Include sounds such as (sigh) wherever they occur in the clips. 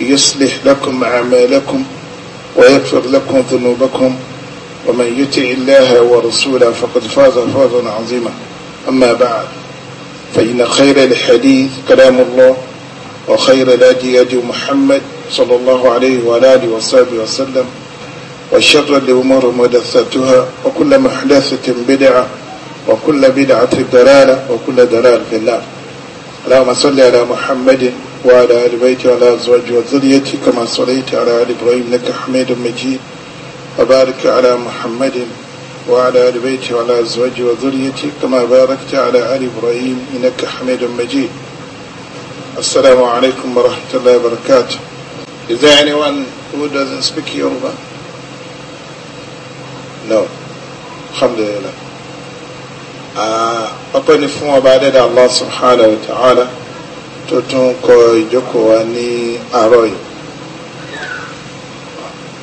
يصلح لكم أعمالكم ويغفر لكم ذنوبكم ومن يطع الله ورسوله فقد فاز فوزا عظيما أما بعد فإن خير الحديث كلام الله وخير الهدي هدي محمد صلى الله عليه وعلى آله وصحبه وسلم وشر الأمور محدثاتها وكل محدثة بدعة وكل بدعة ضلالة وكل ضلال في النار اللهم صل على محمد وعلى آل بيته وعلى أزواجه وذريته كما صليت على آل إبراهيم إنك حميد مجيد وبارك على محمد وعلى آل بيته وعلى أزواجه وذريته كما باركت على آل إبراهيم إنك حميد مجيد السلام عليكم ورحمة الله وبركاته Is there anyone who doesn't speak Yoruba? No. Alhamdulillah. Uh, form of Allah subhanahu wa ta'ala, tó tún kọ ìjókòó wa ní àárọ̀ yìí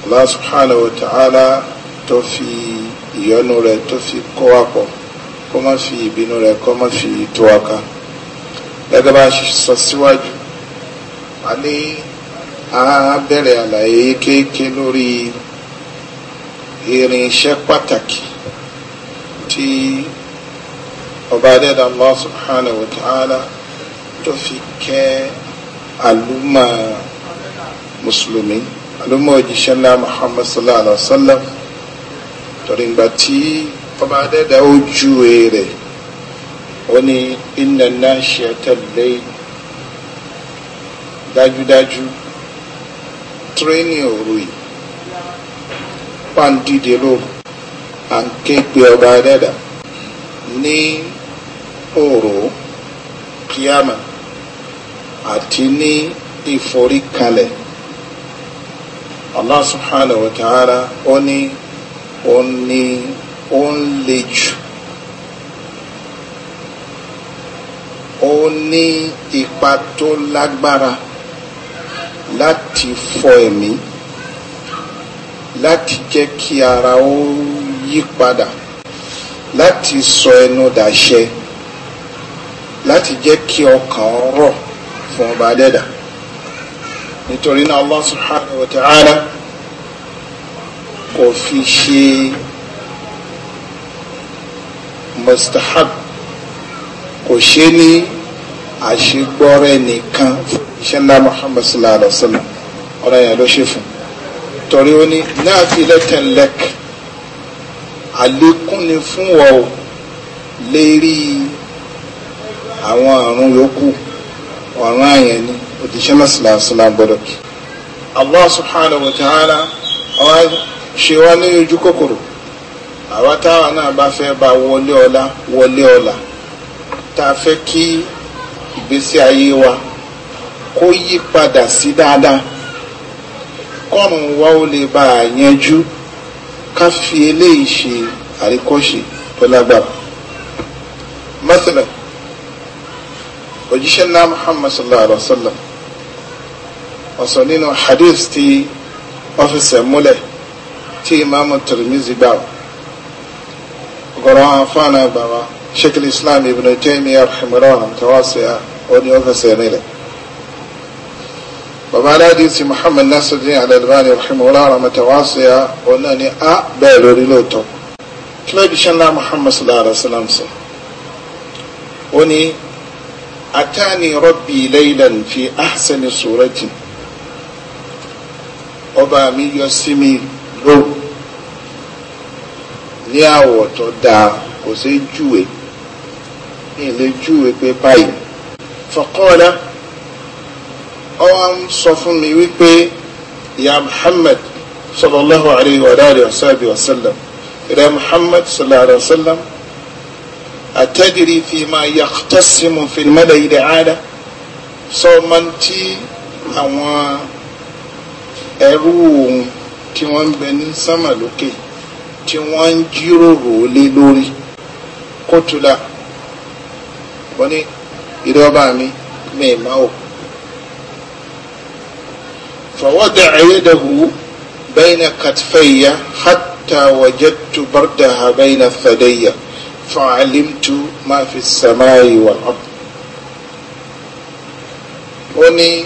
Allah subhanahu wa ta'ala tó fi ìyọ́nú rẹ tó fi kó wa pọ̀ kó má fi ìbínú rẹ kó má fi tó wa ká gẹ́gẹ́ bá a sọ síwájú a ní a bẹ̀rẹ̀ àlàyé kéèké lórí irinṣẹ́ pàtàkì tó fi kẹ́ àlùmọ̀ mùsùlùmí àlùmọ̀ òjíṣẹ́ ńlá muhammad sallallahu alayhi wa sallam torí ìgbà tí ọba adẹ́dà ó ju èrè ó ní inna nashi'atal layl dájúdájú tírénì òru yìí pàǹdídé lóru à ń ké pe ọba adẹ́dà ní òru kíámà àti ní ìforíkalẹ̀ Allah subhanahu wa ta'ala ó ní ó ní ó ń le jù ó ní ipa tó lágbára láti fọ ẹ̀mí láti jẹ́ kí ara ó yí padà láti sọ ẹnu dàṣẹ láti jẹ́ kí ọkàn rọ̀ fún ọba adẹ́dà nítorí náà Allah subhanahu wa ta'ala kò fi ṣe mustahab kò ṣe ní àṣegbọ́rẹ́ nìkan iṣẹ́ ńlá Muhammad sallallahu alaihi wa sallam ọ̀rọ̀ yẹn ló ṣe fún torí ó ní nafilatan lak àlékún ni fún wọ́ lérí àwọn àrùn yòókù ọ̀ràn àyàn ni òdìṣẹ́ lọ́sìlá ṣọlá gbọ́dọ̀ kí. Allah subhanahu wa ta'ala àwa ṣe wá ní ojú kòkòrò àwa táwa náà bá fẹ́ bá wọlé ọlá wọlé ọlá tá a fẹ́ kí ìgbésí ayé wa kó yí padà sí dáadáa kọ́run wa ó lè bá a ká fi eléyìí ṣe àríkọ́ṣe tó lágbára òjíṣẹ́ ńlá muhammad sallallahu alaihi wa sallam ọ̀sán nínú hadith ti ọ́fíìsì múlẹ̀ tí imaamu tirimizi gbà ọ̀gọ̀rọ̀ àfáànà bàbá sheikh islam ibn taymiyyah rahimahullah tawasiya oní ọ́fíìsì nílẹ̀ bàbá aláàdì sí muhammad nasiruddin al-albani rahimahullah tawasiya ọ̀nà ni a bẹ́ẹ̀ lórí lóòótọ́ kí lóòjíṣẹ́ ńlá muhammad sallallahu alaihi wa sallam sọ ó atani rabbi laylan fi ahsani surati ọba mi yọ sí mi ló ní àwọ̀ tó dáa kò sí júwe ní ilé júwe pé báyìí faqala ó wá ń sọ fún mi wípé ya muhammad sallallahu alayhi wa sallam rẹ muhammad sallallahu alayhi wa sallam. أتدري فيما يختصم في الملأ الأعلى sọmọntì àwọn ẹrú òun tí wọ́n ń bẹ ní sámà lókè tí wọ́n ń jíròrò lé lórí kótólà wọ́n ní ìdọ́ba mi mẹ́ẹ̀má o. فوضع يده بين كتفي حتى وجدت بردها بين ثديّ fa'alimtu ma fi samai wal ard ó ní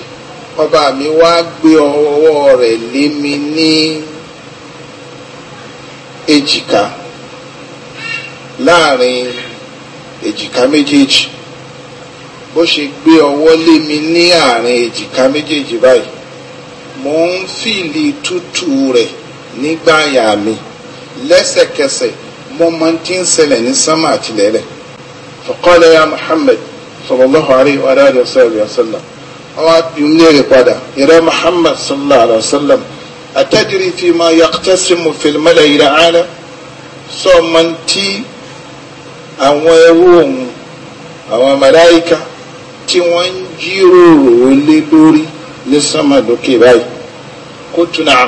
ọba mi wá gbé ọwọ́ rẹ̀ lé mi ní èjìká láàrin èjìká méjèèjì bó ṣe gbé ọwọ́ lé mi ní àárín èjìká méjèèjì báyìí mò ń fìlì tútù rẹ̀ nígbà àyà mi lẹ́sẹ̀kẹsẹ̀ mo mọ tí ń ṣẹlẹ̀ ní sánmà àtìlẹ́lẹ̀ faqala ya Muhammad sallallahu alayhi wa alihi wa sallam àwọn ìmúlẹ̀rẹ̀ padà ìrẹ́ Muhammad sallallahu alayhi wa sallam atadiri fi ma yaqtasimu fil mala'i al-a'la sọ mọ tí àwọn ẹrú òun àwọn màláìka tí wọ́n ń jíròrò lé lórí ní sánmà lókè báyìí kó tún náà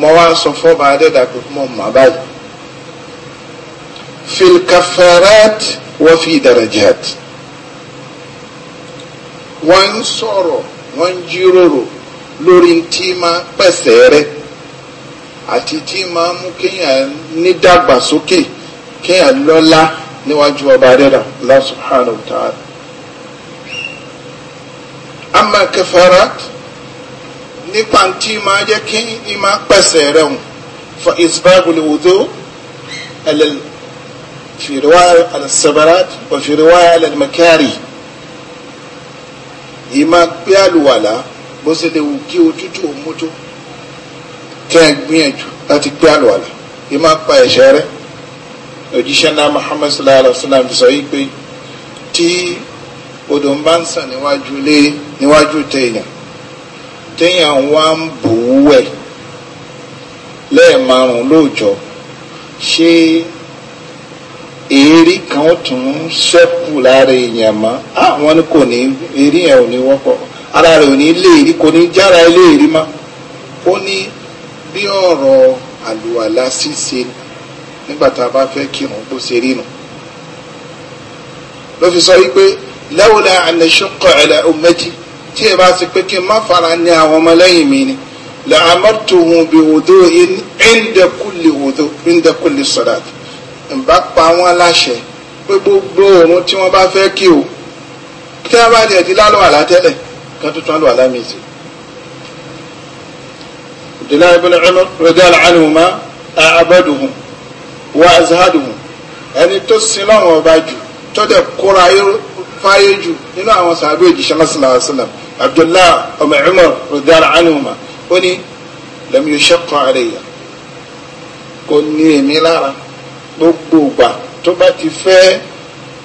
mọ́ wá sọ fọ́ba adẹ́dàgbẹ́ mọ́ màá báyìí. في الكفارات وفي درجات wọ́n ń sọ̀rọ̀ wọ́n ń jíròrò lórí tí máa ń pẹ̀sẹ̀ rẹ̀ àti tí máa mú kéèyàn nídàgbàsókè kéèyàn lọ́lá níwájú ọba rẹ̀rà Allah subhanahu wa ta'ala. amma kafarat nípa tí máa jẹ́ kí ni máa pẹ̀sẹ̀ rẹ̀ hùn fa isbagul wudu alẹ́ في رواية على السبرات وفي رواية على المكاري ìmá pé àlùwàlà bó ṣe lè wù kí òtútù òmótó kẹ́ ẹ gbìyànjú láti pé àlùwàlà ìmá pa ẹ̀ṣẹ̀ rẹ òjíṣẹ́ náà Muhammad sallallahu alayhi wa sallam sọ yìí pé tí odò ń bá ń sàn níwájú lé níwájú èérí kan ó tún ṣẹ́kù lára èèyàn mọ́ àwọn ni kò ní èérí yẹn ò ní wọ́pọ̀ ara rẹ̀ ò ní lé èérí kò ní jára ilé èérí mọ́ ó ní bí ọ̀rọ̀ àlùwàlá ṣíṣe nígbà tá a bá fẹ́ kírun bó ṣe rí nu ló fi sọ wípé lawla an ashqa ala tí ẹ bá ti pé kí n má fara ní àwọn ọmọlẹ́yìn mi ni la amartuhum bi wudu'in inda kulli wudu' inda kulli salati ǹbá pa wọ́n láṣẹ pé gbogbo òun tí wọ́n bá fẹ́ kí o tí wọ́n bá tiẹ̀ ti lálọ́ àlá tẹ́lẹ̀ kan tó tún àlọ́ àlá mi sí. Abdullahi ibn Umar radiyallahu anhuma a'baduhum wa azhaduhum ẹni tó sin lọ́wọ́ ọba jù tó dẹ̀ kóra fáyé jù nínú àwọn sàbẹ̀ òjìṣẹ́ sallallahu alaihi wasallam Abdullahi ọmọ Umar radiyallahu anhuma ó ní lam yushaqqa alayya kò ní èmi lára gbogbo ìgbà tó bá ti fẹ́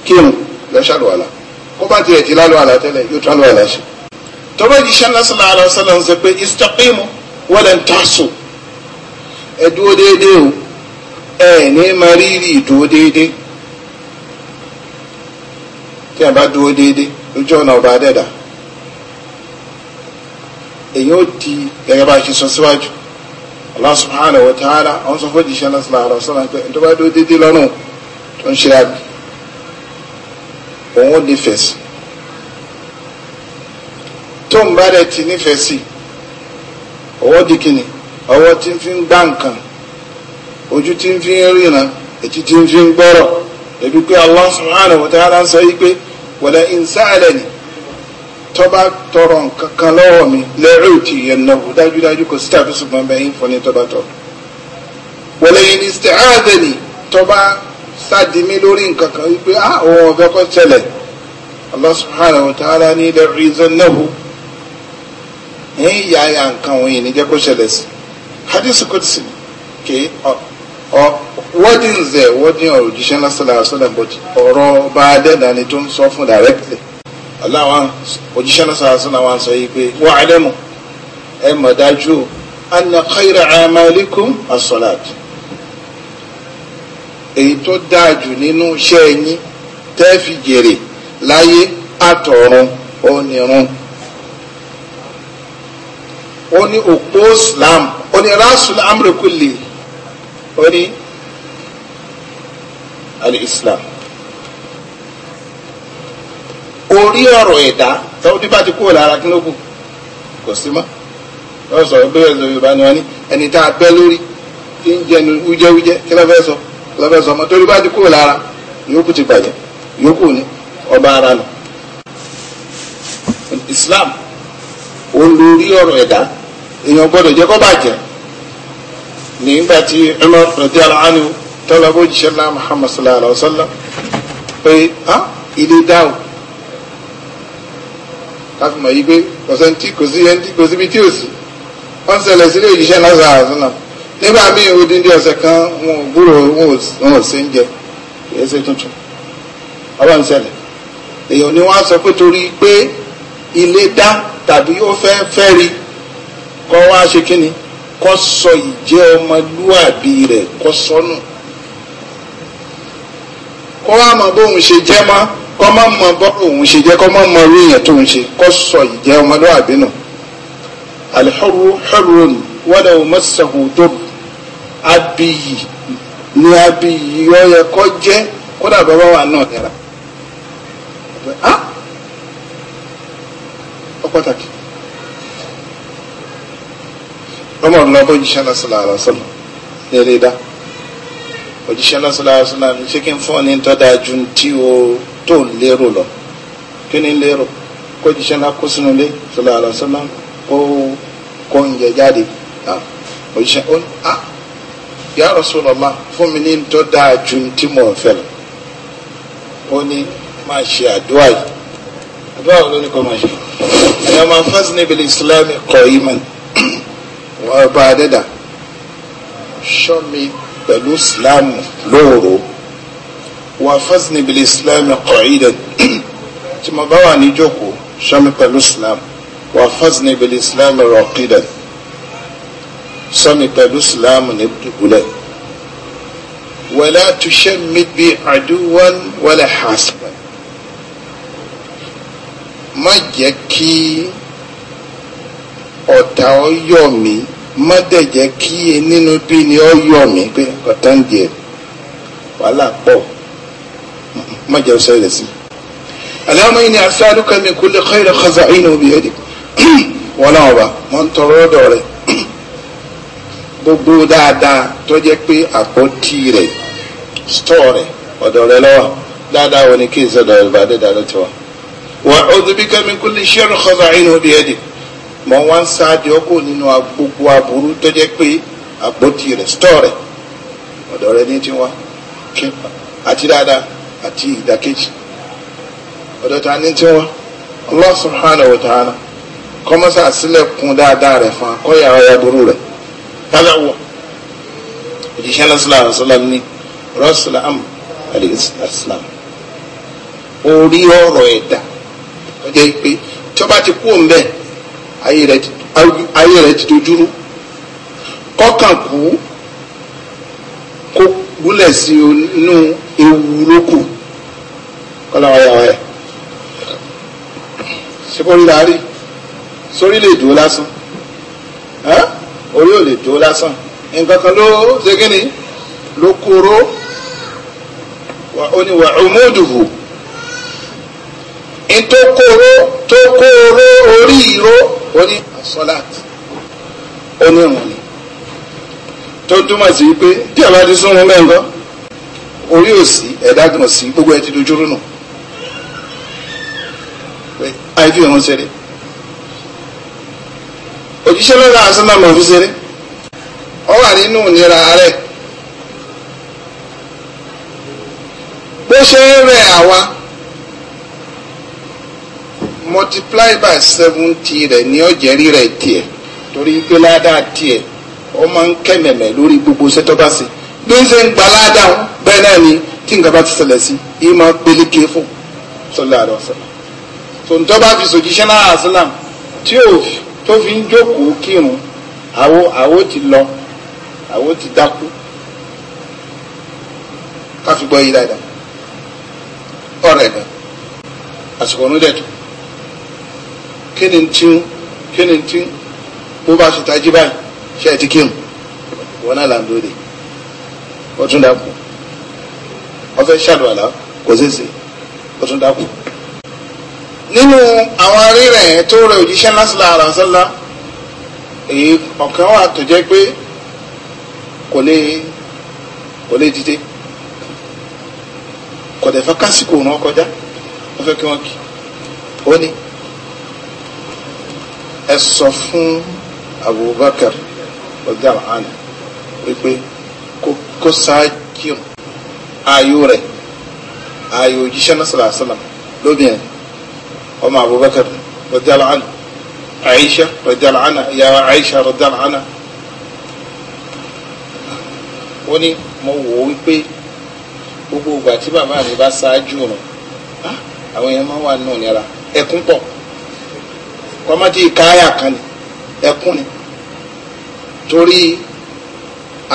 kírun lọ́sàlù àlà kó bá tiẹ̀ ti lálọ́ àlà tẹ́lẹ̀ yóò tún àlọ́ àlà ṣe tó bá jíṣẹ́ lásìlá àlọ́ sọ́lá ń sọ pé istaqimu walan tahsu ẹ dúró déédéé o ẹ ní máa rí ìdúró déédéé tí a bá dúró déédéé lójú ọ̀nà ọba adẹ́dà èyí ó di gẹ́gẹ́ bá a ṣe sọ síwájú. Si Allah subhanahu wa ta'ala àwọn sọ fún jíṣẹ́ náà sallallahu alaihi wasallam pé tó bá dúró dédé lọ́rùn tó ń ṣe àbí òun ó nífẹ̀ẹ́ sí tó ń bá rẹ̀ ti nífẹ̀ẹ́ sí ọwọ́ di kíni ọwọ́ tí fi ń gbá nǹkan ojú tí fi ń ríran ètí tí fi ń gbọ́rọ̀ ẹ̀bí pé Allah subhanahu sọ yí pé wala in sa'alani tó bá tọrọ nǹkan kan lọ́wọ́ mi lẹ́rù tí yẹn náà wò dájúdájú kò sí tàbí ṣùgbọ́n bẹ́ẹ̀ ń fọ́ ní tó bá tọrọ. wọlé yìí ní sẹ́hàdẹ̀nì tó bá sádìmí lórí nǹkan kan wípé a ah, òun ọ̀fẹ́ kọ́ ṣẹlẹ̀ Allah subhanahu wa ta'ala ní lẹ́rù ìzọ náà wò ń ya ya nǹkan wọ̀nyí ní jẹ́ kó ṣẹlẹ̀ sí hadith kudsi kì í wọ́dìn zẹ̀ wọ́dìn ọ̀rọ̀ òjíṣẹ́ lásìlá àṣọlẹ̀ bọ̀dì ọ̀rọ̀ ọba adẹ́dàá tó ń sọ fún directly aláwa òjíṣẹ́ náà sàásùn náà wọ́n sọ yìí pé wọ́n àlẹ́mù ẹ mọ̀ dájú anna khayra amalikum as-salat èyí tó dáa jù nínú iṣẹ́ yín tẹ́ fi jèrè láyé àtọ̀run onírun ó ní òpó islam ó ní rasul amri ó ní al orí ọ̀rọ̀ ẹ̀dá tọ́wọ́dí bá ti kúrò lára kí ló kù kò sí mọ́ lọ́wọ́ sọ̀rọ̀ pé ẹ̀sọ̀ yorùbá ni wọ́n ní ẹni tá a bẹ́ lórí kí ń jẹnu wújẹ́wújẹ́ kí lọ́fẹ́ sọ lọ́fẹ́ sọ ọmọ torí bá ti kúrò lára yòókù ti bàjẹ́ yòókù ni ọba ara nù. Islam ó lórí ọ̀rọ̀ ẹ̀dá èèyàn gbọ́dọ̀ jẹ́ kó bàjẹ́ nígbà tí Umar radiyallahu anhu tọ́lá bó jíṣẹ́ náà Muhammad sallallahu sallam pé ah, ilé dáhùn láti mọ̀ yí pé kọ̀sẹ̀ tí kò sí ẹni tí kò síbi tí ò sí wọ́n ṣẹlẹ̀ sílé ìṣiṣẹ́ náà sàrà sọ́nà nígbà míì odindi ọ̀sẹ̀ kan wọn ò gbúrò wọn ò sí ń jẹ èyí tuntun ọlọ́run ṣẹlẹ̀ èèyàn ni wọ́n á sọ pé torí pé ilé dá tàbí ó fẹ́ fẹ́ rí kọ́ wá ṣe kí ni kọ́ sọ ìjẹ́ ọmọlúwàbí rẹ̀ kọ́ sọnù kọ́ wá mọ̀ bóun ṣe jẹ́ mọ́ kọ́ má mọ bọ́rọ̀ òun ṣe jẹ́ kọ́ má mọ orí èèyàn tó ń ṣe kọ́ sọ ìjẹ́ ọmọlúwàbí nù. alḥurru hurrun walaw massahu durr abiyì ni abiyì ọyẹ kọ́ jẹ́ kódà bàbá wa náà dára. ọ pàtàkì ọmọ ọdún lọ́dọ̀ òjíṣẹ́ náà sọ̀rọ̀ àrà sọ̀rọ̀ lẹ́rẹ̀ẹ́dá òjíṣẹ́ náà sọ̀rọ̀ àrà sọ̀rọ̀ àrà ṣé kí n fún ọ ní tọ́ da ju ti o tó ń lérò lọ kí ni lérò kó jíṣẹ́ ńlá kó sínú ilé sọlá àlọ́sọ́lá kó kó ń yẹ jáde òjíṣẹ́ ó ní à ah, yà Rasulullah fún mi ní tó dáa ju tí mò ń fẹ́ lọ ó ní máa ṣe àdúrà yìí àdúrà wo ló ní kó máa ṣe ẹ̀yà máa fásitì níbi Islam kọ ìmọ̀ (clears throat) wọ́n bá a dẹ́dà ṣọ́ mi pẹ̀lú Islam lóòrò wàfẹ́sìn ìbílẹ̀ islam qa'idan (clears throat) tí mo bá wà ní jókòó sọmi pẹ̀lú islam wàfẹ́sìn ìbílẹ̀ islam raqidan sọmi pẹ̀lú islam ní dùbúlẹ̀ wala tushammit bi aduwan wala hasiban má jẹ́ kí ọ̀tá ọ yọ̀ má dẹ̀ jẹ́ kí nínú bí ni ọ yọ̀ pé ọ̀tá ń di wàhálà pọ̀ má jẹ́ ṣẹlẹ̀ sí. aláwọ̀ yìí ni as'aluka min kulli khayrin khaza'inahu biyadi wọn náà wà mọ́ ń tọrọ ọ̀dọ̀ rẹ̀ gbogbo dáadáa tó jẹ́ pé àpótí rẹ̀ stọọ rẹ̀ ọ̀dọ̀ rẹ̀ lọ́wọ́ dáadáa wọn ni kí n sọdọ rẹ̀ bàdé dáadáa tó wà. wa a'udhu bika min kulli sharrin khaza'inahu biyadi mọ wá ń sáájú ọkọ nínú gbogbo aburú tó jẹ́ pé àpótí rẹ̀ stọọ rẹ̀ ọ̀dọ̀ rẹ̀ ní tiwọn àti dáadáa àti ìdàkejì ọ̀dọ̀ ta ni tí wọ́n Allah subhanahu wa ta'ala kọ́mọ́sá sílẹ̀kùn dáadáa rẹ̀ fún akọ́yà ọ̀yà burú rẹ̀ tálá wọ̀ òjíṣẹ́ lọ́sọ̀lá àṣọlá ní rọ́ṣọlá àmù àdìsílám orí ọ̀rọ̀ ẹ̀dá ọjọ́ ìpè tí ọba ti kú òǹbẹ ayé rẹ̀ ti dojúrú kọ́kàn kú kó gúnlẹ̀ sí inú ewu lókùn ọlọ́run ọ̀yà ọ̀yà ṣé kó rí la rí sórí lè dúró lásán orí ò lè dúró lásán nǹkan kan ló ṣe kí ni ló kóró oníwà ọmọdùhù ntó kóró tó kóró orí ìró oní asọ́lát onírun ni tó túmọ̀ sí pé tí a ti sún wọn orí òsì ẹ̀dá gbọ̀n sí gbogbo ẹ ti dojúrú nù. No pé ayé fi ìrún ṣeré òjíṣẹ́ lọ́dọ̀ àṣálàmù òfin ṣeré ọ wà nínú ìnira rẹ̀ bó ṣe ń rẹ̀ àwa multiply by seventy rẹ̀ ní ọ̀jẹ̀ rírẹ̀ tiẹ̀ torí pé ládàá tiẹ̀ ọ máa ń kẹ́mẹ̀mẹ̀ lórí gbogbo iṣẹ́ tó bá ṣe bí ń ṣe ń gba ládàá bẹ́ẹ̀ náà ni tí nǹkan bá ti ṣẹlẹ̀ sí i máa peléke fún sọlá àdọ́sọ̀rọ̀ tòǹtọ́ bá fi sòjíṣẹ́ náà aslam tí ò tó fi ń jókòó kírun àwo àwo ti lọ àwo ti dákú ká fi gbọ́ yí dáadáa ọ̀rẹ́ dà àsìkò ọ̀nù dẹ̀tù kí ni tí kí ni tí bó bá fi tají báyìí ṣe ẹ ti kírun wọn náà là ń lóde ọtún dàkú ọfẹ ṣàdùn àlá kò sí sí ọtún dàkú nínú àwọn rírẹ̀ tó rẹ òjíṣẹ́ lásìlá ara sọ́lá èyí ọ̀kan wà tó jẹ́ pé kò lè kò lè dìde kò dẹ̀ fẹ́ kásìkò ràn kọjá wọ́n fẹ́ kí wọ́n kí ó ní ẹ sọ fún Abubakar ọ̀dàrà àná wípé kó ṣáájú ayò rẹ̀ ayò òjíṣẹ́ lásìlá ara lóbìnrin ọmọ abubakar radiyallahu anhu aisha radiyallahu anha ìyàwó aisha radiyallahu anha ó ní mo wò ó wípé gbogbo ìgbà tí bàbá mi bá ṣáájú rùn àwọn èèyàn máa wà nù nira ẹkún pọ̀ kọ́mọ́tì káyà kan ni ẹkún ni torí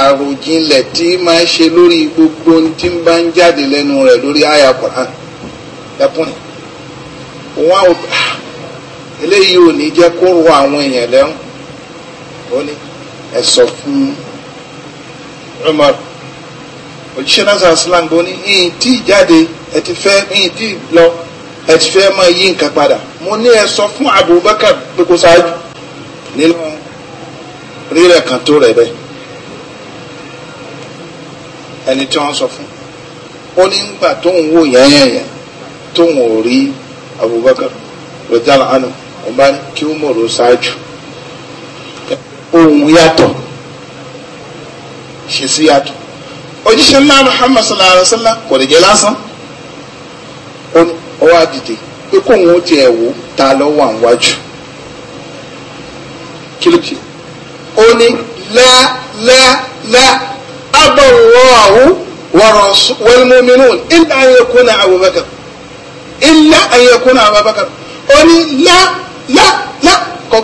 àròjinlẹ̀ tí máa ń ṣe lórí gbogbo ohun tí ń bá ń jáde lẹ́nu rẹ̀ lórí àyà Kùránì ẹkún ni wọ́n á eléyìí ò ní jẹ́ kó ro àwọn èèyàn lẹ́hún ó ní ẹ sọ fún Umar òjíṣẹ́ náà sàn sílá gbó ní yìnyín tí jáde ẹ ti fẹ́ yìnyín tí lọ ẹ ti fẹ́ máa yí nǹkan padà mo ní ẹ fún Abubakar pé kó ṣáájú nínú rírẹ̀ kan tó rẹ̀ bẹ́ẹ̀ ẹni tí wọ́n sọ fún ó ní gbà tóun wò yẹ́yẹ́yẹ́ tóun ò rí abubakar rọjàlá àná wọn bá kí ó mọ̀rọ̀ ṣáájú ohun yàtọ̀ ṣe sí yàtọ̀ òjíṣẹ́ ńlá muhammad sallallahu alayhi wa sallam kò lè jẹ́ lásán ó wá dìde pé kóun ó tiẹ̀ wò ta lọ́wọ́ àwọn wájú kìlìkì ó ní la la la aballahu wa rasul wal mu'minun illa an abubakar. ila àyè kúnà àwọn abakar ó la la lá kò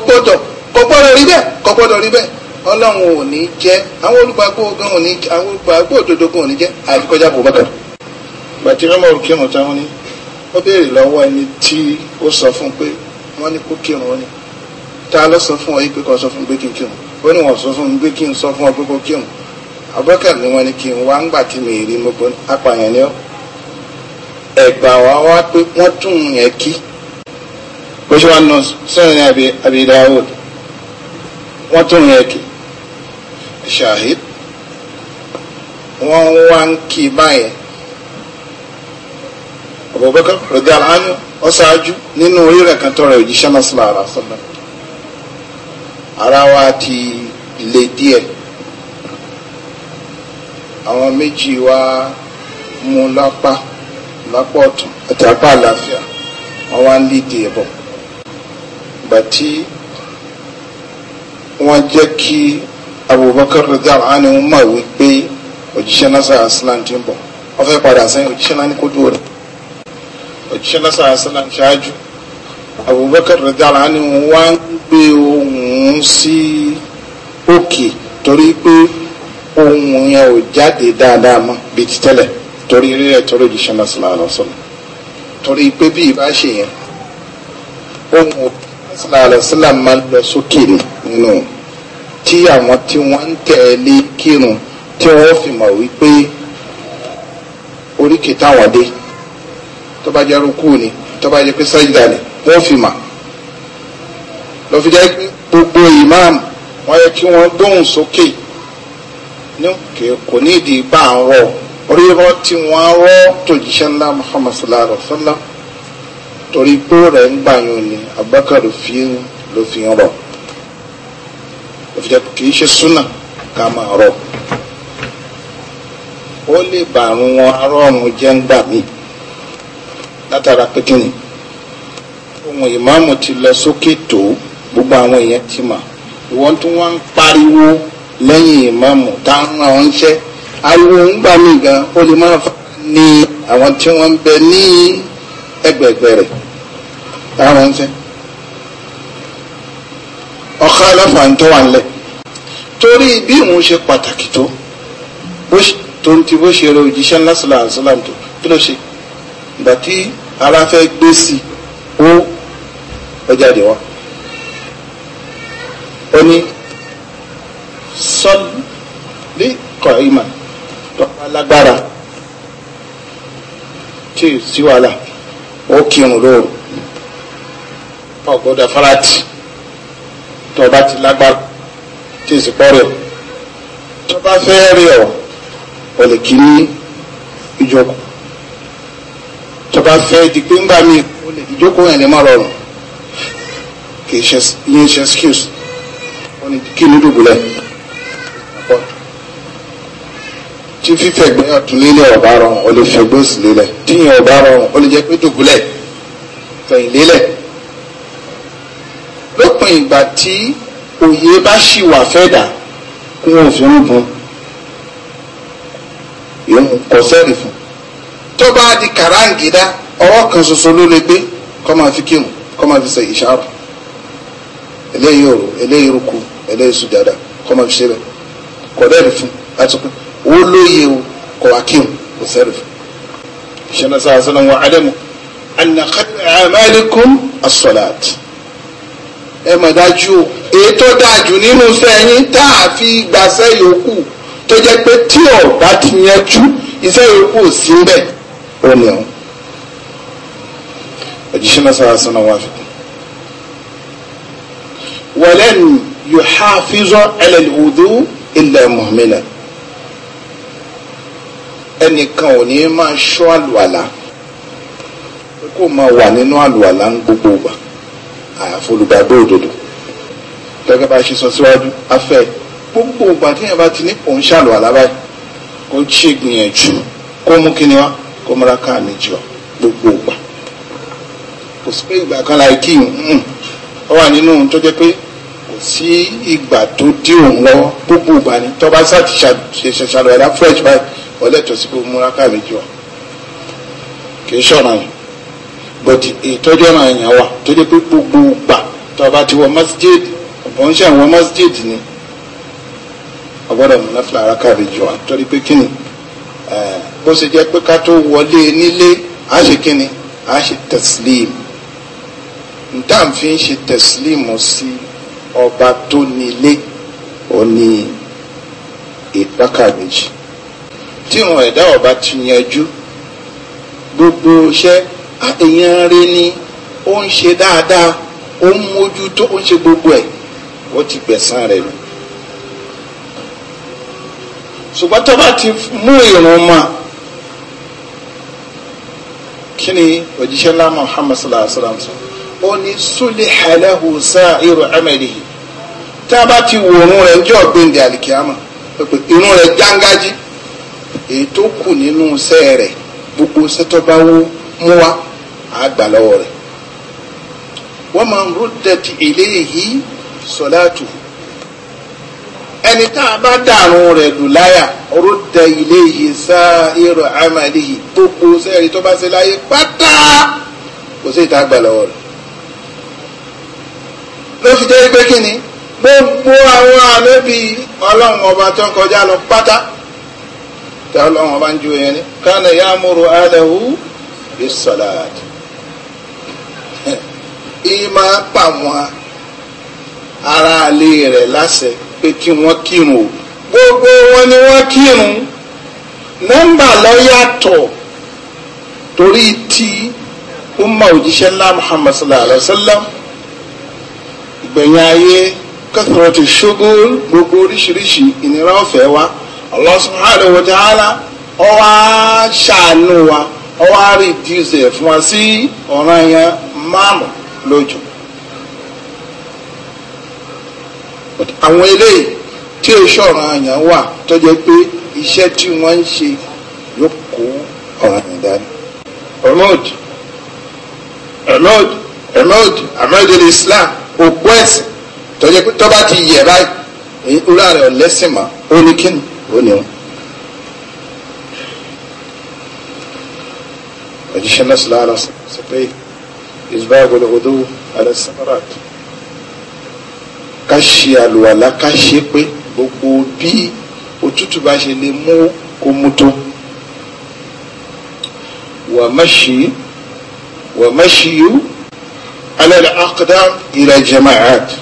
kò rí bẹ́ẹ̀ kò gbọdọ̀ rí bẹ́ẹ̀ ọlọ́run ò ní àwọn ò ní àwọn òdodo ò ní bàtí sọ fún pé wọ́n ní kó kírun a lọ sọ fún ọ yìí pé kò sọ fún mi pé kí n kírun ó ní sọ fún mi pé kí n sọ fún ọ pé kò kírun Abubakar ni wọ́n ní kí n wá ń ẹgbà wá wá pé wọ́n tún yẹn kí bó ṣe wá nù sẹ́yìn àbí àbí Dawud wọ́n tún yẹn kí ṣahid wọ́n wá ń kí báyẹn Abubakar rẹ̀dí aláàánú ọ̀ṣáájú nínú orí rẹ̀ kan tọrọ òjíṣẹ́ náà sílẹ̀ ara sọ́dọ̀ ara wa ti le díẹ̀ àwọn méjì wa mú lápá lápá ọ̀tún àti apá àlàáfíà wọ́n wá ń lídìí ẹbọ ìgbà tí wọ́n jẹ́ kí Abubakar rẹ̀dàr ánì ń mọ̀ wípé òjíṣẹ́ nasara aslan ti ń bọ̀ wọ́n fẹ́ padà sẹ́yìn òjíṣẹ́ náà ní kó dúró rẹ̀ òjíṣẹ́ nasara aslan ṣáájú Abubakar rẹ̀dàr ánì wá ń gbé ohùn sí òkè torí pé ohùn yẹn ò jáde dáadáa mọ́ bíi ti tẹ́lẹ̀ torí rí ẹ̀ torí jíṣẹ́ náà sílá lọ sọ́nà torí pé bí ìbá ṣe yẹn ohun sílá lọ sílá máa ń lọ sókè nínú tí àwọn tí wọ́n ń tẹ̀lé kírun tí wọ́n fi mọ̀ wípé oríkèé táwọn dé tó bá jẹ́ rúkú ni tó bá pé sájídà ni wọ́n fi mà lọ fi jẹ́ pé gbogbo ìmáàmù wọ́n yẹ kí wọ́n gbóhùn sókè ní kò ní ìdí bá ń rọ̀ orírọ́ tí wọ́n tòjíṣẹ́ ńlá muhammad wa sallam torí pé rẹ̀ ń gbàyàn ni abubakar fi ló fi ń rọ̀ òfìjẹ́ kì í ṣe súnà ká máa rọ̀ ó lè bàrún wọn arọ́run jẹ́ ń gbà mí látara pé ni ohun ìmáàmù ti lọ sókè tó gbogbo àwọn èèyàn ti mà ìwọ́n tún ariwo ń gbà mí gan ó lè máa fa ni àwọn tí wọ́n ń bẹ ní ẹgbẹ̀gbẹ̀ rẹ̀ táwọn ń sẹ́ ọ̀ka aláfàǹtọ́ wà lẹ̀ torí bí òun ṣe pàtàkì tó tó ń ti bó ṣe rẹ òjíṣẹ́ ńlá sílá àṣìláàmù tó kí ló ṣe ìgbà tí ara fẹ́ gbé sí ó ọjáde wá ó ní sọ́ọ̀lì kọ̀ ìmọ̀ alágbára tí ò sí wàhálà ó kírun lóru ọgbọ́dọ̀ farati tó o bá ti lágbára tí ò sì pọ́ rẹ̀ tó o bá fẹ́ rí ọ o lè kí ní ìjókòó tó o bá fẹ́ di pé ńgbà mi o lè ìjókòó yẹn lè má rọrùn kì í ṣe excuse ó ní kí ní dùbúlẹ̀. tí fífẹ̀gbẹ́ ọ̀tún lélẹ̀ ọ̀bá rọrùn ó lè fẹ̀gbẹ́ òsì lélẹ̀ tíyìn ọ̀bá rọrùn ó lè jẹ́ pé dùbúlẹ̀ fẹ̀yìn lélẹ̀ lópin ìgbà tí òye bá ṣì wà fẹ́dà kí wọ́n fi ń bun ìhun kò sẹ́rì fún tó bá di kàráǹgídá ọwọ́ kan ṣoṣo ló lè gbé kó máa fi kírun kó máa fi ṣe ìṣàrò eléyìí òru eléyìí ruku eléyìí sùjádà kó máa fi ṣe bẹ́ẹ̀ kò dẹ́rì ó lóye o kọ̀ wá kí o kò sẹ́rù ìṣẹ̀lẹ̀ sáà sọ́nà wọn àdẹ́mu ànàkàtà àmàlẹ́kùn asọ̀làtì ẹ mọ̀ dájú o èyí tó dáa jù nínú sẹ́yìn tá a fi gbàṣẹ́ yòókù tó jẹ́ pé tí ọ̀gá ti yanjú iṣẹ́ yòókù ò sí bẹ́ẹ̀ ó ní ọ̀hún. òjíṣẹ́ sọ̀rọ̀ sọ̀rọ̀ wá fi kún. wọ́lẹ́nu yóò ha fi zọ́ ẹlẹ́lùwòdú ilẹ̀ mọ̀mílẹ̀ ẹnìkan ò ní máa ṣọ́ àlùwàlà kó máa wà nínú àlùwàlà ń gbogbo ìgbà àyàfi olùgbàgbọ́ òdodo gẹ́gẹ́ bá a ṣe sọ síwájú afẹ́ gbogbo ìgbà tí yẹn bá ti ní òun ṣàlùwàlà báyìí kó ṣe gbìyànjú kó mú kíni wá kó múra ká méjì wá gbogbo ìgbà kò sí pé ìgbà kan láì kí n hmm, ó wà nínú tó jẹ́ pé sí ìgbà tó dé òun lọ gbogbo ìgbà ni tọ́ba sáàtì ṣàṣàlọ́ ẹ̀dá fresh by ọlẹ́tọ̀ sí gbogbo múra káàmejì wa kì í ṣọ̀nà yìí but ìtọ́jú ọ̀nà wa tó dé pé gbogbo ìgbà tọba ti wọ masjid ọ̀pọ̀ ń masjid ni ọgbọ́dọ̀ múná fìlà káàmejì wa torí pé kí bó ṣe jẹ́ pé ká tó a ṣe a ṣe tẹ̀sílíìmù ṣe sí i. ọba tó nílé ó ìpákà méjì tí wọn ẹ̀dá ọba ti yanjú gbogbo iṣẹ́ èèyàn rẹ ni ó ń ṣe dáadáa ó ń mójútó ó ń ṣe gbogbo ẹ̀ ó ti gbẹ̀san rẹ̀ nù ṣùgbọ́n tó bá ti mú ìrun mọ́ kí ni òjíṣẹ́ ńlá Muhammad sallallahu alaihi wa sallam sọ ó ní suliha lahu sa'iru amalihi tí a bá ti wo òun rẹ̀ jọ gbẹ̀ǹdẹ̀ alikiamu pẹ̀pẹ̀ irun rẹ̀ jáńgájí èyí tó kù nínú iṣẹ́ rẹ̀ gbogbo iṣẹ́ tó bá wó mú wa á gbà lọ́wọ́ rẹ̀ wọ́n máa ń rúdẹ̀tì eléyìí sọ̀láàtù ẹni tá a bá dàrún láyà gbogbo iṣẹ́ tó bá ṣe láyé pátá kò sí ìta gbogbo àwọn ànábì ọlọ́run ọba tó ń kọjá lọ pátá tí ọlọ́run ọba ń ju yẹn ni kánà múru ara àlè rẹ̀ pé kí wọ́n kírun gbogbo wọn ni wọ́n kírun nọ́mbà torí tí òjíṣẹ́ ńlá sallallahu alayhi wa sallam ìgbẹ̀yìn ayé. kẹsìrọ̀tì ṣógún gbogbo oríṣiríṣi ìnira ọ̀fẹ́ wa Allah subhanahu wa ta'ala ó wá ṣàánú wa ó wá rìdíùsì ẹ̀ fún wa sí ọ̀ràn yẹn márùn lójú. àwọn eléyìí tí èso ọ̀ràn yẹn wà tó jẹ́ pé iṣẹ́ tí wọ́n ń ṣe yóò kó ọ̀ràn yẹn dání. ọlọ́ọ̀dì ọlọ́ọ̀dì ọlọ́ọ̀dì àmọ́jọ́lẹ̀ Islam òpó ẹ̀sìn tọ́jú pé tọ́ba ti yẹ báyìí wúrà rẹ̀ lẹ́sìn mọ́ ó ní kíni ó ní wọn. òjíṣẹ́ náà sọ̀rọ̀ àlọ́ sọ pé ìzùbá ìgbọ̀lọ̀ odó àlẹ́ sàmárà tó ká ṣe àlùwàlá ká ṣe pé gbogbo bí òtútù bá ṣe lè mú kó mú tó wàmáṣí wàmáṣíyú alẹ́ àkàdá ìrẹ̀jẹ̀máàtì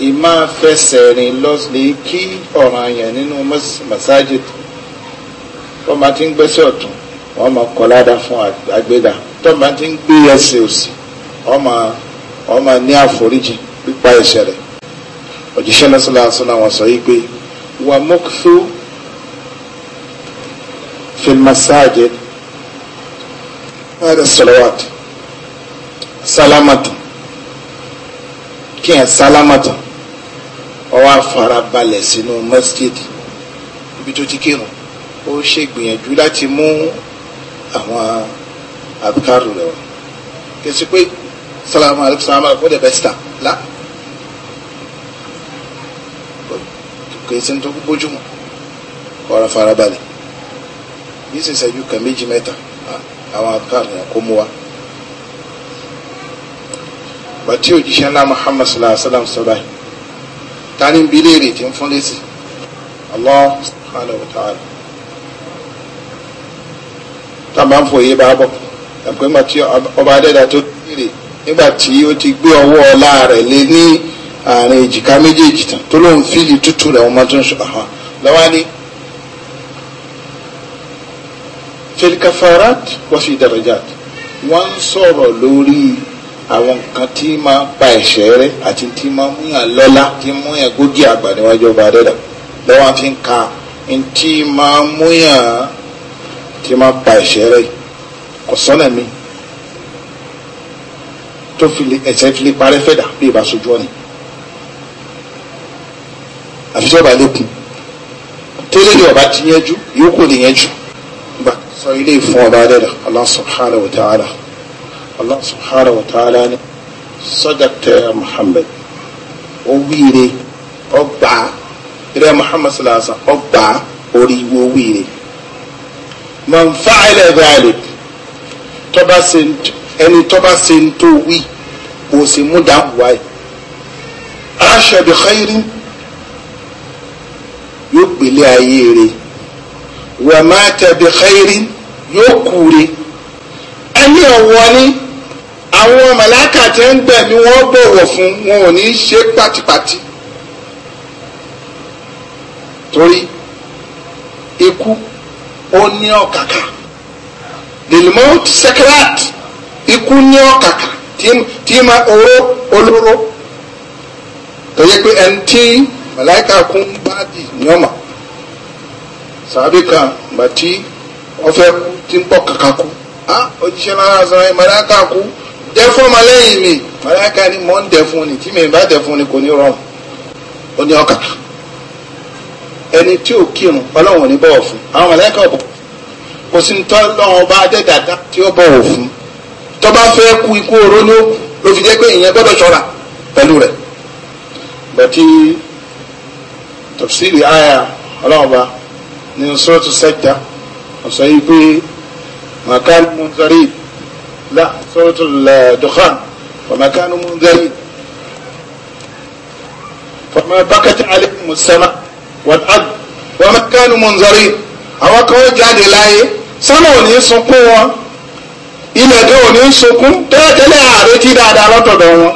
ìmá fẹsẹ̀ rìn lọ lè kí ọ̀ràn yẹn nínú masajid wọ́n máa ti ń gbẹ́sẹ̀ ọ̀tún wọ́n máa kọ́ ládà fún àgbéga tó máa ti ń gbé ẹsẹ̀ òsì wọ́n máa ní àforíjì pípa ẹsẹ̀ rẹ̀ òjíṣẹ́ lọ́sọ̀lá àṣọlá wọn sọ yìí pé wà mọ́kútó fil masajid hada salawat salamatu kí ẹ salamatu ó wá farabalẹ̀ sínú masjid ibi tó ti kírun ó ṣe gbìyànjú láti mú àwọn àbíkárù rẹ̀ wá kì í ṣe pé salamu alaykum salamu alaykum ó dẹ̀ bẹ́ síta la kì í ṣe ń tó bójúmọ́ ọ̀rọ̀ farabalẹ̀ yìí sì ṣẹ́jú kan méjì mẹ́ta àwọn àbíkárù rẹ̀ kó mú wa bàtí òjíṣẹ́ ńlá Muhammad sallallahu alayhi wa sallam sọ báyìí tani ń bi léèrè tí ń fún lésì Allah subhanahu wa ta'ala tá a máa ń fòye bá bọ̀ ẹ̀pẹ́ mà tí ọba adẹ́dà tó léèrè nígbà tí ó ti gbé ọwọ́ ọlá rẹ̀ lé ní àárín èjìká méjèèjì tán tó lóun fíìlì tútù rẹ̀ ọmọ tó ń sọ lọ́wọ́ ni. fil kafarat wa fi darajat wọ́n ń sọ̀rọ̀ àwọn nǹkan tí máa ń pa ẹ̀ṣẹ̀ rẹ àti tí máa ń mú yàn lọ́lá tí mú yàn gógì àgbà níwájú ọba adẹ́dà lọ́wọ́ fi ń ka ntí máa mú yàn tí máa pa ẹ̀ṣẹ̀ rẹ kò sọ́nà mi tó fi ẹ̀ṣẹ̀ fi lè parẹ́ fẹ́ dà bí ìbá sojú ọ̀nì àfi tí ọba lẹ́kùn tẹ́lẹ̀ ni ọba ti yẹn jù yóò kò yẹn jù gbà sọ ilé ìfún ọba adẹ́dà Allah subhanahu wa ta'ala allah subhanahu wa ta'ala ni sọdọtẹ muhammed ó wíire ọgbà rẹ muhammed salasa ọgbà orí wo wíire man fa'ala dhalik tọba ṣe ẹni tọba ṣe ń tó wí kò sì mú dáhùwá yìí bi khairin yóò gbélé ayé rẹ̀ wa mata bi khairin yóò kú rẹ̀ ẹni ọ̀wọ́ àwọn màláìkà tí ń gbẹ̀mí wọn bọ̀wọ̀ fún wọn ò ní í ṣe pátipáti torí ikú ó ní ọ̀kàkà lèlmọ́t sẹ́kẹ́rẹ́t ikú ní ọ̀kàkà tí ma oró olóró tó yẹ pé ẹni tí màláìkà kún báàdì ní ọmọ sàbí kan gbàtí ọfẹ kú tí ń pọ̀ kàkà kú ah òjíṣẹ́ náà sọ ẹ màláìkà kú. dẹ fún ọmọ lẹ́yìn mi màláìka ni mọ ń dẹ fún ni tí mi ni kò ní rọrùn ó ní ọkà ẹni tí ò kírun ọlọ́run ò ní bọ̀wọ̀ fún àwọn màláìka ọ̀bọ̀ kò sí tọ́ lọ́wọ́ bá dẹ́dàdá tí ó bọ̀wọ̀ fún tó fẹ́ kú ikú oró ló ló fi jẹ́ pé ìyẹn gbọ́dọ̀ ṣọ́ra pẹ̀lú rẹ̀ bàtí tafsiri àyà ọlọ́run bá ní sọ́ọ̀tù sẹ́jà yìí لا سورة الدخان وما كانوا منذرين فما بكت عليهم السماء والأرض وما كانوا منذرين àwọn kan ó jáde láyé sánà ò ní sunkún wọn ilẹ̀ tó ò ní sunkún tẹ́lẹ̀tẹ́lẹ̀ ààrẹ tí dáadáa lọ́tọ̀dọ̀ wọn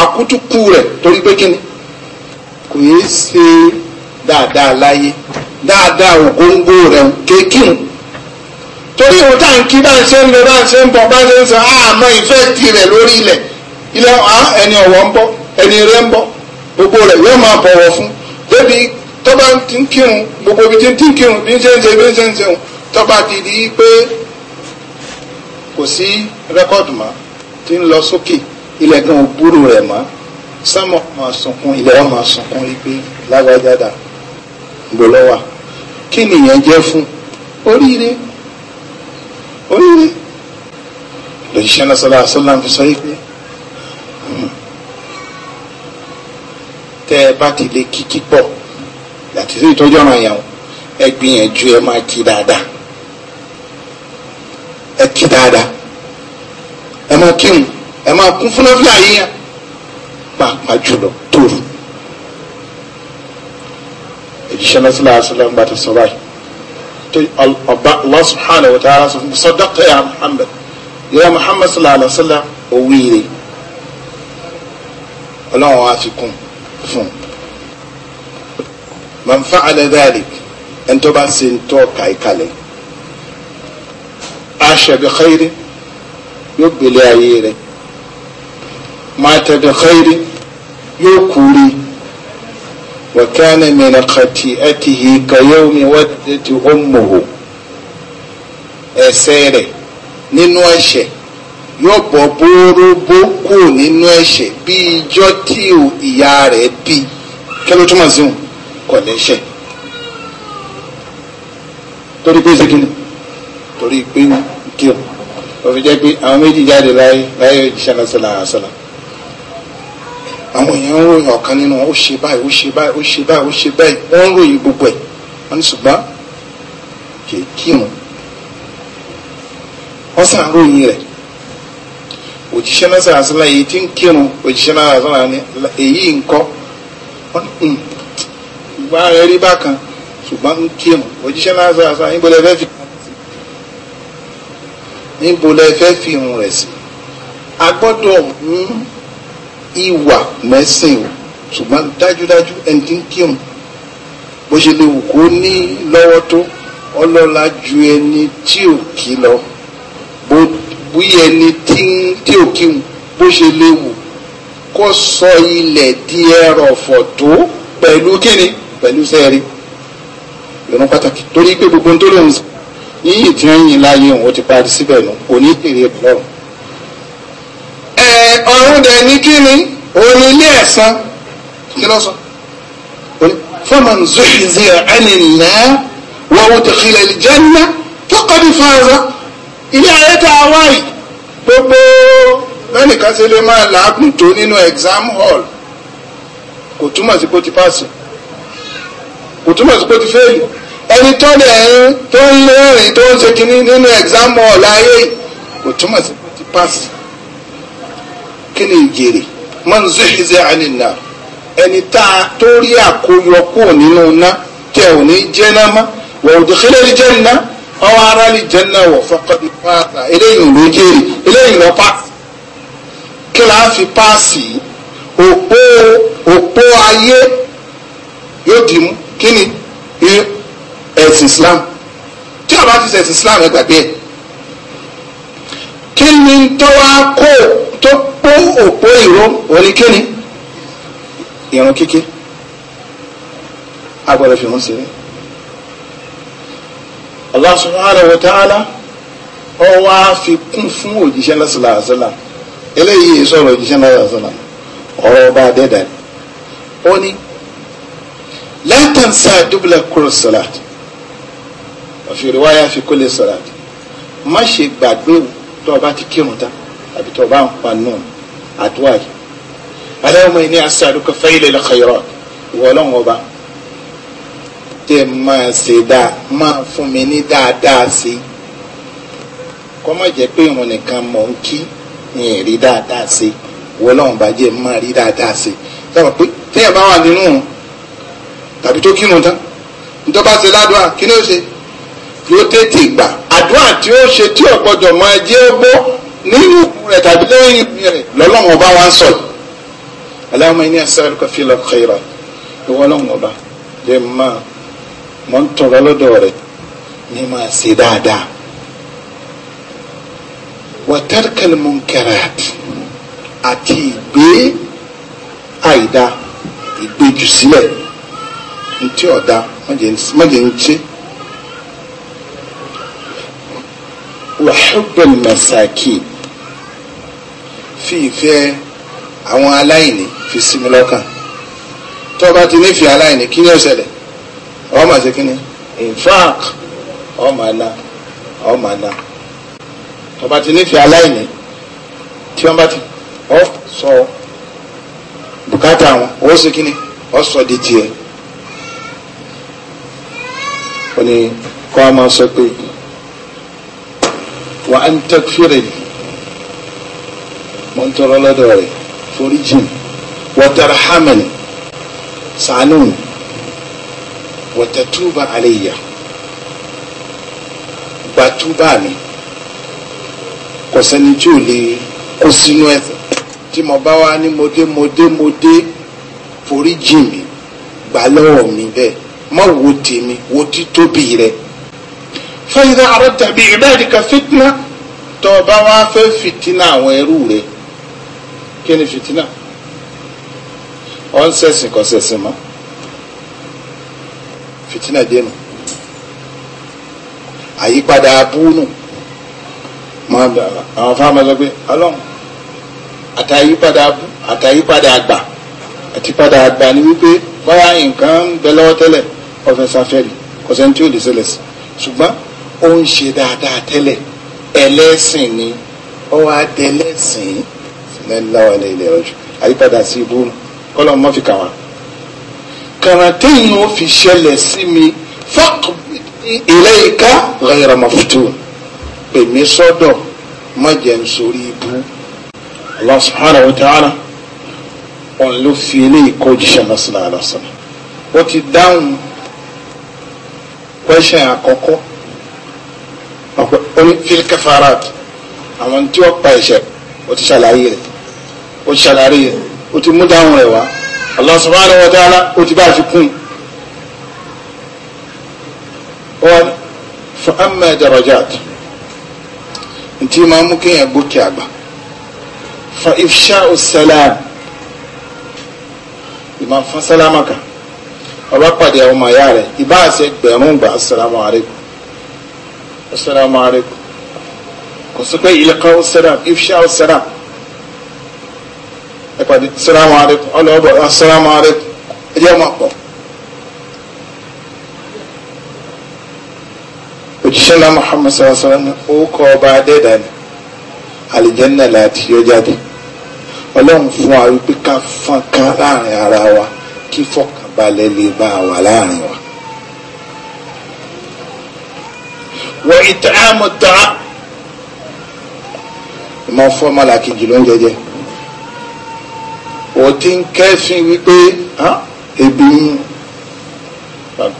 àkútúkù rẹ̀ torí pé kíni kò yéé ṣe dáadáa láyé dáadáa ògóńgó rẹ̀ kéékìrún torí ìwò tá à ń kí bá ń ṣe ń lo bá ń ṣe ń bọ̀ bá ń ṣe ń sọ ah, àmọ́ ìfẹ́ tirẹ̀ lórí ilẹ̀ ilẹ̀ ah, ẹni ọ̀wọ́ ń bọ̀ ẹni rẹ̀ ń bọ̀ gbogbo rẹ̀ yóò máa bọ̀wọ̀ fún débi tó bá ti ń kírun gbogbo ibi tí ń ti ń kírun bí ń ṣe ń ṣe bí ń ṣe ń ṣe tó bá ti di pé kò sí rẹ́kọ̀dù mọ́ ti ń lọ sókè ilẹ̀ gan ò gbúrò rẹ̀ mọ́ sámọ̀ máa sunkún ilẹ̀ wọn máa sunkún wípé lágbájá gbòlọ́wà kí nìyẹn jẹ́ fún oríire ó yẹ lòṣìṣẹ́ náà sọ́lá sọ́lá fi sọ yìí pé hmm, tẹ́ ẹ bá ti lè kíkí pọ̀ láti sí ìtọ́jú ọ̀ràn yẹn ẹ gbìyànjú ẹ máa kí dáadáa ẹ kí dáadáa ẹ máa kí mu ẹ máa kún fún lọ́fíà yín pàápàá jùlọ tóru òṣìṣẹ́ náà sọ́lá sọ́lá ń bá ti sọ báyìí tó ọba Allah subhanahu wa ta'ala sọ fún mi sọdọ́kà ya Muhammad ya Muhammad sallallahu alayhi wa sallam òwe rẹ̀ ọlọ́run wa fi kún fún man fa'ala dhalik ẹni tó bá ṣe ń tọ́ bi khayri yóò gbélé ayé rẹ̀ mata bi khayri yóò kúri. وكان من خطيئته كيوم ودت أمه ẹ̀ṣẹ̀ rẹ̀ nínú ẹ̀ṣẹ̀ yóò bọ́ bóróbó kù nínú ẹ̀ṣẹ̀ bí ijọ́ tí ìyá rẹ̀ bí kí ló túmọ̀ sí òun kò lẹ́ṣẹ̀ torí pé ṣe kíni torí pé kí o òfin jẹ́ pé àwọn méjì jáde láyé láyé òjíṣẹ́ náà sọ̀lá àṣọ̀lá àwọn èèyàn ń ròyìn ọ̀kan nínú wọn ó ṣe báyìí ó ṣe báyìí ó ṣe báyìí ó ṣe báyìí wọ́n ń ròyìn gbogbo ẹ̀ wọ́n ní ṣùgbọ́n kì í wọ́n sàn ròyìn rẹ̀ òjíṣẹ́ náà sàn àṣìlá èyí tí ń kírun òjíṣẹ́ náà àṣìlá ni èyí ńkọ́ hmm, ìgbà rẹ̀ rí bákan ṣùgbọ́n ń kírun òjíṣẹ́ náà sàn àṣìlá níbo lẹ fẹ́ fi níbo lẹ fẹ́ fi irun rẹ̀ sí a gbọ́dọ̀ mú ìwà mẹ́sìn o ṣùgbọ́n dájúdájú ẹni tí ń kírun bó ṣe lè wù kó ní lọ́wọ́ tó ọlọ́lá ju ẹni tí ò kí lọ bó bí ẹni tí ò kí bó ṣe lè wù kó sọ ilẹ̀ di ẹrọ̀fọ̀ tó pẹ̀lú kíni pẹ̀lú sẹ́ẹ̀rí ìrún pàtàkì torí pé gbogbo ohun tó lòun yíyìn tí wọ́n yìn láàyè òun ó ti parí síbẹ̀ nù kò ní tèrè lọ́rùn ọ̀run dẹ̀ ní kíni òun ilé ẹ̀san kí ló sọ faman zuhziha anin nar wa udkhila aljanna faqad faza ilé ayé tá a wáyìí gbogbo lẹ́nìkan ṣe lè máa làágùn tó nínú exam hall kò túmọ̀ sí pé ó ti pàṣẹ kò túmọ̀ sí pé ó ti fẹ́ẹ̀lì ẹni tó lẹ̀ ń tó ń lérìn tó ń ṣe kinní nínú exam hall ayé kò túmọ̀ sí pé ó ti pàṣẹ kí ni ìjèrè man zuhziha anin nar ẹni tá a tó rí àkóyọkú nínú ná tẹ ò ní jẹ́nà mọ́ wa udkhila al-janna ọwọ́ ara lè jẹ́nà wọ̀ faqad fata eléyìí ló jèrè eléyìí lọ paasi kí la òpó òpó ayé yóò dì mú kí ni Islam tí a bá ti ṣe ẹ̀sìn Islam ẹ gbàgbé kí ni tọ́wá kó tó pó òpó ìró oníkéni ìrun kíkí agbọ́dọ̀ fi wọ́n sílẹ̀ Allah subhanahu wa ta'ala ọ wá fi kún fún òjíṣẹ́ lásìlá àṣìlá eléyìí sọ̀rọ̀ òjíṣẹ́ lásìlá àṣìlá ọ̀rọ̀ ọba adẹ́dà ó ní la tansa dubla kulli salat wa fi riwaya fi kulli salat má ṣe gbàgbé tó o bá ti kírun tán àbí tó bá ń pa nùn àdúrà yìí aláwọ̀ ẹni asàlùkọ fẹ́ẹ́lẹ̀ lọ́kọ̀yọ̀rọ̀ ìwọ ọlọ́run ọba tẹ máa ṣe dáa máa fún mi ní dáadáa sí i kọ́ má jẹ́ pé ìrun nìkan mọ̀ ń kí ní rí dáadáa sí i ìwọ ọlọ́run bá jẹ́ máa rí dáadáa sí i sábà pé tẹ́yà bá wà nínú tàbí tó kírun tán nítorí bá ṣe ládùúgbà kí ni ó ṣe yóò tètè gbà àdúrà tí ó ṣe tí ọ̀pọ̀jọ̀ máa jẹ́ ó gbọ́ nínú rẹ̀ tàbí lẹ́yìn rẹ̀ lọ́lọ́run ọba wa ń sọ̀rọ̀ aláwọ̀ ẹni asáré kọfí lọ kẹrọ ìwọ lọ́run ọba jẹ́ máa mọ́ ń tọrọ lọ́dọ̀ rẹ̀ ní máa ṣe dáadáa wàtẹ́rkẹ́l munkarat àti ìgbé àìda ìgbéjù sílẹ̀ ntí ọ̀dà mọ̀jẹ̀ ń ṣe. wàhùbẹ̀l masakin fi ìfẹ́ àwọn aláìní fi sí mi lọ́kàn tó bá ti nífẹ̀ẹ́ aláìní kí ni ó ṣẹlẹ̀ ọ máa ṣe kí ni infaq ọ máa na ọ máa na tó bá ti nífẹ̀ẹ́ aláìní tí wọ́n bá ti ọ sọ bùkátà wọn ó ṣe kí ni ọ sọ di tiẹ̀ ó ní kọ́ ọ máa sọ pé wà á ń tẹ́ fúrẹ́ mo ń tọrọ lọ́dọ̀ rẹ̀ foríjì wọ́tẹ̀rẹ̀hámẹ́ni sànù wọ́tẹ̀túbà àlẹ́yà gbàtúbà mi kò sẹ́ni tí ò lè kó sínú ẹ̀ṣẹ̀ tí mo bá wá ní mo dé mo dé mo dé foríjì mi gbà lọ́wọ́ mi bẹ́ẹ̀ má wo tèmi wo títóbi rẹ̀ fẹ́yìntà àrọ́ tàbí ìbáàdì ka fitna tó o bá wá fẹ́ fitina àwọn ẹrú rẹ̀ kí ni fìtínà wọ́n sẹ̀sìn kan sẹ̀sìn mọ́ fìtínà dénú àyípadà abúnú máa dà àwọn fáwọn máa sọ pé ọlọ́run àtàyípadà abú àtàyípadà àgbà àtìpadà àgbà ni wípé báyà nǹkan ń bẹ lọ́wọ́ tẹ́lẹ̀ ọ̀fẹ́ sáfẹ́rì kọ̀sẹ́ tí ò lè ṣẹlẹ̀ sí ṣùgbọ́n ó ń ṣe dáadáa tẹ́lẹ̀ ẹlẹ́sìn ni ó wá dẹlẹ́sìn lẹ́láwà ilẹ̀ ilẹ̀ ọjọ́ àyípadà sí ibú kọ́lọ́ mọ́ fi kà wá. kàràtẹ́yìn ó fi ṣẹlẹ̀ sí mi fọ́ọ̀kù ilẹ̀ ìka ghayra maftun èmi sọ́dọ̀ má jẹ́ n sórí ibú. Allah subhanahu wa ta'ala òun ló fi eléyìí kó jíṣẹ́ lọ́sọ̀nà àlọ́sọ̀nà. ó ti dáhùn kwẹ́sẹ̀ àkọ́kọ́ ọ̀pẹ́ onífíkẹ́fàràt àwọn tí ó pa ẹ̀ṣẹ̀ ó ti ṣàlàyé rẹ̀ ó ti ṣàlàyé rẹ̀ ó ti mú dáhùn rẹ̀ wá Allah subhanahu wa ta'ala ó ti bá a fi kún un. fa amma darajat ntí máa mú kéèyàn gòkè àgbà fa ifsha'u salam ìmọ̀ fún sálámà kan ọba pàdé àwọn ọmọ ayá rẹ̀ ìbá àṣẹ gbẹ̀rún gbà assalamu alaikum assalamu alaikum kò sọ pé ilẹ̀kọ́ salam ifsha'u salam ẹ pàdé sálámù alẹ́kùn ọlọ́ọ̀bọ̀ sálámù alẹ́kùn ẹ jẹ́ ọmọ àpọ̀. òjíṣẹ́ náà Muhammad sàlásàlá ní orúkọ ọba adẹ́dà ni àlìjẹ́nà láti yọ jáde ọlọ́run fún wa wípé ká fọ́n ká láàrin ara wa kí fọkànbalẹ̀ lè bá wa láàrin wa. wọ́n ìtẹ́ àmọ̀tá ìmọ̀ fọ́mọ́lá kejì ló ń jẹjẹ́. wọ́n ti ń kẹ́sìn wípé ebi ń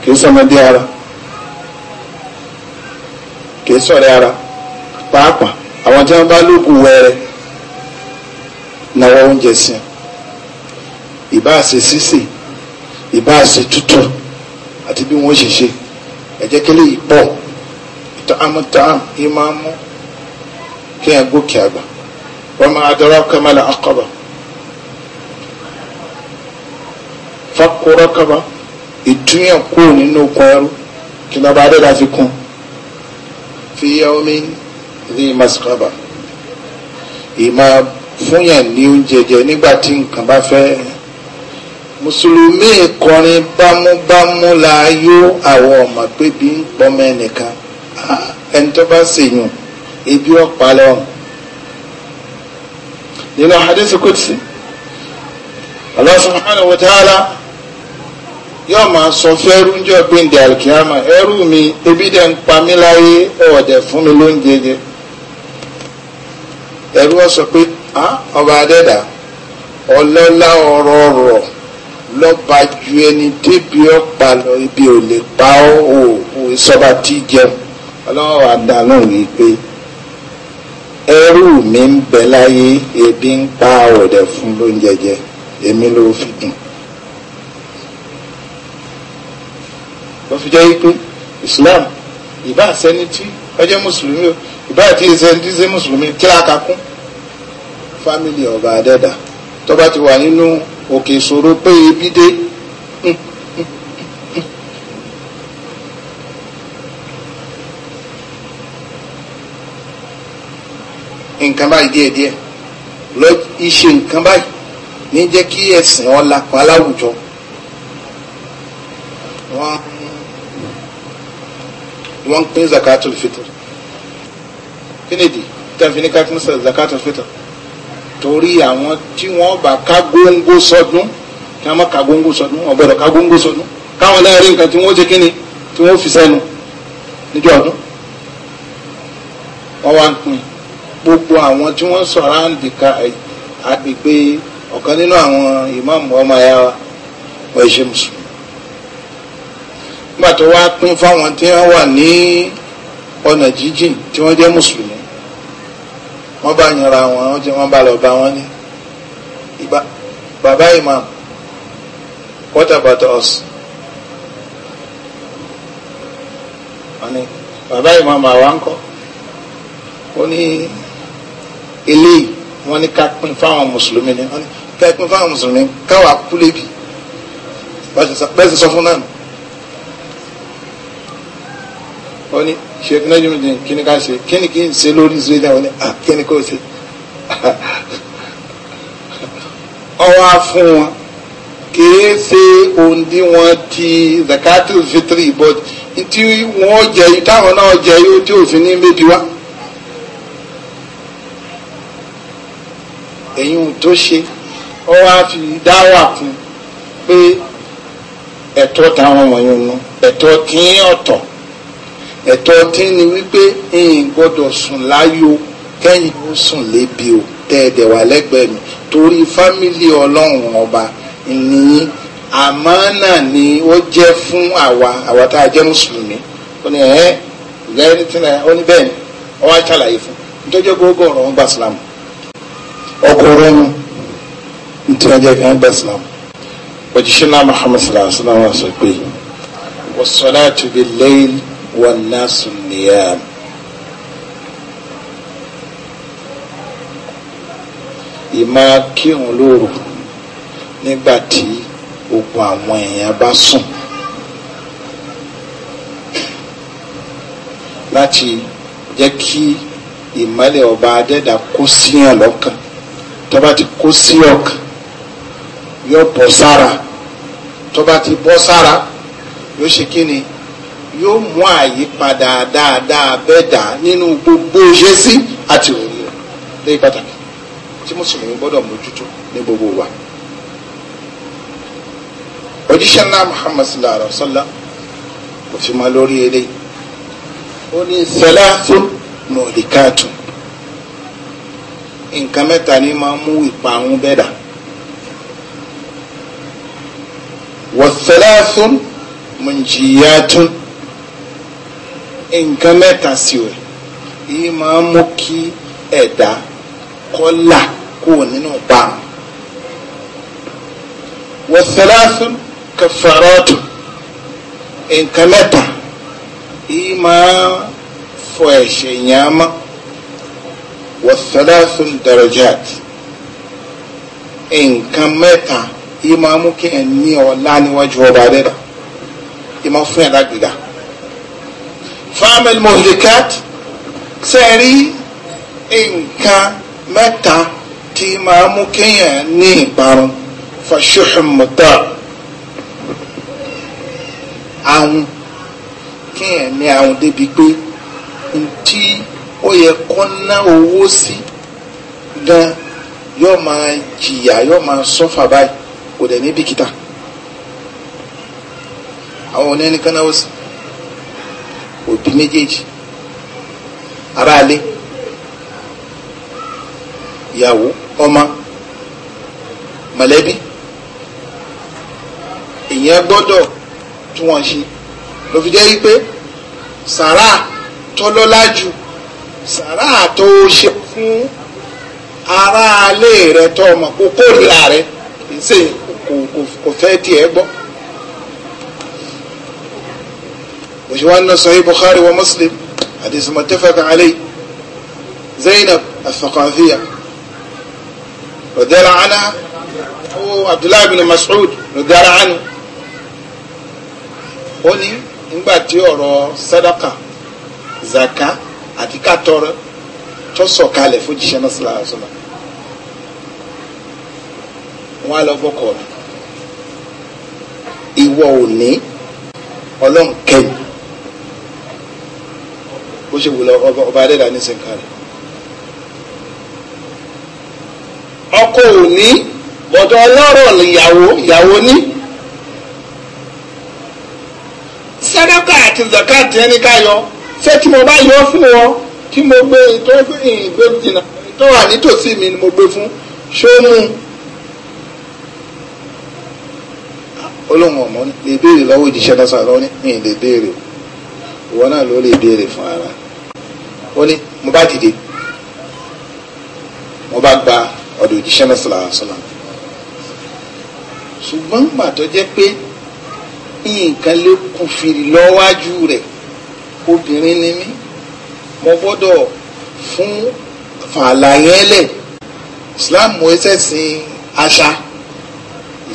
kì í sọmọdé ara kì í sọ̀rẹ́ ara pàápàá àwọn tí wọ́n bá lóògùn wẹ̀rẹ̀ náwó oúnjẹ sí ìbá ṣe sísè ìbá ṣe tútù àti bí wọ́n ṣe ṣe ẹ̀jẹ̀ kí pọ̀ tààmùtààmù kí gòkè àgbà wọ́n máa dọ́rọ́ fakora kaba ìtúnyàn kó nínú okùn ẹrú kí lọ́ba adéda fi kún fi yẹ omi ní masikaba ìmọ̀ fúnyàn ní oúnjẹ jẹ nígbà tí nǹkan bá fẹ́ mùsùlùmí kọrin bámúbámú la yó àwọn ọmọ pé bí ń pọmọ ẹnìkan ẹni ah, tó bá ṣèyàn ebi ọ̀pá lọ́rùn nínú hadith kùtì Allah subhanahu wa ta'ala yóò máa sọ fẹ́rú ńjọ́ gbẹ̀ǹdẹ̀ àlùkìyàmà ẹrú mi ebi dẹ̀ ń pa mí láyé ọ̀dẹ̀ fún mi lóúnjẹ jẹ ẹrú ọ sọ pé ọba adẹ́dà ọlọ́lá ọ̀rọ̀ ọ̀rọ̀ lọ́ba ju ẹni débi ọ̀pá lọ ibi ò lè pa ọ́ ò ìsọba tí jẹun ọlọ́wọ́ àdánù yìí pé ẹrú mi ń bẹ láyé ebi ń pa ọ̀dẹ̀ fún lóúnjẹ jẹ èmi ló fi dùn. ló fi jẹ́ pé islam ìbá àsẹ́ni tí ọjọ́ mùsùlùmí o ìbá àti ìsẹ́ni tí ṣe mùsùlùmí kíláka kún fámìlì ọba àdẹ́dà tó bá ti wà nínú òkè ìṣòro pé ebi dé nǹkan báyìí díẹ̀díẹ̀ lọ iṣẹ́ nǹkan báyìí ní jẹ́ kí ẹ̀sìn wọn lapa láwùjọ. wọ́n ni wọ́n ń pín zakatul fitr kí nìdí tẹ́fì ní ká pín zakatul fitr torí àwọn tí wọ́n bá ká góńgó sọdún kí wọ́n má ká góńgó sọdún wọ́n gbọ́dọ̀ ká góńgó sọdún káwọn náà rí nǹkan tí wọ́n ṣe kí ni tí wọ́n fi sẹ́nu níjọ́ ọdún wọ́n wá ń pín gbogbo àwọn tí wọ́n sọ̀rọ̀ àǹdìka àgbègbè ọ̀kan nínú àwọn ìmáàmù ọmọ ẹ̀yà wa wọ́n ṣe mùsùlùmí nígbà tó wá pín fáwọn tí wọ́n wà ní ọ̀nà jíjìn tí wọ́n jẹ́ mùsùlùmí wọ́n bá yanra wọn wọ́n jẹ́ wọ́n bá lọ bá wọn ní bàbá imam what about us wọ́n ní bàbá imam àwa ń kọ́ ó ní eléyìí wọ́n ní ká pín fáwọn mùsùlùmí ni wọ́n ní ká pín fáwọn mùsùlùmí káwa kú lébi bá ṣe sọ fún náà nù. ó ní sheikh najimudin kí ni ká ṣe kí ni kí n ṣe lórí zuida ó ní à ah, kí ni kò ṣe ọwọ́ (laughs) fún wọn kìí ṣe ohun tí wọ́n ti zakatul fitri but tí wọ́n jẹ yìí táwọn náà jẹ yìí tí òfin ní méjì wá. èyí ò tó ṣe ọ wá fi dá fún pé ẹ̀tọ́ táwọn wọ̀nyí nù ẹ̀tọ́ tí ọ̀tọ̀. ẹ̀tọ́ tí ni wípé ẹ̀yin gbọ́dọ̀ sùn láyò kẹ́yìn ó sùn lébi o tẹ́ wà lẹ́gbẹ̀ẹ́ mi torí fámìlì ọlọ́run ọba ni ó jẹ́ fún àwa àwa tá a jẹ́ mùsùlùmí ó ní ẹ̀ lẹ́yìn tí ó ní bẹ́ẹ̀ ni ó wá ṣàlàyé fún nítorí gbogbo ọ̀rọ̀ ń gba Islam ọkùnrin gba Islam òjíṣẹ́ náà Muhammad sallallahu alaihi wa sallam sọ والناس نيام ìmọ̀ kírun lóru nígbà tí ogun àwọn èèyàn bá sùn láti jẹ́ kí ìmọ̀lẹ̀ ọba adẹ́dà kó síyàn lọ́kàn tó bá ti kó sí ọkàn yóò bọ́ sára tó bá ti bọ́ sára yóò ṣe kí ni yóò mú àyípadà dáadáa bẹ́ẹ̀ dá nínú gbogbo ìṣesí àti òní rẹ̀ lẹ́yìn pàtàkì tí mùsùlùmí gbọ́dọ̀ mójútó ní gbogbo wa. òjíṣẹ́ ńlá muhammad sallallahu alaihi wa sallam kò fi mọ́ lórí eléyìí ó ní sẹ́láàtún mọ̀lìkàtún nǹkan mẹ́ta ni máa ń mú ìparun bẹ́ẹ̀ dà wọ́n sẹ́láàtún mọ̀jìyàtún nǹkan mẹ́ta sí o èyí máa ń mú kí ẹ̀dá kọ́là kúrò nínú báàmù. wọ́sẹ̀láṣún kẹfẹ́rọ́dù nǹkan mẹ́ta èyí máa fọ ẹ̀ṣẹ̀ yẹn mọ́ wọ́sẹ̀láṣún nǹkan mẹ́ta èyí máa mú kí ẹ̀ ní ọ̀la níwájú ọba dẹ́dà èyí máa fún ẹ̀ lágbègbè fámẹ́lì mohidikat sẹ́rí nǹkan mẹ́ta tí máa mú kéèyàn ní ìparun fàṣùhùn mọ́tà àwọn kéèyàn ní àwọn débi pé ntí ó yẹ kó ná owó sí gan yóò máa jìyà yóò máa sọ́fà báyìí kò dẹ̀ ní bìkítà àwọn oníkan náà òbí méjèèjì aráalé ìyàwó ọmọ mọ̀lẹ́bí èèyàn gbọ́dọ̀ tí wọ́n ṣe ló fi jẹ́ wípé sàrà tọ́lọ́lá jù sàrà tó ṣe fún aráalé rẹ tó ọmọ kó kórìíra rẹ kì í ṣe kò fẹ́ tiẹ̀ gbọ́. وشوان صحيح بخاري ومسلم حديث متفق عليه زينب الثقافية رضي الله عنها وعبد الله بن مسعود رضي الله عنه ó ní nígbà tí ọ̀rọ̀ sadaka zaka àti kátọrọ tó sọ̀kalẹ̀ fojìṣẹ́ náà sílára sọ́la wọn á lọ gbọ́kọ̀ rẹ̀ ìwọ ò ní ọlọ́run kẹ́yìn bó ṣe wù lọ ọba adẹ́dà ní sìnkà rẹ̀ ọkọ ò ní bọ̀dọ̀ ọlọ́rọ̀ ìyàwó ìyàwó ní sàdákà àti zakat ẹni ká yọ ṣé tí mo bá yọ fún ọ tí mo gbé e tó ìgbé e jìnnà tó wà nítòsí mi ni mo gbé e fún ṣó mú un olóhùn ọmọ ní lè béèrè lọ́wọ́ ìjíṣẹ́ lọ́sàn-án ní lè béèrè ìwọ náà ló lè béèrè fún ara ó ní mo bá dìde mo bá gba ọ̀dọ̀ òjíṣẹ́ náà sọ̀rọ̀ sọ̀rọ̀ ṣùgbọ́n gbà tó jẹ́ pé nǹkan lè kún fìrì lọ́wájú rẹ̀ obìnrin ni mí mo gbọ́dọ̀ fún fàlàyé ẹlẹ̀ islam ẹsẹ̀ sin àṣà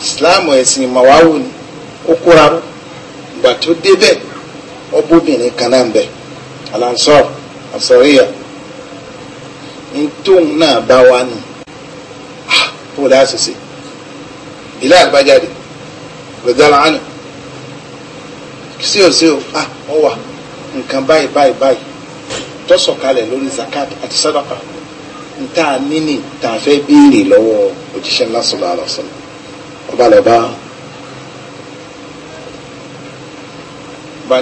islam ẹ̀sìn màwáwò ni ó kóra gbà tó débẹ̀ ọbọbìnrin kan náà ń bẹ alansor asọríyà ntóun náà bá wà nù o dáa sèse ilé àgbájáde rẹjọlá ànú sí o sí o ah ọ wà nǹkan báyìí báyìí báyìí tó sọ̀kalẹ̀ lórí zakat àti sadaqa nta níní tá fẹ́ béèrè lọ́wọ́ òjíṣẹ́ ńlá sọlá àlọ́sọ̀lá ọba lọ́ba bá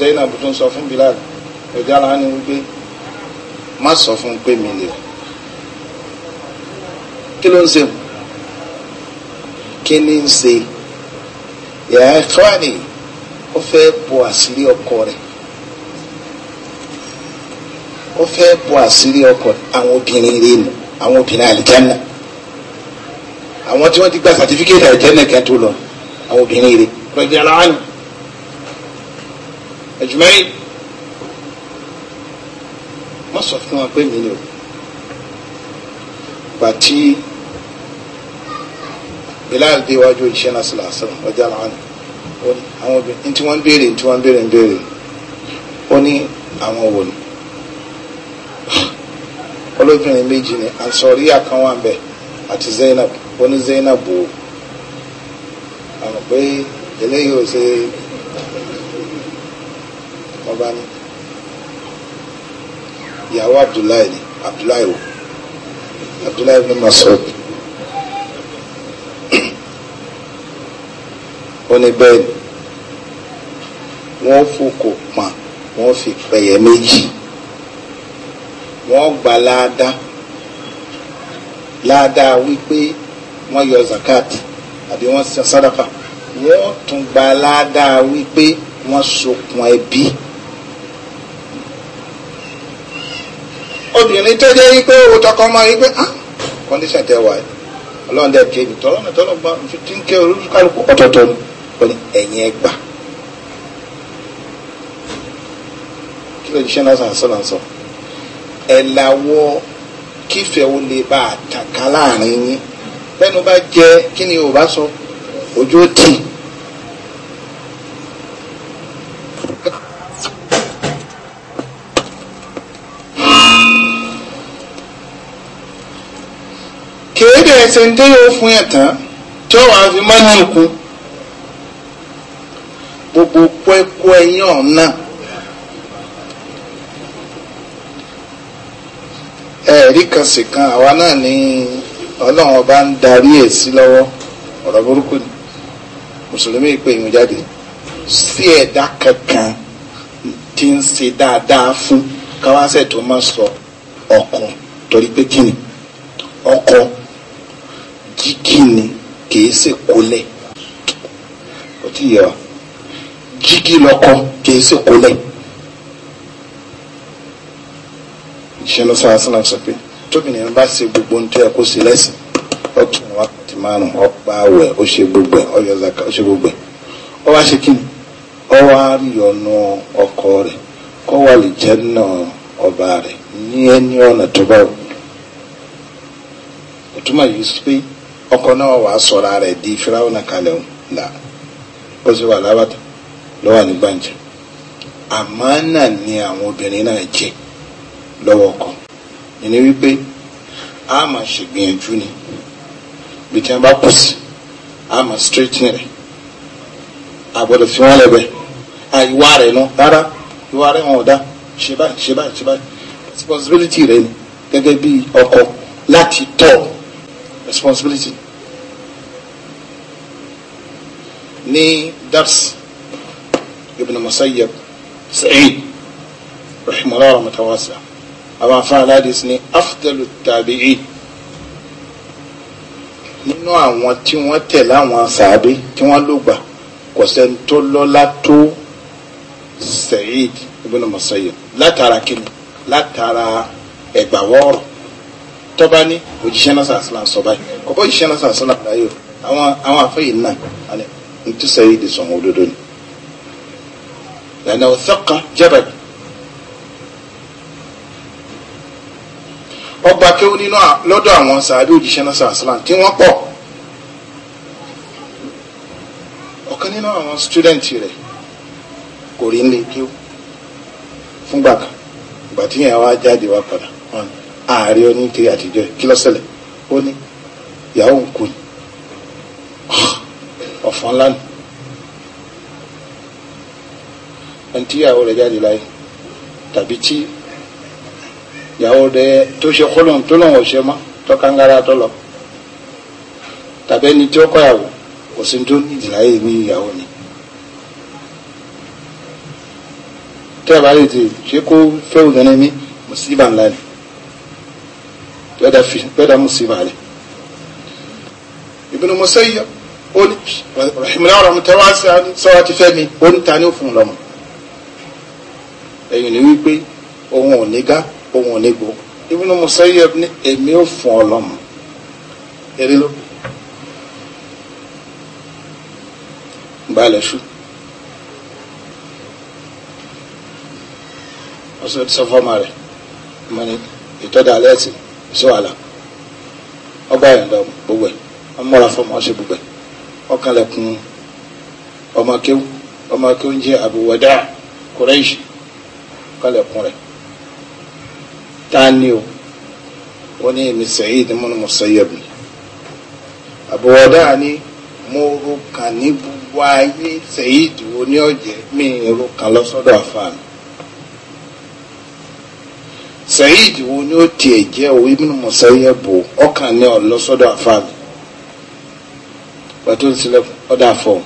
Zainab tó sọ fún Bilal ọjà làwọn wípé má sọ fún pé mi lè kí ló ń ṣe kí ni ń ṣe yàrá ìfúrani ó fẹ́ bo àṣírí ọkọ rẹ ó fẹ́ bo àṣírí ọkọ àwọn obìnrin rẹ̀ nù àwọn obìnrin àwọn tí wọ́n ti gba sàtífíkẹ́tì àlìjáná kan lọ àwọn obìnrin ẹ̀jùmẹ́rì wọ́n sọ fún wa pé mi ni o gbàtí bilal dé iwájú òjíṣẹ́ náà sọ̀rọ̀ àṣọ ọjà làwọn àwọn obìnrin tí wọ́n ń béèrè tí wọ́n ń béèrè ń béèrè ó ní àwọn wò ni olóbìnrin méjì ni ansoriya kan wà ń bẹ àti zainab ó ní zainab wò àwọn pé eléyìí ò ṣe é wọ́n bá ní ìyàwó abdullahi ni abdullahi o abdullahi ibn Mas'ud ó ní bẹ́ẹ̀ wọ́n fòkò pọ̀n wọ́n fi pẹ̀yẹ méjì wọ́n gbà láadáa láadáa wípé wọ́n yọ zakat àbí wọ́n san sàdáká wọ́n tún gbà láadáa wípé wọ́n sokùn ẹbí. E obìnrin tó jẹ́ wípé owó tọkọ máa wípé ah condition tẹ wà ọlọ́run dẹ̀ kébi tọ́lọ́nà tọ́lọ́ bá ti ń ké olúkálùkù ọ̀tọ̀ọ̀tọ̀ ni ó ní ẹ̀yìn ẹgbà kí ló jíṣẹ́ náà sàn sọ́nà sọ ẹ làwọ kífẹ́ ó lè bá àtàkà láàrin yín bẹ́ẹ̀ bá jẹ kí ni Yorùbá sọ ojú ó tì í. kéde ẹsẹ̀ ń tẹ́lẹ̀ ó fún tí ó fi máa ń sùnkún gbogbo pẹ́kọ́ ẹ̀yìn ọ̀nà ẹ̀rí kan sì àwa náà ní ọlọ́run ọba ń darí lọ́wọ́ ọ̀rọ̀ burúkú ni mùsùlùmí sí kankan fún tó ma sọ ọkọ torí ọkọ. jíjí ni kì í sì kólẹ̀ ó ti yẹ ọ jíjí lọ́kọ kì í sì kólẹ̀ ìṣẹ́nu sáásán náà sọ pé tóbìnrin bá ṣe gbogbo ohun tó yẹ kó ṣe lẹ́sìn ó tún wákàtí márùn ó pa àwẹ̀ ó ṣe gbogbo ẹ̀ ó zaka ó ṣe gbogbo ẹ̀ ó wá ṣe kí ni ó wá yọnu ọkọ rẹ̀ kó wà lè jẹ́ náà ọba rẹ̀ ní ẹni ọ̀nà tó bá wù. òtún màá yìí sọ pé ọkọ náà wàá sọra rẹ̀ di firawuna kalẹ̀ o la ó sì wà lábàtà lọ́wọ́ ní gbàǹjà àmọ́ náà ni àwọn obìnrin náà jẹ lọ́wọ́ ọkọ ìní wípé a máa ṣègbìyànjú ni bí tí wọn bá kù sí a máa straighten rẹ̀ àgbọ́dọ̀ fi wọn lẹ́gbẹ̀ẹ́ àìwá rẹ̀ náà rárá ìwà rẹ̀ wọn ò dá ṣe báyìí ṣe báyìí ṣe báyìí responsibility rẹ̀ ni gẹ́gẹ́ bí ọkọ láti tọ́ responsibility ní dars ibn musayyab sa'id rahimahullah rahmatawasa àwọn afáàlá hadith ní afdalu tabi'i nínú àwọn tí wọ́n tẹ̀lé àwọn sàábé tí wọ́n ló gbà kò sẹ́ni tó lọ́lá tó sa'id ibn musayyab látara kíni látara ẹ̀gbàwọ́ tọ́ba ní òjíṣẹ́ náà sàṣàlà sọ báyìí kọ́bọ́ òjíṣẹ́ náà sàṣàlà láyò àwọn àwọn àfẹ́yìn náà alẹ́ ntúṣe yìí di sọ̀hún òdodo ni. lẹ́nu ọ̀sọ́kà jẹ́bẹ̀. ọgbà kéwù nínú lọ́dọ̀ àwọn sàádé òjíṣẹ́ náà sàṣàlà tí wọ́n pọ̀ ọ̀kan nínú àwọn sítúdẹ̀ǹtì rẹ̀ kò rí nílé kéwù fúngbà kan ìgbà tí yẹn wá jáde wá padà ààrẹ oníkiri àtijọ́ kí ló ṣẹlẹ̀ ó ní ìyàwó ń kú ah, ọ̀fọ̀ ńlá nù ẹni tí ìyàwó rẹ̀ jáde láyé tàbí tí ìyàwó rẹ̀ tó ṣe kọ́lọ́n tó lọ́wọ́ ṣe mọ́ tọ́kángárá tó lọ tàbí ẹni tí ó kọ́ ìyàwó kò sí ní ìyàwó ni tẹ́ ẹ bá lè tè ṣé kó fẹ́ òdánẹ́mí mùsíbà ńlá ni yóò dá mùsíbà rẹ̀ Ibn Musayyab ó ní rahimahulah rahmatulahi wa sọ́wọ́ ti fẹ́ mi ó ní ta ni ó fún un lọ́mọ ẹ̀yìn ni wípé òun ò ní gá òun ò ní gbó Ibn Musayyab ní èmi ò fún ọ lọ́mọ eré ló balẹ̀ sùn. ọsọ ti sọ fọmọ rẹ mọ ni alẹ́ ti sí wàhálà ọgbà ìyọ̀ǹda gbogbo ẹ̀ fọm múra fọmọ gbogbo ẹ̀ ọmọ akéwù ọmọ jẹ́ àbúwẹ̀dá kùrẹ́ṣì kalẹ̀kùn rẹ̀ tani o wọ́n Sa'id múnú Musayyab àbúwẹ̀dá ni mo ro kàn ní gbogbo Saheed wo ni ó tiẹ̀ jẹ́ o ibùdó mọ̀sáyẹ̀ bò ọkàn ní ọ̀lọ́sọ́dọ̀ àfáàmì pàtó ń sílẹ̀kùn ọ̀dà àfọ̀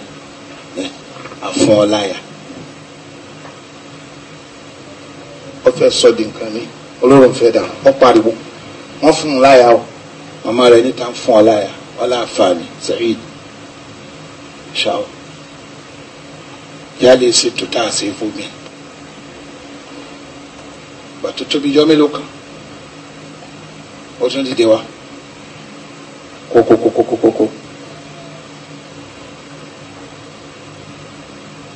àfọ̀ ọ̀láyà ó fẹ́ sọ di nǹkan mi olóró ń fẹ́ dà ó pariwo wọ́n fún un láyà o màmá rẹ̀ níta ń fún ọ láyà ọ̀là àfààní Saheed ṣáò yálé ṣètò tá a ṣe fún mi ìgbà tó tóbi jọ mélòó kan ó tún dìde wá kókókókókókó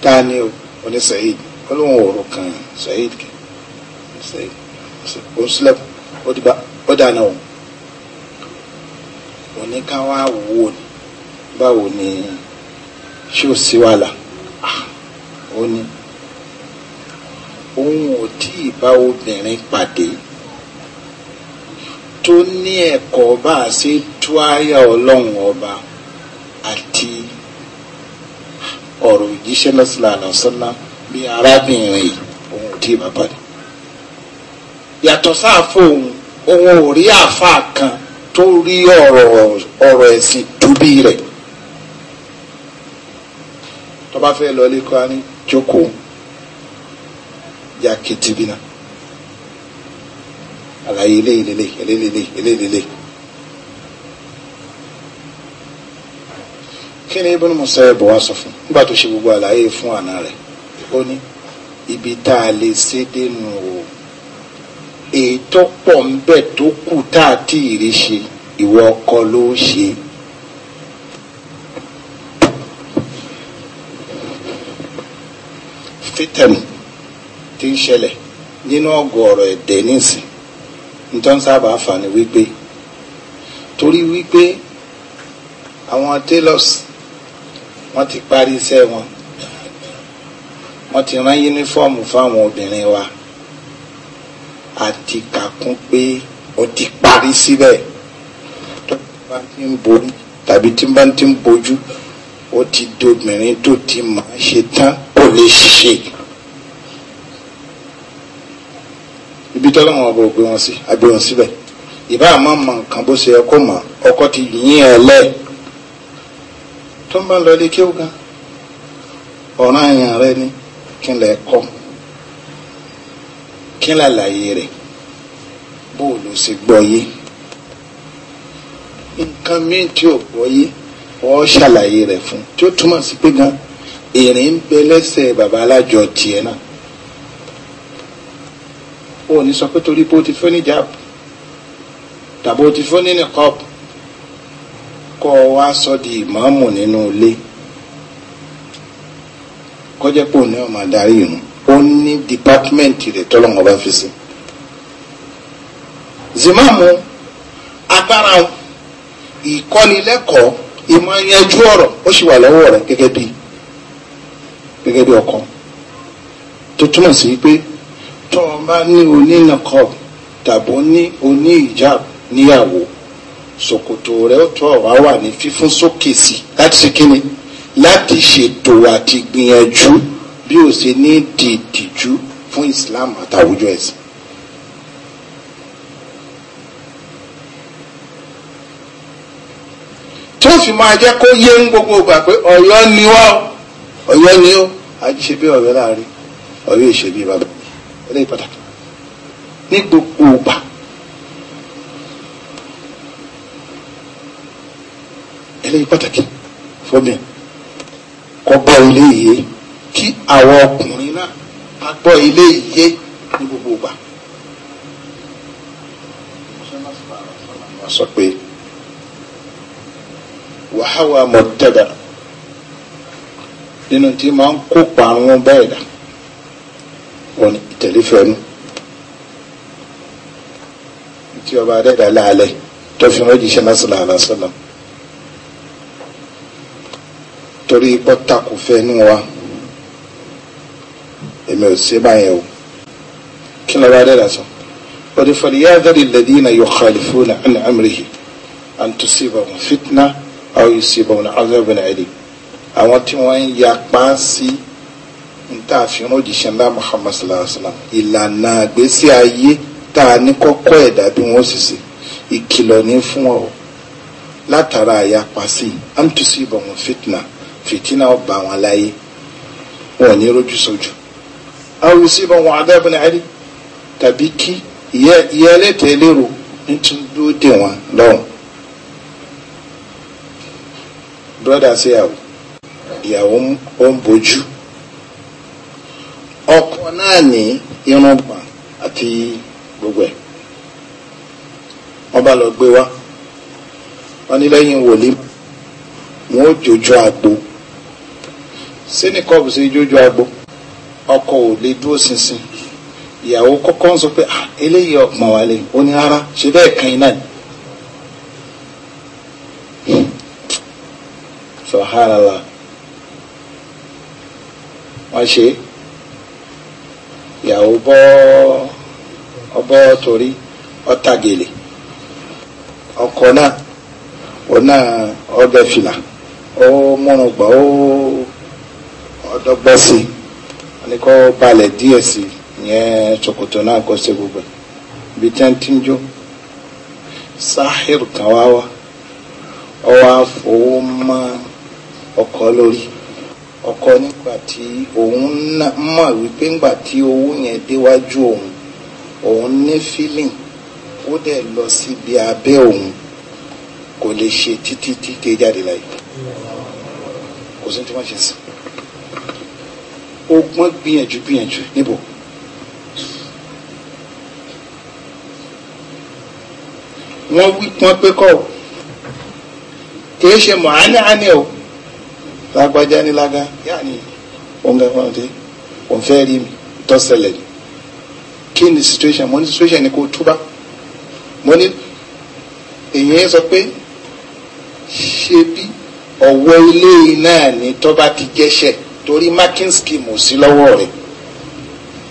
tá a ní o oní Saheed ó lóun òru kan Saheed kì Saheed ó sílẹ̀ ó dáná o òní ká wá wò ó báwo ni ṣé ò sí wàhálà ah, ó ní òun ò tí ì bá obìnrin pàdé tó ní ẹ̀kọ́ bá a ṣe tú àyà ọlọ́run ọba àti ọ̀rọ̀ òjíṣẹ́ lọ́sọ̀lá àlọ́sọ́lá bí arábìnrin yìí òun ò tí ì bá pàdé. yàtọ̀ sáàfọ̀ òun òun ò rí àáfàá kan tó rí ọ̀rọ̀ ẹ̀sìn dúbí rẹ̀ tó fẹ́ lọ lé ní jókòó. jákèjì bí náà àlàyé eléyìí lélẹ̀ eléyìí ni Ibn musa wá fun ṣe gbogbo alaye fún ana re o ni ibi ta le se o ètò pọ̀ ń bẹ tó ti ṣe ìwọ ọkọ lo ṣe. tí ń ṣẹlẹ̀ nínú ọ̀gọ̀ọ̀rọ̀ ẹ̀dẹ̀ nísìn nítorí sábà fà ní wípé torí wípé àwọn tailors wọ́n ti parí iṣẹ́ wọn wọ́n ti rán yúnífọ́ọ̀mù fáwọn obìnrin wa àti kàkún pé ó ti parí síbẹ̀ tó bá ti ń borí tàbí tí bá ti ń bojú ó ti dobìnrin tó ti máa ṣe tán kò lè ṣe. ibi tọ́lọ́ wọn bò gbé wọn sí àbí wọn síbẹ̀ ìbá àmọ́ mọ nǹkan bó ṣe ẹkọ mọ ọkọ ti yìn ẹ lẹ tó ń bá lọ ilé kéwù gan ọ̀ràn àyàn rẹ ni kí n lè kọ́ kí n lè àlàyé rẹ̀ bó o ṣe gbọ́ yé nǹkan míì tí ò gbọ́ yé ọ ṣàlàyé rẹ̀ fún tí ó túmọ̀ sí pé gan èrè ń bẹ lẹ́sẹ̀ bàbá alájọ tiẹ̀ náà ó ní sọ pé torí pé ó ti fún ní jab tàbí ó ti fún ní niqab kọ́ ọ wá sọ di ìmáàmù nínú ilé kọjá pé òun ní ọmọ adarí irun ó ní dìpátímẹ́ǹtì rẹ̀ tọ́lọ́mọ bá fi sí. zimamu agbára ìkọ́nilẹ́kọ̀ọ́ ìmọ̀ yanjú ọ̀rọ̀ ó sì wà lọ́wọ́ rẹ̀ gẹ́gẹ́ bí gẹ́gẹ́ bí ọkọ tó túmọ̀ sí pé tó o bá ní onínàkọ tàbí ní oní ìjáàb níyàwó ṣòkòtò rẹ ó tọ́ wá wà ní fífún sókè sí láti kíni láti ṣètò àti gbìyànjú bí o ṣe ní dìdìjú fún Islam àtàwùjọ ẹ̀sìn. tó fi máa jẹ́ kó yé ń gbogbo ìgbà pé ọ̀yọ́ ni wá ọ̀yọ́ ni ó àti ṣe bí ọ̀rẹ́ láàrin ọ̀rẹ́ ìṣe bí eléyìí pàtàkì ní gbogbo ògbà. eléyìí pàtàkì fọbẹ kọgbọ ilé yìí kí àwọn ọkùnrin náà bá gbọ́ ilé yìí ní gbogbo ògbà. sọ pé wàhálà mọ̀tẹ́bà nínú tí máa ń kópa àwọn bẹ́ẹ̀ dà wọn tẹ̀lé fẹ́nu tí ọba adẹ́dà láàlẹ̀ tó fi méjì ṣe náà sọ̀lá àlásọ̀lá torí pọ́tà kò fẹ́nu wa èmi ò sí báyẹn o kí ni ọba adẹ́dà sọ wọ́n ti fọ̀lì yá àdàrí lẹ́dínà yóò xalifó ní àná amúrihì àǹtòsíbà wọn fitna àwọn yóò síbà wọn àzọ́bìnrin àìlè àwọn tí wọ́n ń yapa sí níta àfihàn òjíṣẹ́ ńlá Muhammad sallallahu alayhi wa sallam ìlànà àgbésí ayé tá a ní kọ́kọ́ ẹ̀dá bí wọ́n sì ṣe ìkìlọ̀ ní fún ọ látara àyapa sí amtusi ìbọ̀wọ̀n fitna fitina ọba àwọn aláyé wọn ò ní rojú sójú awusi ìbọ̀wọ̀n adábọ̀ ní àrí tàbí kí ìyá ẹlẹ́tẹ̀ẹ́ lérò nítorí dúró dè wọn lọ́wọ́ brọ́dà sí ìyàwó ìyàwó ń bójú ọkọ náà ní irùngbọ̀n àti gbogbo ẹ̀ wọ́n bá lọ gbé wá wọ́n ní lẹ́yìn wòlíì wọ́n ó jòjó àgbo sínìkọ́ọ̀bù sí jòjó àgbo ọkọ ò lè dúró ṣinṣin ìyàwó kọ́kọ́ ń sọ pé ah, eléyìí ọ̀pọ̀n wà lè ó ní rárá ṣe bẹ́ẹ̀ kan iná ni. sọ̀hánàlá wọ́n ṣe é. ìyàwó bọ́ ọbọ̀ torí ọ̀tàgèlè ọkọ náà òun ọbẹ̀ fìlà ó múrun gbọ́ ó ọdọ́gbọ́ sí i ní kó balẹ̀ díẹ̀ sí i ìyẹn ṣòkòtò náà kó ṣe gbogbo ibi tí wọ́n ti ọkọ lórí. ọkọ nígbà tí òun mọ̀ wípé ńgbà tí owó yẹn déwájú òun òun ní feeling ó dẹ̀ lọ síbi abẹ́ òun kò lè ṣe títí títí jáde láyé kò sí tí wọ́n ṣe sí ogbọ́n gbìyànjú gbìyànjú níbo. wọ́n wí pọ́n pé kọ́ kì í ṣe mọ̀ á ní o lágbájá ní lága yáà ni wọn gan fún ọdẹ wọn fẹ́ rí mi tọ́sẹ̀lẹ̀ ni kí ni situation mo ní situation ni kò túbá mo ní èyàn sọ pé ṣe bí ilé náà ni tọ́ba ti jẹ́ṣẹ̀ torí marking scheme ò sí lọ́wọ́ rẹ̀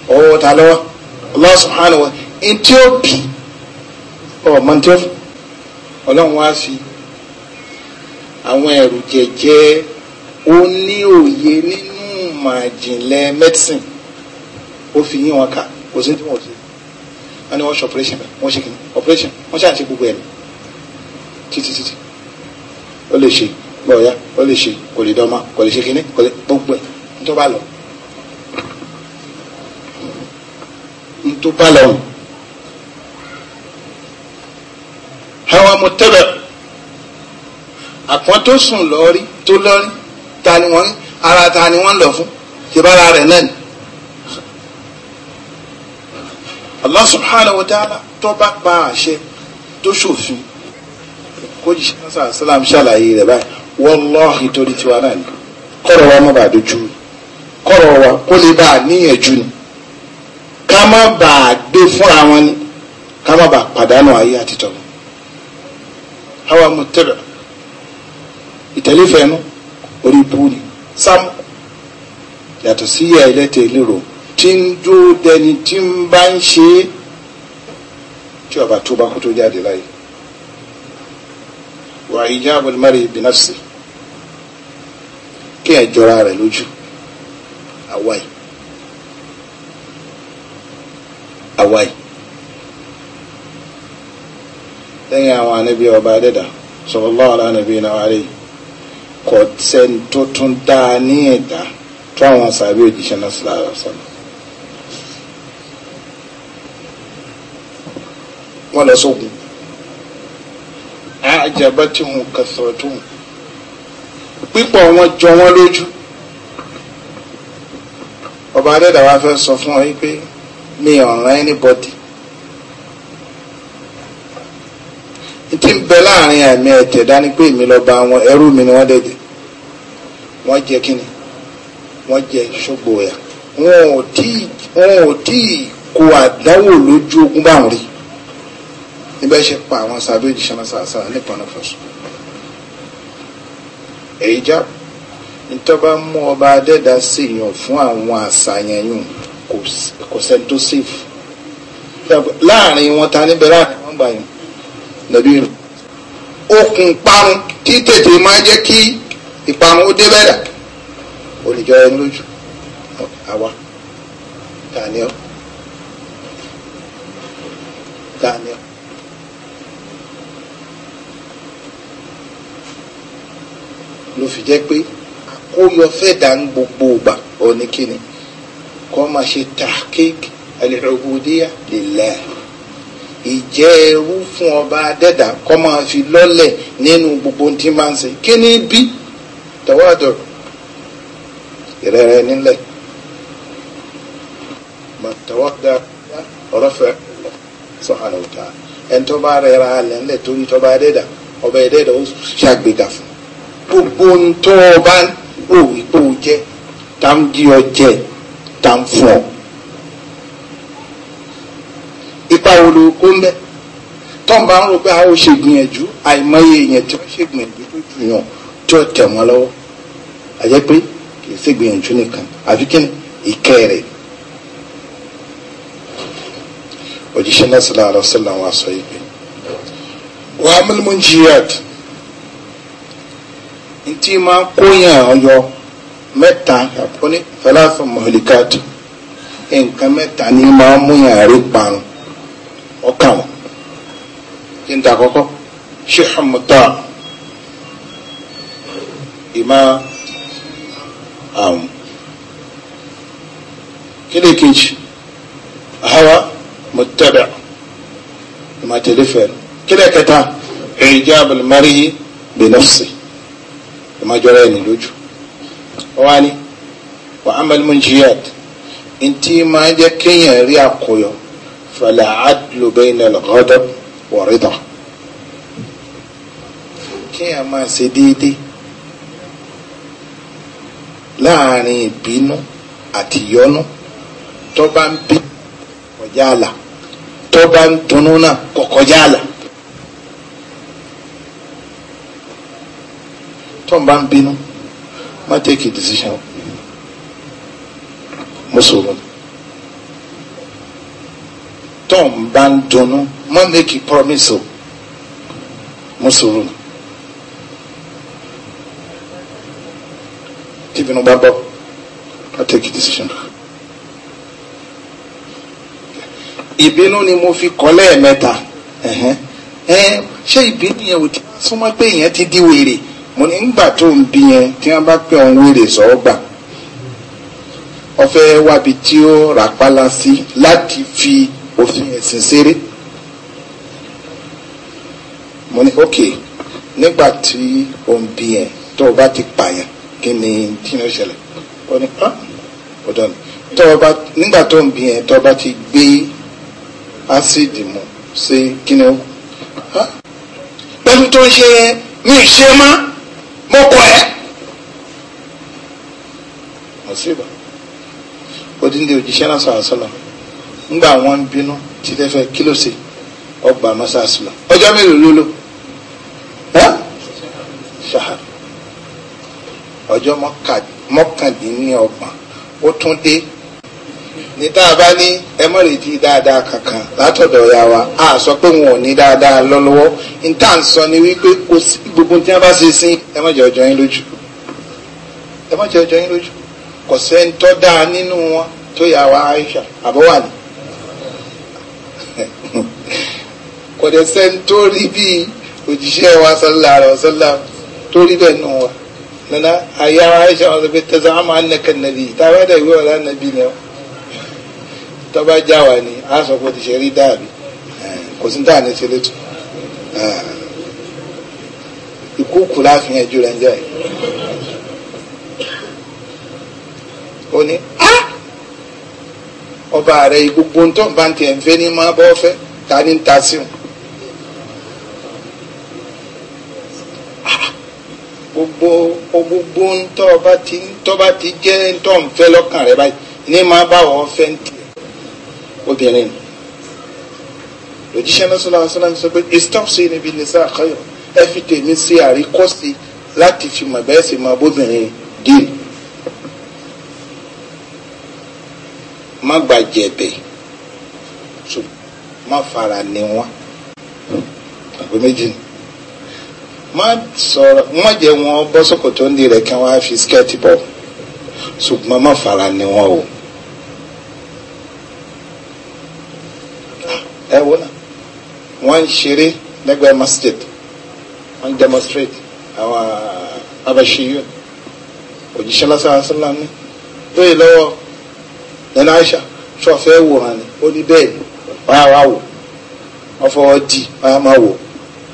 ọwọ́ ta lọ́wọ́ Allah subhanahu wa ntí ó bì ọmọ ntí ó ọlọ́run wá fi àwọn ẹ̀rù jẹ̀jẹ̀ ó ní òye nínú ìmọ̀ àjìnlẹ̀ medicine ó fi yín wọn kà kò sí ní wọn ò sí wọn ni wọn ṣe operation wọn ṣe kìnnì operation wọn ṣàṣe gbogbo ẹ̀ títí títí ó lè ṣe gbọ̀ọ́yá ó lè ṣe kò lè dọ́mọ kò lè ṣe kìnnì kò lè gbogbo ẹ̀ nítorí wọn bá lọ. tó bá lọ́wọ́ àwọn amọ̀tẹ́bẹ̀ àpọ́n tó sùn lọ́rí tó lọ́rí ta ni wọ́n ara ta ni wọ́n lọ fún ìbára rẹ̀ náà ni. Allah subhanahu wa ta'ala tó bá pa àṣẹ tó ṣòfin kó jí sàlá sàlám ṣàlàyé rẹ̀ báyìí wallahi torí tiwa náà ni kọ́rọ̀ wa má bàa dojú kọ́rọ̀ wa kó lè bá a níyànjú ni ká má bàa gbé fúnra wọn ni ká má bàa pàdánù ayé àtijọ́ hawa mutẹ́bẹ̀ ìtẹ̀lẹ́fẹ̀ẹ́ nu. No? orí búrì sam yàtọ̀ sí ìyá ẹlẹ́tẹ̀ lérò tí ń dúró dẹni tí ń bá ń ṣe é tí ọba tó bá kó tó jáde láyé wà hijabul mari binafsi kí ẹ jọra rẹ lójú àwáyé àwáyé lẹ́yìn àwọn ànábì ọba adẹ́dà sallallahu ala nabiyina wa alayhi. kò sẹ́ni tó tún ní ẹ̀dá tó àwọn sàbí òjíṣẹ́ náà sílá sọ́nà. wọ́n lọ sógun àjàbá tí wọn kà sọ̀rọ̀ tó wọn pípọ̀ wọn jọ wọn lójú ọba adẹ́dà wa fẹ́ sọ fún ọ pé mi ọ̀ràn anybody tí ń bẹ láàrin àmì ẹ̀tẹ̀dá ni pé èmi lọ́ba àwọn ẹrú mi ni wọ́n wọ́n jẹ kíni wọ́n jẹ ṣọ́gbọ̀ọ̀yà wọn ò tí wọn ò tí kó àdánwò lójú ogun báwọn rí níbẹ̀ ṣe pa àwọn sábẹ́ òjìṣẹ́ náà sàásà nípa náà fọ̀sùn. èyí já ntọ́ba mú ọba adẹ́dá sí yàn fún àwọn àṣàyàn yìí kò sẹ́ni tó sèfù láàrin wọn ta níbẹ̀ láàrin wọn gbà yàn lẹ́bí rẹ̀ okùn parun tí tètè máa jẹ́ kí ìparun ó dé bẹ́ẹ̀ dà ó lè jọ ẹni lójú àwa tani ọ tani ọ. ló fi jẹ́ pé àkóyọ fẹ́dà ń gbogbo ògbà òní kíni kọ́ máa ṣe tahqiq al-ubudiyya lillah ìjẹ́ ẹrú fún ọba adẹ́dà kọ́ máa fi lọ́lẹ̀ nínú gbogbo tí máa ń ṣe kí bí tawadu ìrẹ̀rẹ̀ nílẹ̀ mọ̀tàwọ́dà ọ̀rọ̀fẹ́ subhanahu wa ta'ala ẹni tó bá rẹ̀ra alẹ́ ńlẹ̀ torí tó bá dẹ́dà ọba ẹ̀dẹ́dà ó ṣàgbéga fún gbogbo ń tó o bá ò wí pé o jẹ́ tá ń di ọ jẹ́ tá ń fún ọ. ipa wo ló kó ń bẹ́ tọ́n bá ń rò pé a ó ṣègbìyànjú àìmọye èèyàn tí wọ́n ṣègbìyànjú tó jù yàn tí ó tẹ̀ wọ́n lọ́wọ́ àjẹ́ pé kì í ṣègbìyànjú nìkan àfi kí ni ìkẹ́ rẹ̀ náà sallallahu alaihi wasallam wa sọ yìí pé wà á mímú jihad ntí máa kóyàn ọyọ mẹ́ta àpọ́ní fẹláfẹ́ mọ̀lìkàtù nǹkan mẹ́ta ni máa mú yàn rí parun ọkàn wọn kí n ta àkọ́kọ́ ṣé xọmọtà ìmáa àrùn kílè kejì hawa mọ̀tẹ́bẹ̀ ìmọ̀tẹ́lẹ́fẹ̀ẹ́ kílè kẹta ìjábọ̀ mari bẹ̀nọ́sì ìmọ̀jọ́ra ẹni lójú wọ́n á ní wọ́n á mẹ́lẹ́mú jihad ntí máa jẹ́ kéèyàn rí àkóyọ̀ fẹlẹ̀ àdùlùbẹ́yìn al-ghadab wa rida kéèyàn máa ṣe déédéé láàrin ìbínú àti ìyọnú tó bá ń bí kọjá àlà tó bá ń dunnú náà kò kọjá àlà. tó ń bá ń bínú má take a decision mùsùlùmí tó ń bá ń dunnú má make promise o mùsùlùmí. If tíbinú bá bọ̀ I take a decision. ìbínú ni mo fi kọ́ lẹ́ẹ̀mẹ́ta ṣé ìbínú yẹn ò ti súnmọ́ pé yẹn ti di wèrè mo ní ńgbà tó ń bí yẹn tí wọ́n bá pè òun wèrè sọ́ọ́ gbà ọfẹ́ wábi tí ó ràpálá sí láti fi òfin ẹ̀sìn ṣeré mo ní ok nígbà tí òun bí yẹn tó o bá ti pààyàn kí ni kí ni ó ṣẹlẹ̀ ó ní ah ọ̀dọ̀ ni tọ́ọ̀bá nígbà tó ń bí yẹn tọ́ọ̀bá ti gbé ásíìdì mu ṣe kí ni ó pẹ̀lú tó ń ṣe yẹn mi ì ṣe mọ́ mo kọ̀ ẹ́ mọ̀síbà odindi òjíṣẹ́ náà sọ̀rọ̀ sọ̀rọ̀ ńgbà wọn ń bínú títẹ́ fẹ́ kí ló ṣe ọgbà mọ́sáàsì lọ ọjọ́ mélòó ló lò ṣahara ọjọ́ mọ́kàndínlọ́gbọ̀n ó tún dé ní tá a bá ní ẹ mọ̀ retí dáadáa kankan látọ̀dọ̀ ọ̀yà wa a sọ pé wọn ò ní dáadáa lọ́lọ́wọ́ ní tá à ń sọ ni wípé kò sí gbogbo tí wọ́n bá ṣe sí ẹ ọjọ́ yín lójú ẹ ọjọ́ yín lójú kò sẹ́ni tó dáa nínú wọn tó yà wá Aisha àbọ̀wà ni kò dẹ̀ sẹ́ni tó rí bíi òjíṣẹ́ wa sallallahu alaihi wasallam tó rí bẹ́ẹ̀ nù wa nana a yawa aisha wọn sọ pé tẹsán àmọ anaka nàbí táwa dà ìwé ọ̀la nàbí ni ọ tọ́ba já wa ni a sọ pé tìṣe rí dàbí kò sí dáa ọba rẹ̀ gbogbo bá ń tẹ̀ ń fẹ́ ní máa bọ́ ta ni ń ta sí wọn. gbogbo gbogbo ntọ́ bá ti ntọ́ bá ti jẹ́ ntọ́ nfẹ́ lọ́kàn rẹ báyìí ní máa bá wọ́ fẹ́ ntì obìnrin lójíṣẹ́ náà sọlá sọlá sọ pé istọ́ọ̀sì níbi nìṣẹ́ àkọyọ̀ ẹ fi tèmi sí àríkọ́sí láti fi mọ̀ bẹ́ẹ̀ sì mọ bóbìnrin díì má gbàjẹ̀bẹ̀ má fara ni wọ́n àgbẹ̀ méjì ni má sọ̀rọ̀ má jẹ́ wọn bọ́ ṣòkòtò ń di rẹ̀ kí wọ́n á fi skẹ́ẹ̀tì bọ̀ ṣùgbọ́n má fara ni wọn o. ẹ wo na wọ́n ń ṣeré lẹ́gbẹ̀ẹ́ masjid wọ́n ń demonstrate àwọn abashiyu òjíṣẹ́ lásán asálàm ní lóye lọ́wọ́ nínú àṣà ṣọ́ọ̀fẹ́ wòran ni ó ní bẹ́ẹ̀ ni wọ́n á wá wò wọ́n fọwọ́ di wọ́n á máa wò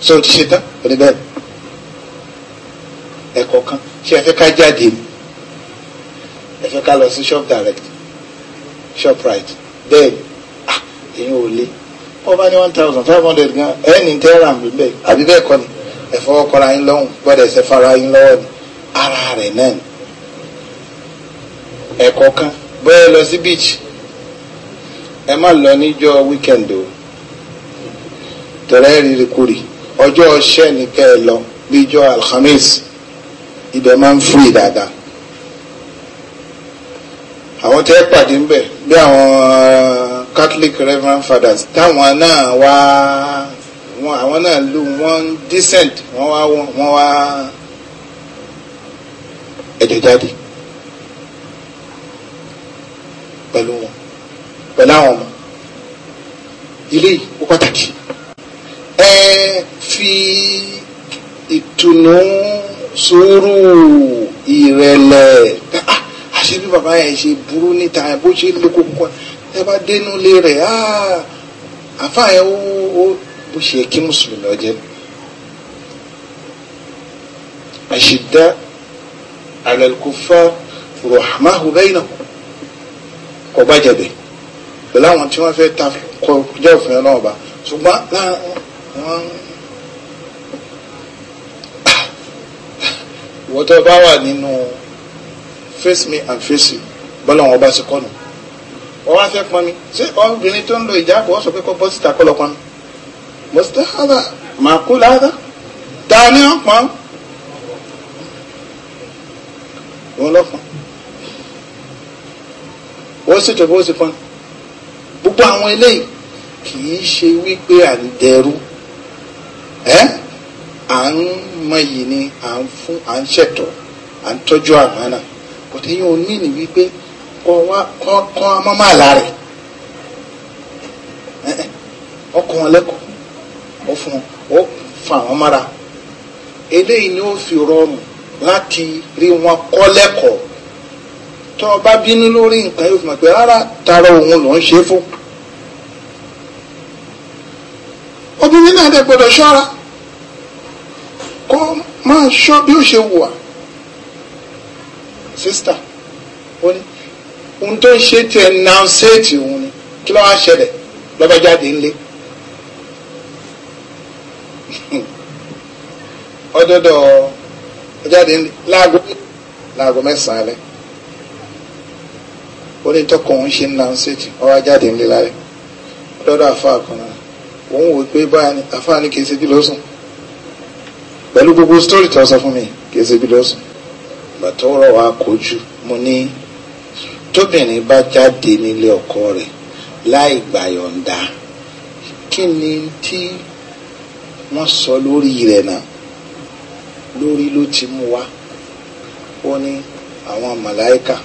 sóò ti ṣe tán ó ní bẹ́ẹ̀ ni ẹ̀kọ́ kan ṣé ẹ fẹ́ ká jáde ni ẹ fẹ́ ká lọ sí shop direct shop right bẹ́ẹ̀ ni ah èyí ò le wọ́n bá ní one thousand five hundred gan ẹ̀ ní tẹ́ra mi bẹ́ẹ̀ àbí bẹ́ẹ̀ kọ́ ni ẹ fọwọ́ kọ́ra yín lọ́hùn gbọ́dọ̀ ẹ̀sẹ̀ fara yín lọ́wọ́ ni ara rẹ̀ náà ni ẹ̀kọ́ kan bẹ́ẹ̀ lọ sí beach ẹ má lọ níjọ́ weekend o tẹ̀rẹ́ rírì kúrì ọjọ́ ọṣẹ́ ni kẹ́ ẹ lọ bíjọ́ alhamis ibẹ̀ máa ń fún ìdáadáa àwọn tẹ́ pàdé ń bẹ̀ bí àwọn uh, Catholic Reverend Fathers táwọn náà wá wọn àwọn náà lù wọn decent wọn wá wọn wá ẹ̀jẹ̀ jáde pẹ̀lú wọn pẹ̀lú àwọn ọmọ ilé yìí pàtàkì ẹ fi ìtùnú sùúrù ìrẹ̀lẹ̀ ah, àṣẹ bí bàbá yẹn ṣe burú níta bó ṣe lé kókó ẹ bá dénú lé rẹ̀ ah, àfa yẹn ó bó ṣe kí mùsùlùmí ọjẹ àṣìdá àlẹkùfà rọhàmáhù bẹyìn náà kò bá jẹbẹ pẹ̀lú àwọn tí wọn fẹẹ ta kọjá òfin Ọlọ́run ọba ṣùgbọ́n láàrín wọn. wọ́n tó bá wà nínú face me and face you bọ́lá wọn bá ṣe kọ́nu wọ́n wá fẹ́ pọn mi ṣé obìnrin tó ń lo ìjáàbò wọ́n sọ pé kó bọ́ síta kó lọ pọn mi bọ́ síta hàdà màá kú láàdá ta ni wọ́n pọn wọn lọ pọn wọ́n sì tó bó ṣe pọn gbogbo àwọn eléyìí kì í ṣe wípé à ń dẹrú Eh? à ń mọyì ni à ń fún à ń ṣètò à ń tọ́jú àmàna kò tí yóò ní wípé kọ́ wá kọ́ kọ́ amọ́mọ́àlá rẹ̀ ọkọ̀ wọn lẹ́kọ̀ọ́ ó fún ó fa àwọn mára eléyìí ni ó fi rọrùn láti rí wọn kọ́ lẹ́kọ̀ọ́ tó o bá bínú lórí nǹkan yóò fi mọ̀ pé rárá tara òun ló ń ṣe fún obìnrin náà dẹ̀ gbọ́dọ̀ ṣọ́ra. kó máa ṣọ́ bí ó ṣe wùwà sísítà ó ní ohun tó ń ṣe tiẹ̀ náà ṣéètì òun ni kí ló wá ṣẹlẹ̀ lọ́ba jáde ńlé (laughs) ọdọdọ jáde ńlé láago láago mẹ́sàn-án alẹ́ onítọ́kọ̀ òun ṣe ń náà ṣéètì ọwọ́ jáde ńlé lálẹ́ ọdọdọ àfa àkànnà òun wò pé báyìí àfa ni kì í ṣe kí ló sùn pẹ̀lú gbogbo story tó sọ fún mi kì í ṣe bí lọ́sùn ìgbà tó rọ̀ kojú mo ní tóbìnrin bá jáde nílé ọkọ rẹ̀ láì gbàyọ̀ǹda kí ni tí wọ́n sọ lórí rẹ̀ náà lórí ló ti mú wá ó ní àwọn màláìka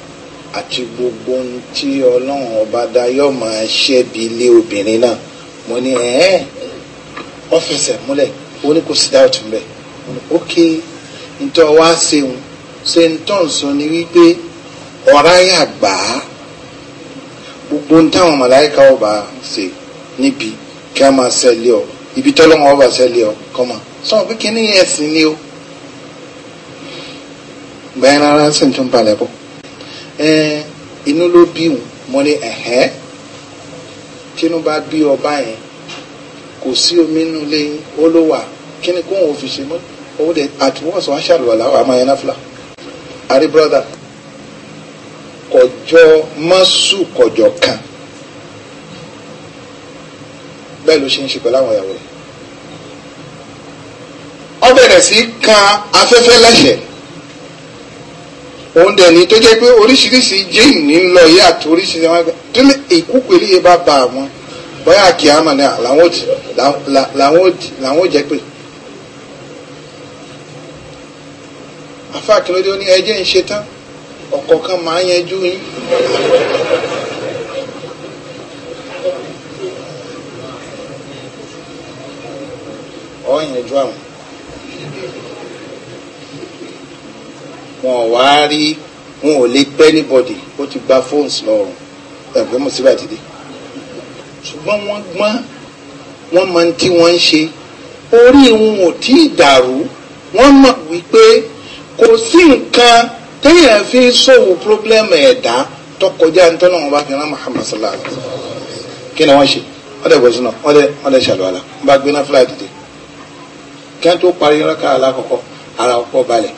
àti gbogbo ohun tí ọlọ́run ọba dá yóò máa ṣẹ́bi ilé obìnrin náà mo ní ẹ̀ẹ́n ó múlẹ̀ ó ní kò sí dáùtù mbẹ́ ok ntọ́ wa ṣeun ṣe ntọ́ nsọ ni wípé ọ̀rá yà gbà á gbogbo ntáwọn màláìka ọba ṣe níbi kí a máa ṣẹlẹ̀ ọ ibi tọ́lọ́wọ́n ọba ṣẹlẹ̀ ọ kọ́mọ sọ̀rọ̀ pé kí ni ẹ̀sìn ni o gbẹ̀yìn rárá sì ń tún balẹ̀ bọ̀ ẹ inú ló bí wọn mo ní ẹ̀hẹ́ tínú bá bí ọba yẹn kò sí omi nínú lẹ́yìn ó kóun ò fi ṣe mọ́tò ó dé àti wọ́n sọ aṣàlùwàlà àwọn àmọ́ ẹ̀yẹn náfìlà àrí brọ́dà kọjọ mọ́sù kọjọ kan bẹ́ẹ̀ ló ṣe ń ṣe pẹ̀lú àwọn ìyàwó rẹ̀ ó bẹ̀rẹ̀ sí kan afẹ́fẹ́ lẹ́sẹ̀ òun dẹ̀ ní tó jẹ́ pé oríṣiríṣi jíìnì ń lọ yé àti oríṣiríṣi wọn tó ní ìkúkú eléyè bá ba àwọn bóyá kìámà ni làwọn ò jẹ́ pé. àfa àkìlódé ó ní ẹjẹ́ ń ṣe tán ọ̀kọ̀ọ̀kan máa yanjú yín. ọ̀ yanjú àwọn. wọn ò wá rí wọn ò lè pẹ́ anybody ó ti gba phones lọ́rùn ẹ̀gbọ́n mo síbà ti dé. ṣùgbọ́n wọ́n gbọ́n wọ́n mọ tí wọ́n ń ṣe orí wọn ò tí ì dàrú wọ́n mọ̀ wípé kò sí nǹkan téèyàn fi sòwò pírọ́blẹ́mù ẹ̀dá tó kọjá ní tọ́lọ́ wọn bá fi rán Muhammad sallallahu alayhi wa sallam kí ni wọ́n ṣe wọ́n dẹ̀ bọ̀ sínú wọ́n dẹ̀ wọ́n dẹ̀ ṣàlùwàlà wọ́n bá gbéná fúláì dìde kí wọ́n tó parí rákà alákọ̀ọ́kọ́ ara ọ̀pọ̀ balẹ̀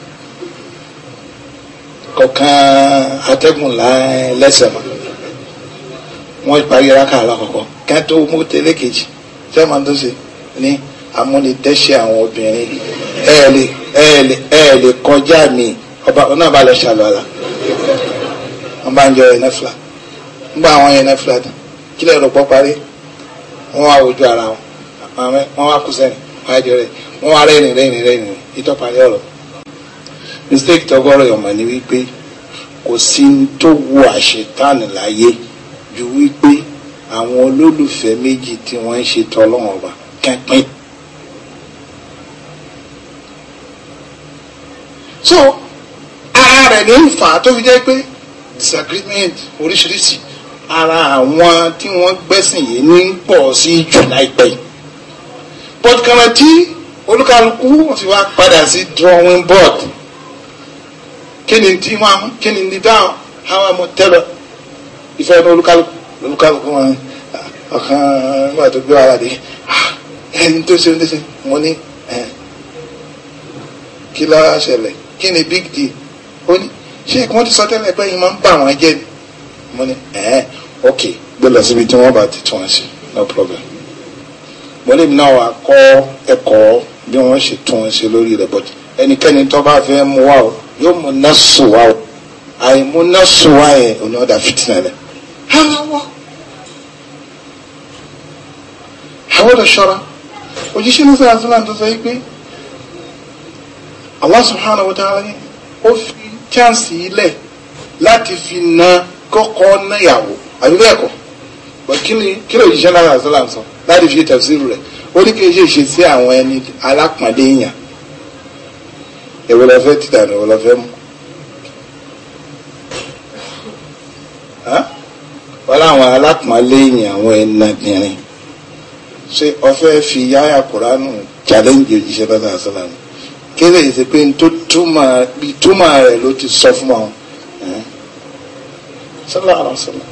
kọ̀ọ̀kan atẹ́gùn lẹ́sẹ̀ mọ́ wọ́n parí rákà alákọ̀ọ́kọ́ kí wọ́n tó mú tẹ́lẹ̀ kejì sẹ́wọ̀n tó ṣe ní amúnidẹ́ṣẹ́ àwọn obìnrin ẹ̀ẹ̀lì ẹ̀ẹ̀lì ẹ̀ẹ̀lì kọjá mi ọba náà bá lọ ṣàlọ́ra wọ́n bá ń jọ ẹ̀nẹ́fìlà ń bá àwọn ẹ̀nẹ́fìlà dùn kí lè rògbọ́ parí wọ́n wá ojú ara wọn wọ́n wá kú sẹ́yìn wọ́n á jọ rẹ̀ wọ́n wá rẹ́rìn rẹ́rìn rẹ́rìn ìtọ́parí ọ̀rọ̀ mistake tọgọrọ ọmọ ni wípé kò sí tó wo àṣetánì láyé ju wípé àwọn olólùfẹ́ méjì tí wọ́n ń ṣe tọ́lọ́wọ́n so ara rẹ̀ ní fà á tó fi jẹ́ pé disagreement oríṣiríṣi ara àwọn tí wọ́n gbẹ́sìn yìí ní pọ̀ sí jù láìpẹ́ yìí but kàrà tí olúkálùkù ti wá padà sí drawing board kí ni tí wọn kí ni nígbà àwọn ọmọ tẹ́lẹ̀ ìfẹ́ ní olúkálùkù olúkálùkù wọn ọ̀kan wà tó gbé ara ah, rẹ̀ ẹni tó ṣe ń tẹ́sẹ̀ wọn ní kí ló ṣẹlẹ̀ kí ni big deal ó ní ṣé kí wọ́n ti sọ tẹ́lẹ̀ pé yín máa ń bà wọ́n jẹ́ ni mo ní ẹ̀ẹ́n ok gbé lọ síbi tí wọ́n bá ti tún wọn ṣe no problem mo lè náà wá kọ́ ẹ̀kọ́ bí wọ́n ṣe tún wọn ṣe lórí rẹ̀ but ẹnikẹ́ni tó bá fẹ́ mú wa o yóò mú násù wa o àìmú násù wa yẹn ò ní ọ̀dà fìtínà rẹ̀ hàwọ́ àwọn ọ̀dọ̀ ṣọ́ra òjíṣẹ́ ní sọ́ra sílẹ̀ tó sọ yìí pé. Allah subhanahu wa ta'ala ni ó fi chance ilẹ̀ láti fi na kọ́kọ́ náyàwó àbí bẹ́ẹ̀ kọ́ kí ló yíṣẹ́ náà sọ́là sọ láti fi tafsir rẹ̀ ó ní kí n ṣe ṣe sí àwọn ẹni alápàdé èèyàn èwo lọ fẹ́ tìta ni èwo lọ fẹ́ mú wọ́n láwọn alápàdé èèyàn àwọn ẹnìyàn ṣé ọfẹ́ fi yáyà kuranu challenge òjíṣẹ́ náà sọ́là ni kéde ìṣe pé tó túmọ̀ rẹ̀ ló ti sọ fún wọn sọlá àrà sọlá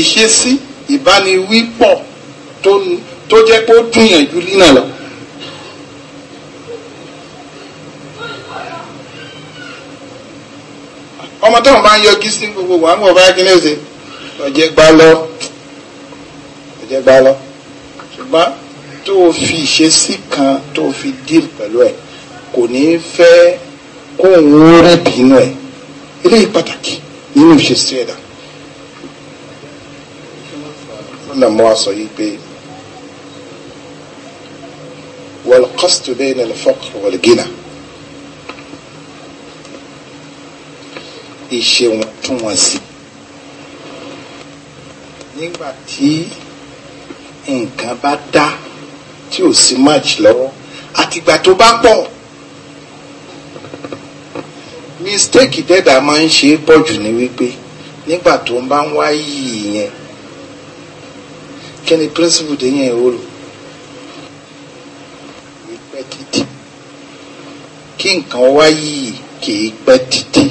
ìṣesí ìbániwípọ̀ tó jẹ́ pé ó dùnyàn ju línà lọ. ọmọ tó ń bá ń yọjú sí gbogbo wa ń bọ̀ báyà kí ní ọ̀sẹ̀ ọ̀jẹ̀ gbá lọ ọ̀jẹ̀ gbá lọ ṣùgbọ́n tó o fi ìṣesí kan tó o fi díl pẹ̀lú ẹ̀ kò ní fẹ́ kó òun rẹ̀ bínú ẹ̀ eléyìí pàtàkì nínú ìṣesí ẹ̀dá. ọ̀nà mo wá yìí pé والقصد بين الفقر والغنى ìṣèwọ̀ntúnwọ̀nsì nígbà tí nǹkan bá dá tí ò sí match lọ́wọ́ àtìgbà tó bá pọ̀ mistake dẹ́dà máa ń ṣe é pọ̀ jù ní wípé nígbà tó ń bá ń wá yìí kí ni principle dé yẹn o lò kì í pẹ́ títí kí nǹkan wá yìí kì í pẹ́ títí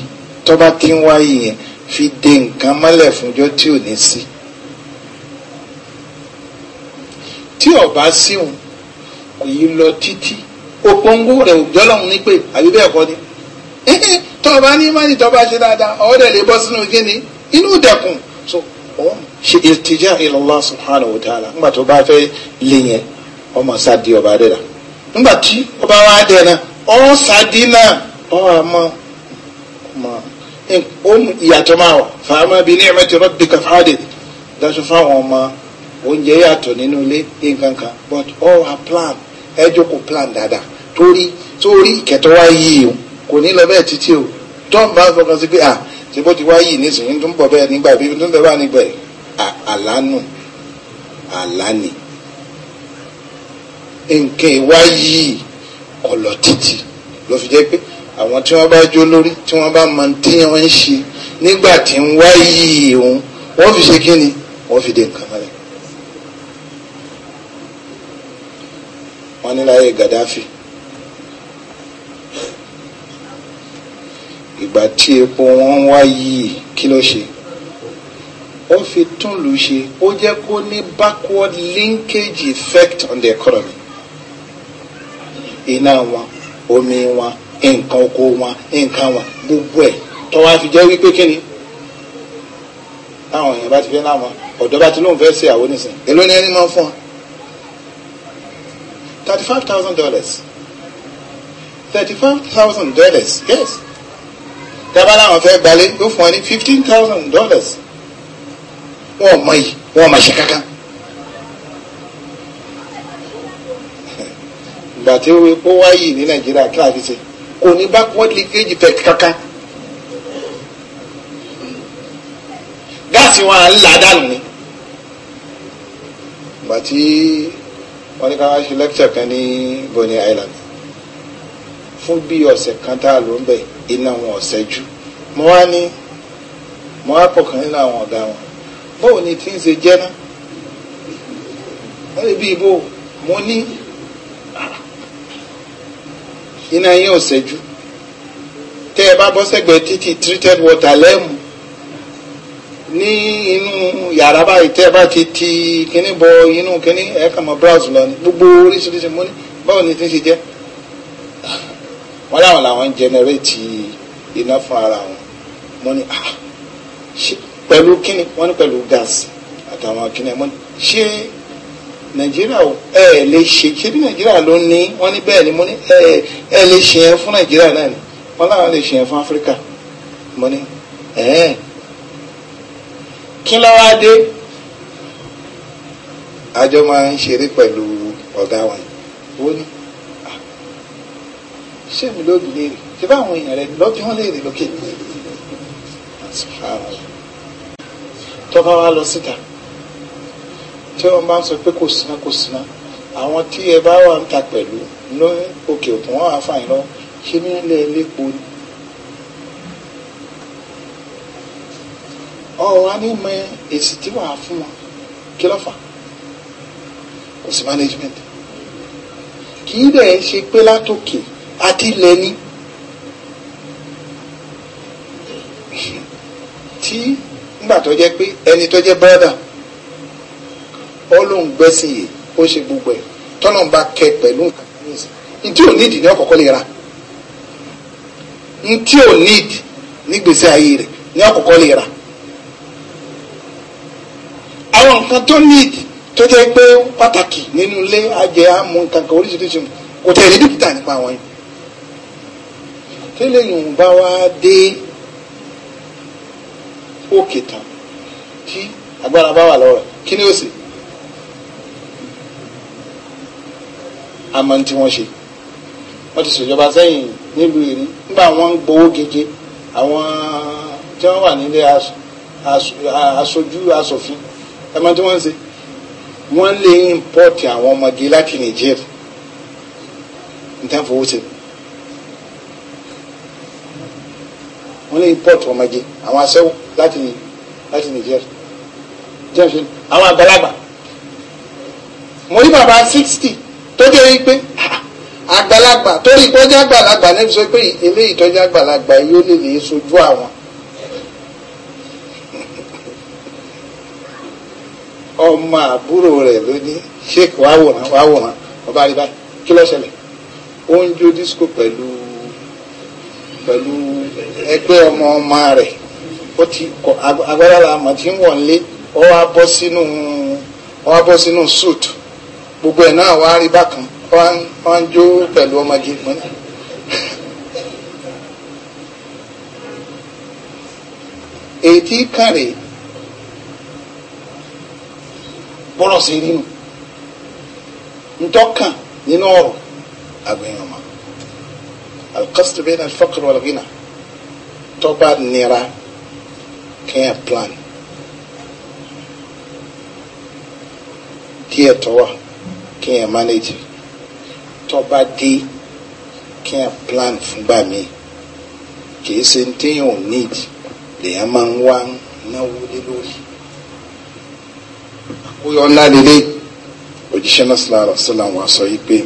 tó ti ń wá yẹn fi de nǹkan mọ́lẹ̀ fúnjọ́ tí ò ní sí tí ọba síhun. Si yìí lọ títí òpóngó rẹ̀ òjọ́lọ́hún ní pé àbí bẹ́ẹ̀ kọ́ ni tọ́ba ní mọ́ni tọ́ba ṣe dáadáa ọ̀ọ́dẹ̀ lè bọ́ sínú gíní inú dẹ̀kùn so ọ̀ ṣe ìtìjà ila Allah subhanahu nígbà tó bá fẹ́ lè ọmọ sáàdì ọba dẹ̀ rà nígbà tí ọba wa dẹ̀ náà ọ̀ sáàdì náà ọ̀ọ́ àmọ́ ìyàtọ̀ máa wà fàámà bíi ní ẹ̀mẹ́tì rabbika fàádìdì dáṣọ fáwọn ọmọ oúnjẹ yàtọ̀ nínú ilé nǹkan kan but all plan ẹ jókòó plan dáadáa torí torí ìkẹtọ wá yìí o kò ní lọ bẹ́ẹ̀ títí o tom bá fọkàn sí pé à ṣe bó ti wá yìí nísìnyí tó ń bọ̀ bẹ́ẹ̀ nígbà bí tó ń bẹ bá nígbà yìí àlánù àlánì nǹkan ìwá yìí kò lọ títí ló fi jẹ́ pé àwọn tí wọ́n bá jó lórí tí wọ́n bá mọ tí wọ́n ń ṣe nígbà tí ń wá yìí òun wọ́n fi ṣe kí ni wọ́n fi dé nǹkan mọ́lẹ̀. wọ́n ní láyé Gaddafi ìgbà tí epo wọn wá yìí kí ló ṣe ó fi tún lù ṣe ó jẹ́ kó ní backward linkage effect on the economy iná wọn omi wọn nǹkan oko wọn nǹkan wọn gbogbo ẹ̀ tó wá fi jẹ́ wípé kí ni táwọn èèyàn bá ti fẹ́ láwọn ọ̀dọ́ bá ti lóun fẹ́ ṣe àwọn oníṣẹ́ èló ni ẹni máa ń fún wọn thirty-five thousand dollars thirty-five thousand dollars yes tábà làwọn fẹ́ gbalé yóò fún ọ ní fifteen thousand dollars wọ́n mọ yìí wọ́n mọ̀ ṣe kankan. ìgbà tí ó wá yìí ní nàìjíríà kí láti ṣe kò ní backward leakage effect kankan. gáàsì wọn à ń là dànù ni. ìgbà tí wọ́n ní ká wá ṣe lecture kan ní Bonny Island fún bí ọ̀sẹ̀ kan tá a lò ń bẹ̀ iná wọn ọ̀sẹ̀ jù mo wá ní mo wá pọ̀ kan nínú àwọn ọ̀gá wọn báwo ni tí ń ṣe jẹ́ náà wọ́n lè bí ibo mo ní iná yín ọ̀sẹ̀ jù tẹ́ ẹ bá bọ́ sẹ́gbẹ̀ẹ́ títí treated water lẹ́mu ní inú yàrá báyìí tẹ́ ẹ bá ti ti kíní bọ inú kíní ẹ kàn mọ́ browse lọ ní gbogbo oríṣiríṣi mú ní báwo ni ti ṣe jẹ́ wọ́n láwọn làwọn ń jẹnẹrétì iná fún ara wọn mo ní ah, pẹ̀lú kíní wọ́n ní pẹ̀lú gáàsì àtàwọn kíní mo ní ṣé nàìjíríà ẹ lè ṣe ṣé bí nàìjíríà ló ní wọ́n ní bẹ́ẹ̀ ni mo ní ẹ lè ṣe yẹn fún nàìjíríà náà ni wọ́n láwọn lè ṣe yẹn fún áfíríkà mo ní ẹ̀ẹ́ kí ló wá dé. àjọ máa ń ṣeré pẹ̀lú ọ̀gá wọn ó ní ah, ṣé mi ló bi léèrè ṣé báwọn èèyàn rẹ lọ́bí wọn léèrè lókè tọ́ba wa lọ síta tí wọ́n bá ń sọ pé kò síná kò síná àwọn tí ẹ bá wà ń ta pẹ̀lú ní òkè òkun wọn àfààní lọ ṣé ní ilé elépo ni. ọ̀rọ̀ wa ní mọ èsì tí wàá fún wọn kí ló fà kò sí management kì í dẹ̀ ṣe pé látòkè àti ilẹ̀ ni tí nígbà tó jẹ́ pé ẹni tó jẹ́ brother ó lóun gbẹ́sìn yìí ó ṣe gbogbo ẹ̀ tọ́nà bá kẹ pẹ̀lú nǹkan ntí ò nídìí ní ọ̀kọ̀ọ̀kọ̀ lè ra ntí ò nídìí nígbèsè ayé rẹ̀ ní ọ̀kọ̀ọ̀kọ̀ lè ra àwọn nǹkan tó need tó jẹ́ pé pàtàkì nínú ilé ajẹ́ àmú nǹkan kan oríṣiríṣi kò tẹ̀lé dókítà nípa àwọn yìí tẹ́lẹ̀ yìí bá wá dé òkè tán tí agbára bá wà lọ́rọ̀ kí ni ó sì àmọ́ tí wọ́n ṣe wọ́n ti ṣèjọba sẹ́yìn nílùú ìrí nígbà wọ́n ń gbowó gege àwọn tí wọ́n wà nílé aṣojú aṣòfin ẹ̀ma tí wọ́n ń ṣe wọ́n lè import àwọn ọmọge láti Niger nítorí fowó ṣe wọ́n lè import ọmọge àwọn aṣẹ́wó láti láti Niger james àwọn àgbàlagbà mo rí bàbá sixty tó jẹ́ wípé àgbàlagbà torí ìpọ́jà àgbàlagbà níbi sọ pé eléyìí tọ́jà àgbàlagbà yóò lè lè sojú àwọn ọmọ àbúrò rẹ̀ lónìí sheik wàwòrán wàwòrán ọba àríbá kí ló ṣẹlẹ̀ ó ń jó disco pẹ̀lú pẹ̀lú ẹgbẹ́ ọmọ ọmọ rẹ̀ ó ti kọ agbára làmọ̀ tí ń wọ̀ nílé ó wá bọ́ sínú ó wá bọ́ sínú suit gbogbo ẹ̀ náà wá rí bákan ó ń jó pẹ̀lú ọmọge mọ́ni. (laughs) èyí tí kàn rèé bọ́rọ̀ sí rínu ntọ́kàn nínú ọ̀rọ̀ àgbẹ̀yìn ọmọ alqasdu bayna alfaqr wal ghina tọ́gbà nira kẹ́yìn plan díẹ̀ tọ́wà kẹ́yìn manage tọ́gbà dé kẹ́yìn plan fúngbà mi kìí ṣe ní téèyàn need lèèyàn máa ń wá náwó lé lórí bóyá ńlá lélẹ̀ òjíṣẹ́ náà sallallahu alaihi wasallam wà sọ yìí pé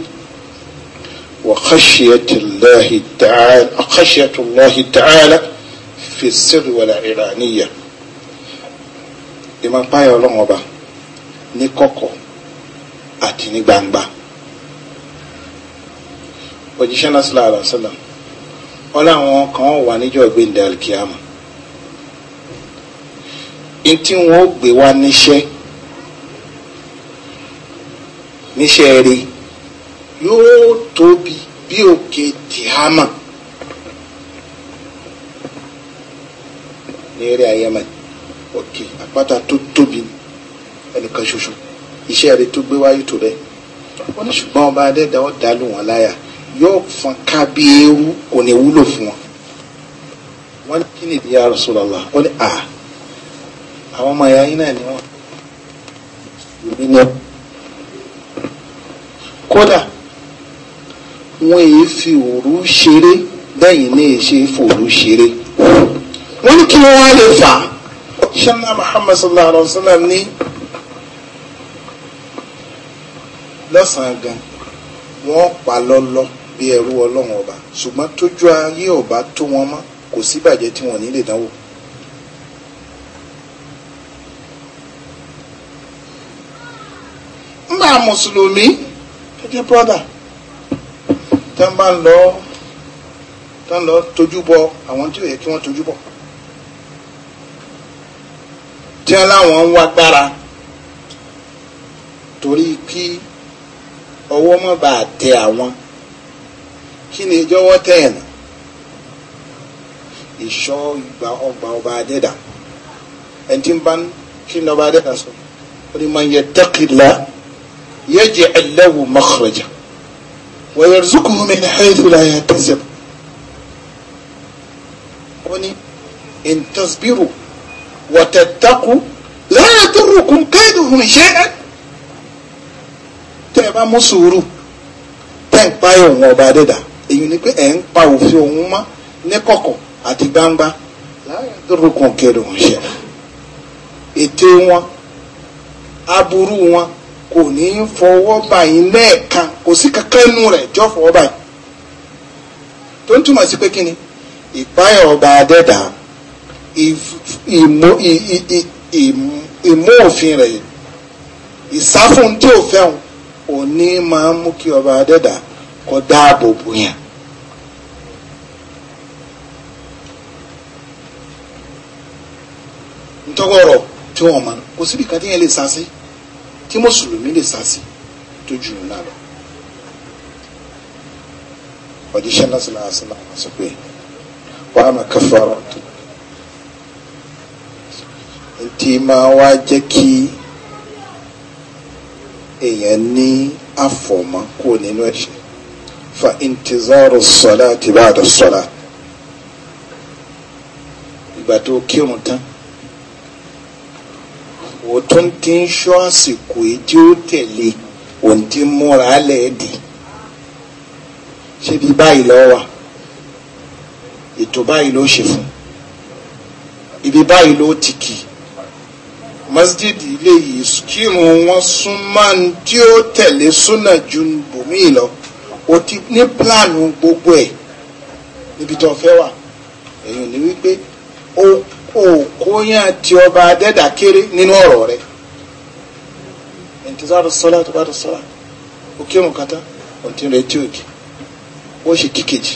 wa khashiyatullahi ta'ala khashiyatullahi ta'ala fi sirri wal iraniya ìmọ̀ páyà ọlọ́run ọba ní kọ̀kọ̀ àti ní gbangba òjíṣẹ́ náà sallallahu alaihi wasallam kan wà níjọ́ gbẹ̀ndẹ̀ alkiyama ntí wọn ó gbé wá níṣẹ́ níṣẹ́ rí yóò tóbi bí òkè tìhámà ní eré ayémà òkè àpáta tó tóbi ẹnìkan ṣoṣo iṣẹ́ rí tó gbé wáyé tó rẹ̀ wọ́n ní ṣùgbọ́n ọba adẹ́dá ó dàlù wọn láyà yóò fọn ká bí eérú kò ní wúlò fún wọn. wọ́n ní kí nìdí ya Rasulullah wọ́n ní à àwọn ọmọ ẹ̀yà yín náà ni wọ́n kódà wọn èyí fi òru ṣeré bẹ́yìn ní èṣe fòru ṣeré wọ́n ní kí wọ́n lè fà á ṣẹlá Muhammad sallallahu alaihi wa sallam ní lọ́sàn-án gan wọ́n pa lọ́lọ́ bí ẹrú ọlọ́run ọba ṣùgbọ́n tójú ayé ọba tó wọn mọ́ kò sí bàjẹ́ tí wọ́n ní lè dánwò. mùsùlùmí. Dear brother tán bá ń lọ tán lọ tójú bọ àwọn tí ò yẹ kí wọ́n tójú bọ̀ tí wọ́n láwọn ń wá gbára torí kí ọwọ́ má bàa tẹ àwọn kí ni ìjọwọ́ tẹ̀ ẹ̀ nà ìṣọ́ ìgbà ọgbà ọba adẹ́dà ẹni tí ń bá ń kí ni ọba adẹ́dà sọ ó ní man yattaqillah. يجعل له مخرجا ويرزقه من حيث لا يحتسب وني إن تصبروا وتتقوا لا يضركم كيدهم شيئا tẹ́ ẹ bá mú sùúrù tẹ́ ẹ pa òun ọba dẹ́dà èyí ni pé ẹ̀ ń pa òfin òun mọ́ ní kọ̀kọ̀ àti gbangba láàrin dúró kan kẹrù òun ṣẹlẹ̀ ète wọn aburú wọn kò ní fọwọ́ bà yín lẹ́ẹ̀kan kò sí kankan nù rẹ̀ jọ́ fọwọ́ bà yín tó ń túmọ̀ sí pé kí ni ìpáyà ọba adẹ́dà ìmú òfin rẹ̀ ìsáfún tí ò fẹ́hùn òní máa ń mú kí ọba adẹ́dà kó dáàbò bò yẹn. ntọ́gọ̀rọ̀ tí wọ́n mọ̀ kò síbi kan tí yẹn lè sá sí tí mùsùlùmí lè sá sí tó jù ńlá lọ. òjíṣẹ́ náà sọ̀rọ̀ àṣìlá sọ pé wàá máa kẹfọ́rọ̀ tó. ti máa wá jẹ́ kí èèyàn ní àfọ̀mọ́ kó nínú ẹ̀ṣẹ̀ fa intizaru sọlá ti bá a dọ̀ sọlá. ìgbà tó kírun tán ó tún ti ń ṣọ́ àsìkò èjì ó tẹ̀lé òun ti múra lẹ́ẹ̀dì ṣé bí báyìí lọ wà ètò báyìí ló ṣe fún ibi báyìí ló ti kì masjid ilé yìí kírun wọn sún máa ń tí ó tẹ̀lé súnà ju bòmíì lọ o ti ní pílánù gbogbo ẹ̀ níbi tó fẹ́ wà èyàn ní wípé ó òkóyàn tí ọba adẹ́dà kéré nínú ọ̀rọ̀ rẹ̀ ìntìsáàrù sọ́lá tó bá tó sọ́lá òkè mùkátà òtí rẹ̀ tí òkè ó ṣe kíkejì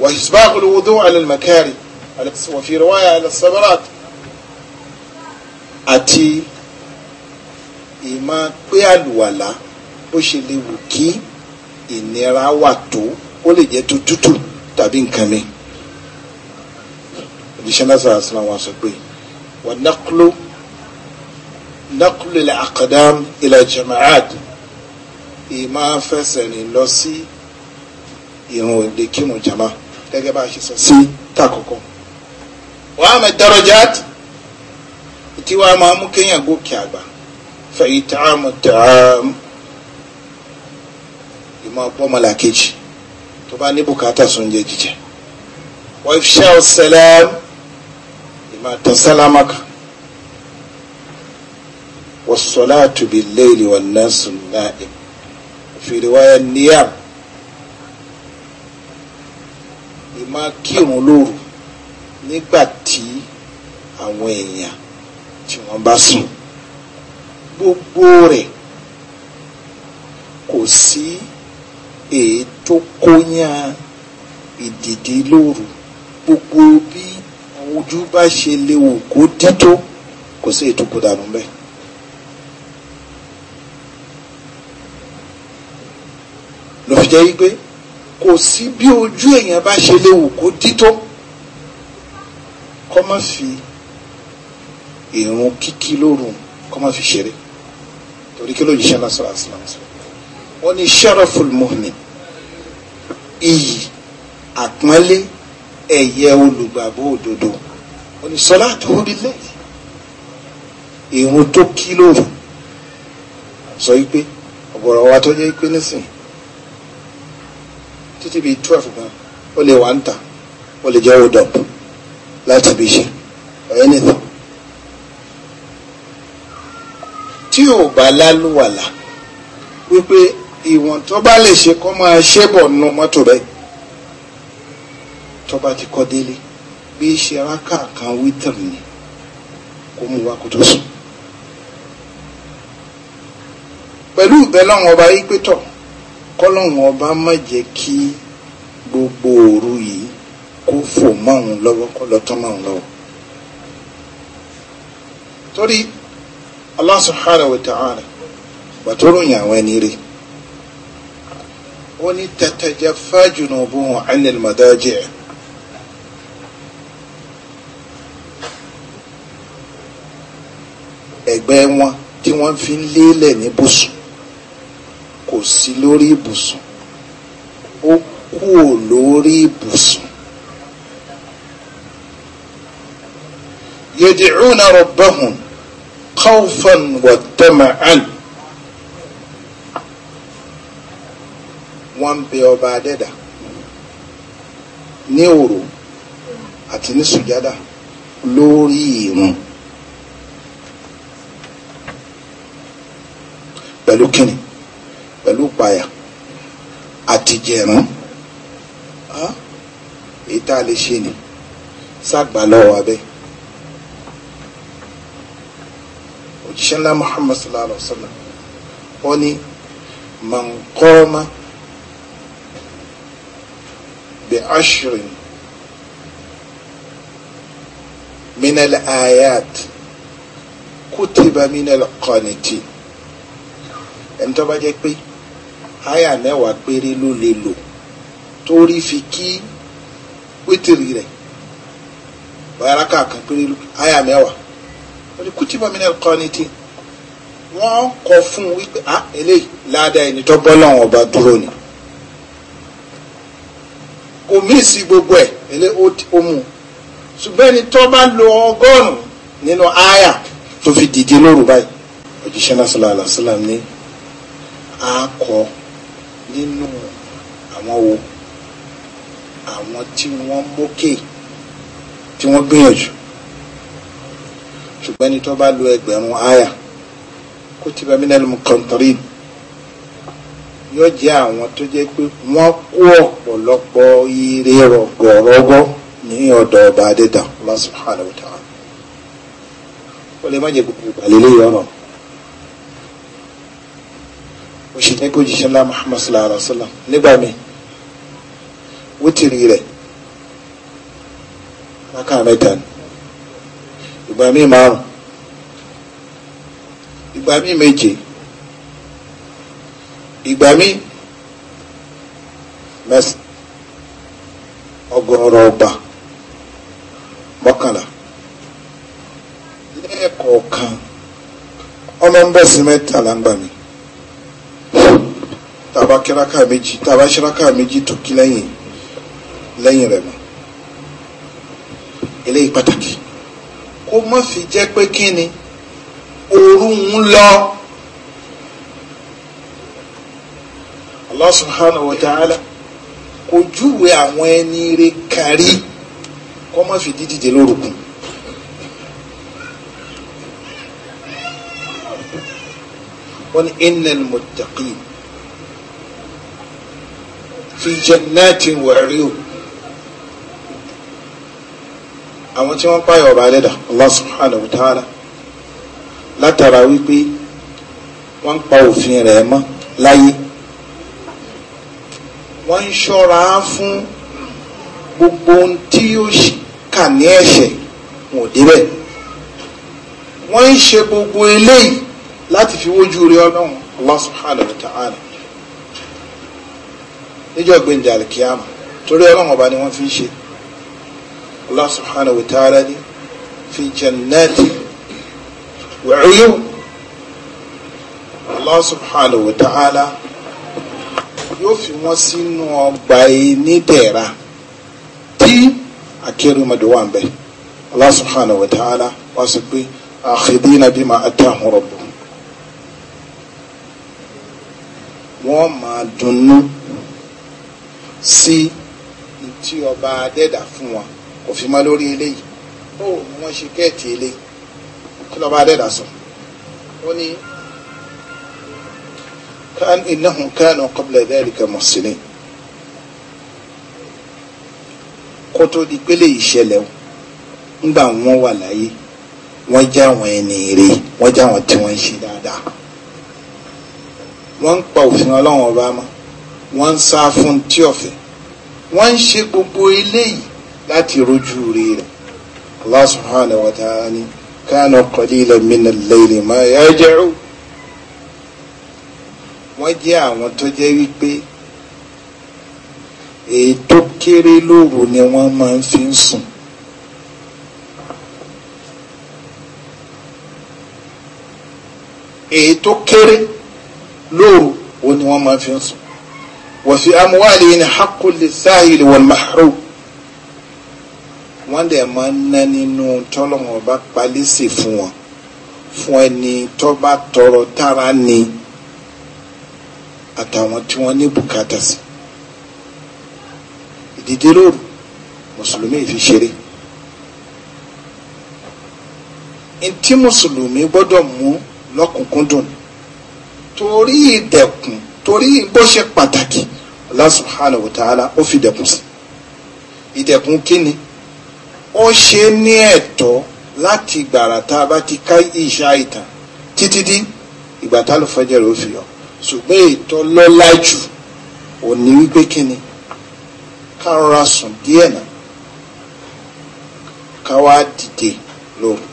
wà ìsbáàkù lówódó alẹ́lmẹ̀kẹ́rì wàfíìrìwáyà alẹ́sàbáràt àti ìmọ̀ pé àlùwàlà bó ṣe lè wù kí ìnira wà tó ó lè jẹ́ tó tútù tàbí nǹkan mìíràn òjíṣẹ́ náà sàrà sílẹ̀ wọn sọ pé wà nákló nákló ilẹ̀ àkàdám ilẹ̀ jamaat ìmọ̀ fẹsẹ̀ rìn lọ sí ìrùn òde kírun jama gẹ́gẹ́ bá a ṣe sọ sí tàkọ́kọ́ wà á mẹ darajat tí wàá máa mú kéèyàn gòkè àgbà fẹ̀yì tààmù tààmù ìmọ̀ pọ́mọlà kejì tó bá ní bùkátà sóúnjẹ jíjẹ wà fi ṣe ọ̀sẹ̀ lẹ́mú. ما تسلمك والصلاة بالليل والناس النائم في رواية النيام ìmá kírun lóru nígbà tí àwọn èèyàn tí wọ́n bá sùn gbogbo rẹ̀ kò sí èyí tó kóyán ìdìdí lóru gbogbo bí ojú bá ṣe léwu kó dító kò sí ìtukù dànù bẹ́ẹ̀. lọ́ọ́ jẹ́ wípé kò sí bí ojú èèyàn bá ṣe léwu kó dító kọ́ má fi ìrun kíkí lórun kọ́ má fi ṣeré torí kí ló yìí ṣe lásán àti lásán wọ́n ní sharaful mu'min iyì àpọ́nlé ẹ̀yẹ olùgbàgbọ́ òdodo onísọlá tó ń bilé ìrun tó kí lóru sọ wípé ọ̀gọ̀rọ̀ wa tó jẹ́ pé nísìn títí bíi twelve gan ó lè wà ń tà ó lè jẹ́ hold up láti ibi iṣẹ́ ọ̀yẹ́ nìkan tí ò bá lálùwàlà wípé ìwọ̀n tó bá lè ṣe kó máa ṣébọ̀ nu mọ́tò bẹ́ẹ̀. tọba ti kọ délé bí í ṣe rákà kan wítìrì ni kó mú wa kó tó sùn. pẹ̀lú ìbẹ́ ọba yìí pé tọ̀ kọ́lọ́wọ́n ọba má jẹ́ kí gbogbo òru yìí kó fò máwùn lọ́wọ́ kó lọ tán máwùn lọ́wọ́. torí ròyìn àwọn ẹni ó ẹ̀gbẹ́ wọn tí wọ́n fi ń lélẹ̀ ní bùsùn kò sí lórí ibùsùn ó kúò lórí ibùsùn. yad'una rabbahum khawfan wa tama'an. wọ́n ń bẹ ọba adẹ́dà ní òru àti ní sùjádà lórí ìrun. pẹ̀lú kíni pẹ̀lú ìpayà àtìjẹ̀rún èyí tá a lè ṣe ni ságbà lọ́wọ́ abẹ́ òjíṣẹ́ ńlá Muhammad sallallahu alaihi wa sallam ó ní man qama bi ashrin ayat kutiba min qanitin ẹni tó bá jẹ́ pé háyà mẹ́wàá péré ló lè lò torí fi kí wítìrì rẹ̀ bàrà kàkà péré ló háyà mẹ́wàá wọ́n ní kùtìbọ̀ mi náà kọ́ ni tí wọ́n kọ fún un wípé ah eléyìí ládàá ẹni tó bọ́ lọ́wọ́n ọba dúró ni kò míìsì gbogbo ẹ̀ ẹlẹ́ ó mú ṣùgbọ́n ẹni tó bá lo ọgọ́rùn-ún nínú àyà tó fi dìde lóru báyìí òjíṣẹ́ náà sallallahu alaihi ní á kọ nínú àwọn wo àwọn tí wọ́n mókè tí wọ́n gbìyànjú ṣùgbọ́n ẹni tó bá lo ẹgbẹ̀rún àyà kutiba minal muqantarin yóò jẹ́ àwọn tó jẹ́ pé wọ́n kó ọ̀pọ̀lọpọ̀ ire rọ̀gọ̀rọ̀gọ̀ ní ọ̀dọ̀ ọba adédà Allah subhanahu wa ta'ala ó lè má jẹ́ gbogbo ìgbàlélẹ́yìn ọ̀rọ̀. ní kò jíṣẹ́ ńlá muhammad sallallahu alayhi wa sallam nígbà mi wítìrì rẹ̀ rákà mẹ́ta ni ìgbà mi márùn ìgbà mi méje ìgbà mi mẹ́sàn ọgọ́rọ̀ ọgbà mọ́kànlá lẹ́ẹ̀kọ̀ọ̀kan ọmọ ń bọ̀ sí mẹ́ta là ń gbà mí tàbá kíráka méjì tàbá ṣíráka méjì tó kí lẹ́yìn lẹ́yìn rẹ̀ mọ́ eléyìí pàtàkì kó má fi jẹ́ pé kí ni òru ń lọ. Allah subhanahu wa ta'ala kò júwe àwọn ẹni rẹ̀ kárí kó má fi dídìde lórúkún. wọ́n ní innal muttaqin fi jannati wa uyun àwọn tí wọ́n páyọ̀ ọba dẹ́dà Allah subhanahu wa ta'ala látara wípé wọ́n ń pa òfin rẹ̀ mọ́ láyé wọ́n ń ṣọ́ra fún gbogbo ohun tí yóò kà ní ẹ̀ṣẹ̀ wọn ò débẹ̀ wọ́n ń ṣe gbogbo eléyìí láti fi wójú rí ọlọ́run Allah subhanahu wa níjọ́ gbẹ̀ǹdẹ̀ alikiyama torí ọlọ́run ọba ni wọ́n fi ń ṣe Allah subhanahu wa ta'ala ni fi jannati wa uyun Allah subhanahu wa ta'ala yóò fi wọ́n sínú ọgbà ìnídẹ̀ra tí akérèmọdé wà ń bẹ Allah subhanahu wa ta'ala wá sọ pé akhidina bima atahum rabbuhum wọ́n máa dunnú sí tí ọba adẹ́dà fún wa kò fi mọ́ lórí eléyìí ó ní wọ́n ṣe kẹ́ẹ̀tì eléyìí kí lọ́ba adẹ́dà sọ ó ní innahum kanu qabla dhalika muhsinin kó tó di pélé ìṣẹ̀lẹ̀ o ńgbà wọ́n wà láyé wọ́n já àwọn ẹni rè wọ́n já àwọn tí wọ́n ń ṣe dáadáa wọ́n ń pa òfin Ọlọ́run ọba mọ́ wọ́n ń sá fún tí ọ̀fẹ́ wọ́n ń ṣe gbogbo eléyìí láti rojú rí rẹ̀ Allah subhanahu wa ta'ala ni kanu qalilan min al-layli ma yahja'u wọ́n jẹ́ àwọn tó jẹ́ wípé èyí tó kéré lóru ni wọ́n máa ń fi ń sùn. èyí tó kéré lóru òun ni wọ́n máa fi ń sùn wọ̀fí amúwálé ní hakulè sáyìlì wọ̀n mahrum wọ́n dẹ̀ máa ń ná nínú tọ́lọ́wọ́n bá palẹ́sì fún wọn fún ẹni tó bá tọrọ tára ni àtàwọn tí wọ́n ní bùkátà sí ìdíje lóru mùsùlùmí fi ṣeré ntí mùsùlùmí gbọ́dọ̀ mú lọ́kùnkúndùn torí ìdẹ̀kùn torí bó ṣe pàtàkì Allah subhanahu wa ta'ala ó fi dẹ̀kun sí ìdẹ̀kun kíni ó ṣe ní ẹ̀tọ́ láti gbàrà tá a bá ti ká ìṣá ìtàn títí dí ìgbà tá ló fẹjẹ rẹ ó fi yọ ṣùgbọ́n ètò lọ́lá jù ò ní wípé kíni ká rọra sùn díẹ̀ náà ká wá dìde lóru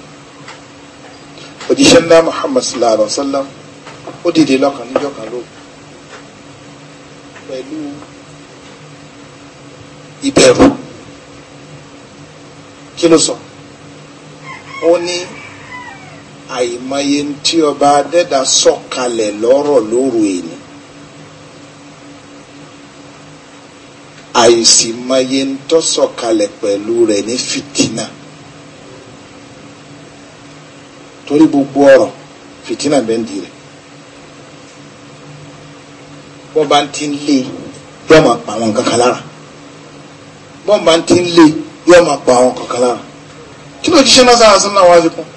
òjíṣẹ́ ńlá Muhammad sallallahu alaihi wa sallam ó dìde lọ́kàn níjọ́ kan lóru pẹ̀lú ìbẹ̀rù kí ló sọ ó ní àìmọye tí ọba adẹ́dà sọ̀kalẹ̀ lọ́rọ̀ lóru èyí àìsìmọye tó sọ̀kalẹ̀ pẹ̀lú rẹ̀ ní fìtínà torí gbogbo ọ̀rọ̀ fìtínà bẹ́ẹ̀ ń di rẹ̀ bọ́n bá ń ti ń lé yóò máa pa àwọn nǹkan kan lára bọ́n bá ń ti ń lé yóò máa pa àwọn nǹkan kan lára kí ló jíṣẹ́ náà sára sínú àwọn àfikún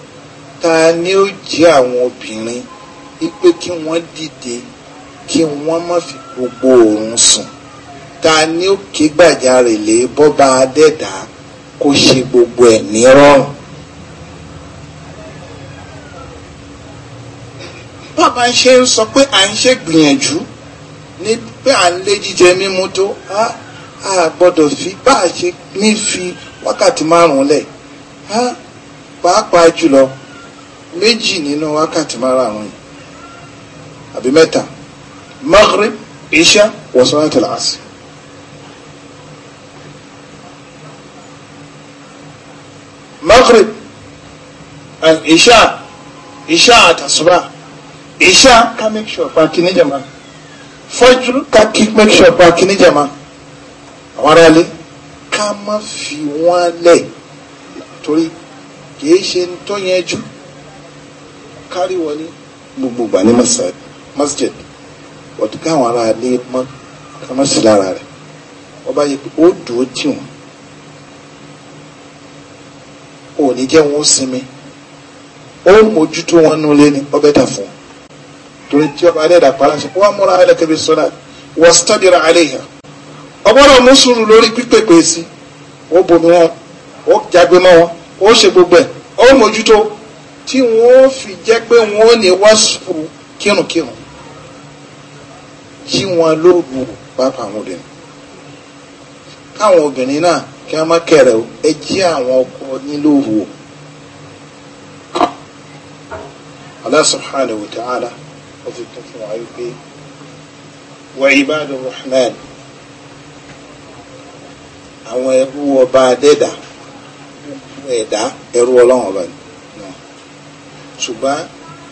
ta ni ó jẹ́ àwọn obìnrin wípé kí wọ́n dìde kí wọ́n má fi gbogbo oorun sùn ta ni ó ké gbàjarè lé bọ́ba adẹ́dá kó ṣe gbogbo ẹ̀ ní rọrùn. bàbá ń ṣe ń sọ pé à ń ṣe gbìyànjú ní pé à ń lé jíjẹ mímú tó a gbọ́dọ̀ fi bá a ṣe ní fi wákàtí márùn-ún lẹ̀ pàápàá jùlọ méjì nínú wákàtí márùn-ún yìí àbí mẹ́ta maghrib isha wa salatul asr. maghrib al isha isha àtàsùbà isha ká make sure pa kí ní fọ́jú ká kí make sure pa kí níjàmá àwọn aráalé ká má fi wọ́n lẹ̀ torí kìí ṣe ń tó yẹn jù kárí wọlé gbogbo gbà ní masjid ọ̀tún káwọn aráalé mọ́ ká má sí lára rẹ̀ ọba yìí pé ó dùn ó tì wọ́n ò ní jẹ́ wọn ó sinmi ó mójútó wọn nulẹ̀ ní ọbẹ̀ tà fún un. torí ọba adẹ́dà parí àṣẹ wọn múra ẹlẹ́kẹ́ bí sọ́dà wọ́n sítọ́dìrà àléyà ọgbọ́dọ̀ mú sùúrù lórí pípèpè sí ó bomi wọn ó jágbe ọ ṣe gbogbo ẹ̀ ó mójútó tí wọ́n fi jẹ́ wọn kí kẹrẹ o ẹ jí àwọn ọkọ nílò òwò Allah ó ti tún fún wa wípé wa ibadu rahman àwọn ẹrú ọba adẹ́dà ẹ̀dá ẹrú ọlọ́run ọba ni ṣùgbọ́n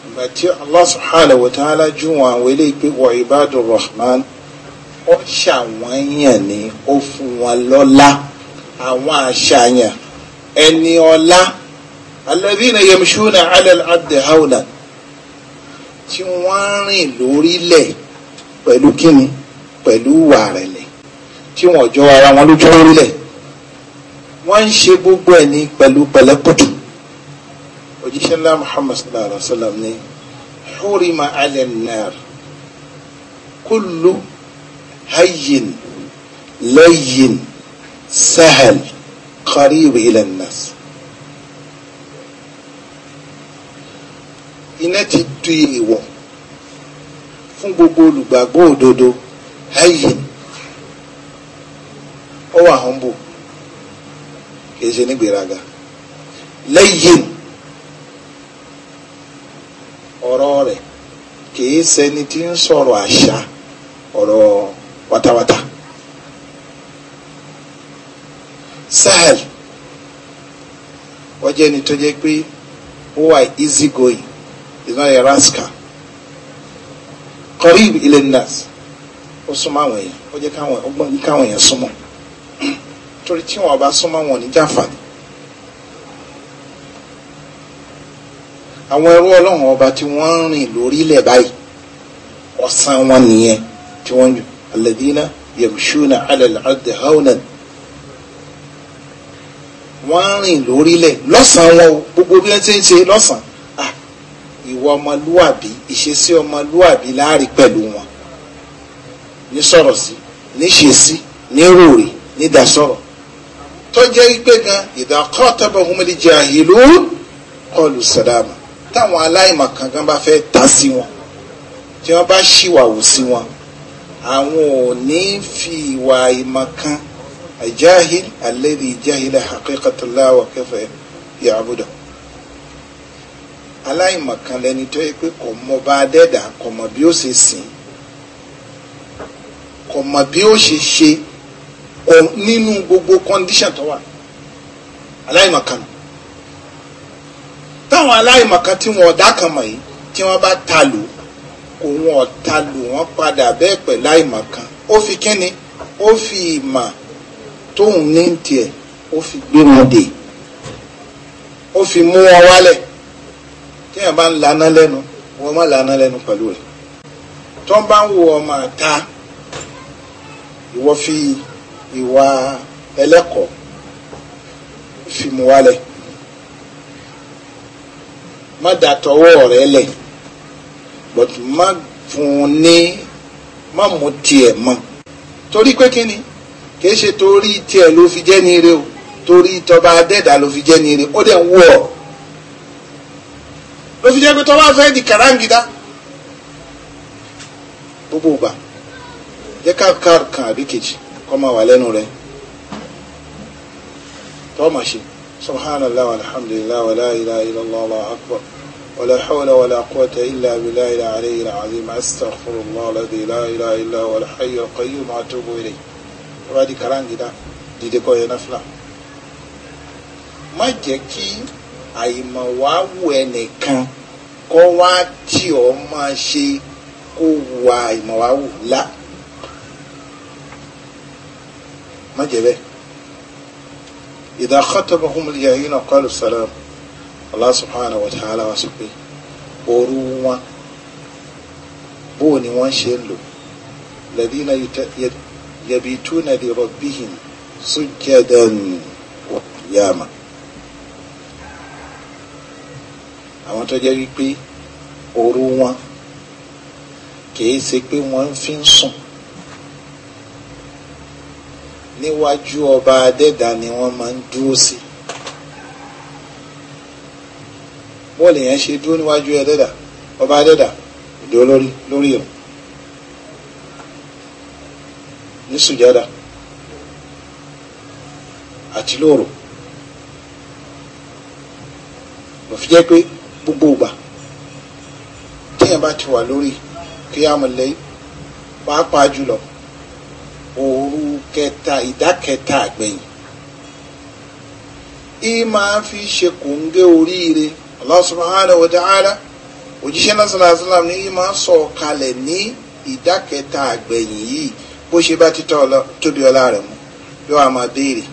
ìgbà tí Allah subhanahu wa ta'ala jú wọn àwọn eléyìí pé wa ibadu rahman ó ṣàwọ̀nyàn ni ó fún wọn lọ́lá àwọn àṣàyàn ẹni ọlá alladhina yamshuna ala al-ardi hawnan tí wọ́n ń rìn lórílẹ̀ pẹ̀lú kíni pẹ̀lú ìwà rẹ̀lẹ̀ tí wọ́n jọ ara wọn lójú lórílẹ̀ wọ́n ń ṣe gbogbo ẹ̀ ní pẹ̀lú pẹ̀lẹ́kùtù òjíṣẹ́ ńlá muhammad sallallahu alayhi wa sallam ní hurima ala nnar kullu hayyin sahal qarib ila iná ti du ìwọ̀ fún gbogbo olùgbàgbọ́ òdodo ayé ó wà hànbò kìí ṣe nígbèraga lẹ́yìn ọ̀rọ̀ rẹ̀ kìí ṣẹni tí ń sọ̀rọ̀ àṣà ọ̀rọ̀ wátawátá sahel wọ́n jẹ́ ẹni tó jẹ́ pé ó wà easy going ìnáyẹ raska kọrib ilẹ̀ nas ó súnmọ́ àwọn èèyàn ó jẹ́ ọgbọ́n káwọn èèyàn súnmọ́ torí tí wọn bá súnmọ́ wọn ní jàǹfààní àwọn ẹrú ọlọ́run ọba tí wọ́n ń rìn lórílẹ̀ báyìí ọ̀sán wọn nìyẹn tí wọ́n jù alladina yamshuna ala al-ardi hawnan wọ́n ń rìn lórílẹ̀ lọ́sàn-án wọn gbogbo bí wọ́n ti ń ṣe lọ́sàn-án ìwà ọmọlúwàbí ìṣesí ọmọlúwàbí láàrí pẹ̀lú wọn ní sọ̀rọ̀ sí ní ṣesí ní ròrè ní dasọ̀rọ̀ tó jẹ́ pé gan ìdàkọ́ tọ́bọ̀ humili jahilun kọlù sàdámà táwọn aláìmọ̀ kankan bá fẹ́ ta sí wọn tí wọ́n bá ṣìwàwù sí wọn àwọn ò ní fi ìwà ìmọ̀ kan àjáhìl alladhi jahila haqiqatallahi wa kayfa ya'budu aláìmọ̀kan lẹni tó yẹ pé kò mọ bá dẹ́dà kò mọ bí ó ṣe sìn kò mọ bí ó ṣe ṣe nínú gbogbo kọ́ndíṣàn tó wà aláìmọ̀kan táwọn aláìmọ̀kan tí wọn ọ̀dà kan mọ̀ yìí tí wọ́n bá ta lò kò wọn ọ̀ta lò wọ́n padà bẹ́ẹ̀ pẹ̀lú àìmọ̀kan ó fi kíni ó fi ìmọ̀ tóun ní tiẹ̀ ó fi gbé wọn dè ó fi mú wọn wálẹ̀ téèyàn bá ń laná lẹ́nu wọ́n má laná lẹ́nu pẹ̀lú rẹ̀ tó ń bá ń wo ọmọ àta ìwọ fi ìwà ẹlẹ́kọ̀ọ́ fi mú wálẹ̀ má dàtọwọ́ rẹ̀ lẹ̀ but má fún un ní má mú tiẹ̀ mọ́ torí pé kí kìí ṣe torí tiẹ̀ ló fi jẹ́ ní ire o torí tọba adẹ́dà ló fi jẹ́ ní ire ó dẹ̀ ń wọ̀ ọ́ ló fi jẹ́ pé tó bá fẹ́ di kàráǹgídá gbogbo ìgbà jẹ́ ká kàr kan àbí kejì kọ́ máa wà lẹ́nu rẹ̀ tó máa ṣe subhanallah alhamdulillah wa la ilaha illallah wa akbar wa la hawla wa la quwwata illa billahi al-ali al-azim astaghfirullah alladhi la ilaha illa huwa al-hayy al-qayyum atubu ilayhi tó di kàráǹgídá dìde kó yẹn náfìlà má jẹ́ kí àìmọ̀ wá wù ẹnìkan kọ́ wá tí ọ máa ṣe kó wù àìmọ̀ wá wù lá má jẹ́ bẹ́ẹ̀ idha khatabahum al-jahiluna qalu salam Allah subhanahu wa ta'ala wa sọ pé ooru wọn bó ni wọ́n ṣe ń lò ladina yabituna li rabbihim sujjadan wa qiyama. àwọn tó jẹ́ wípé òru wọn kìí ṣe pé wọ́n fi ń sùn níwájú ọba adẹ́dà ni wọ́n máa ń dúró sí bọ́ọ̀lù yẹn ṣe dúró níwájú adẹ́dà ọba adẹ́dà ìdúró lórí lórí ìrùn ní sùjádà àti lóòrò lọ́fi jẹ́ pé. gbogbo ìgbà téèyàn bá ti wà lórí kíyàmù pàápàá jùlọ òru kẹta ìdá kẹta ị ìyí máa fi ṣe kòńgẹ́ oríire Allah subhanahu wa ta'ala òjíṣẹ́ náà sallallahu alaihi ị ní ìyí máa sọ kalẹ̀ ní ìdá kẹta yìí bó ṣe bá títọ́ tóbi ọlá máa béèrè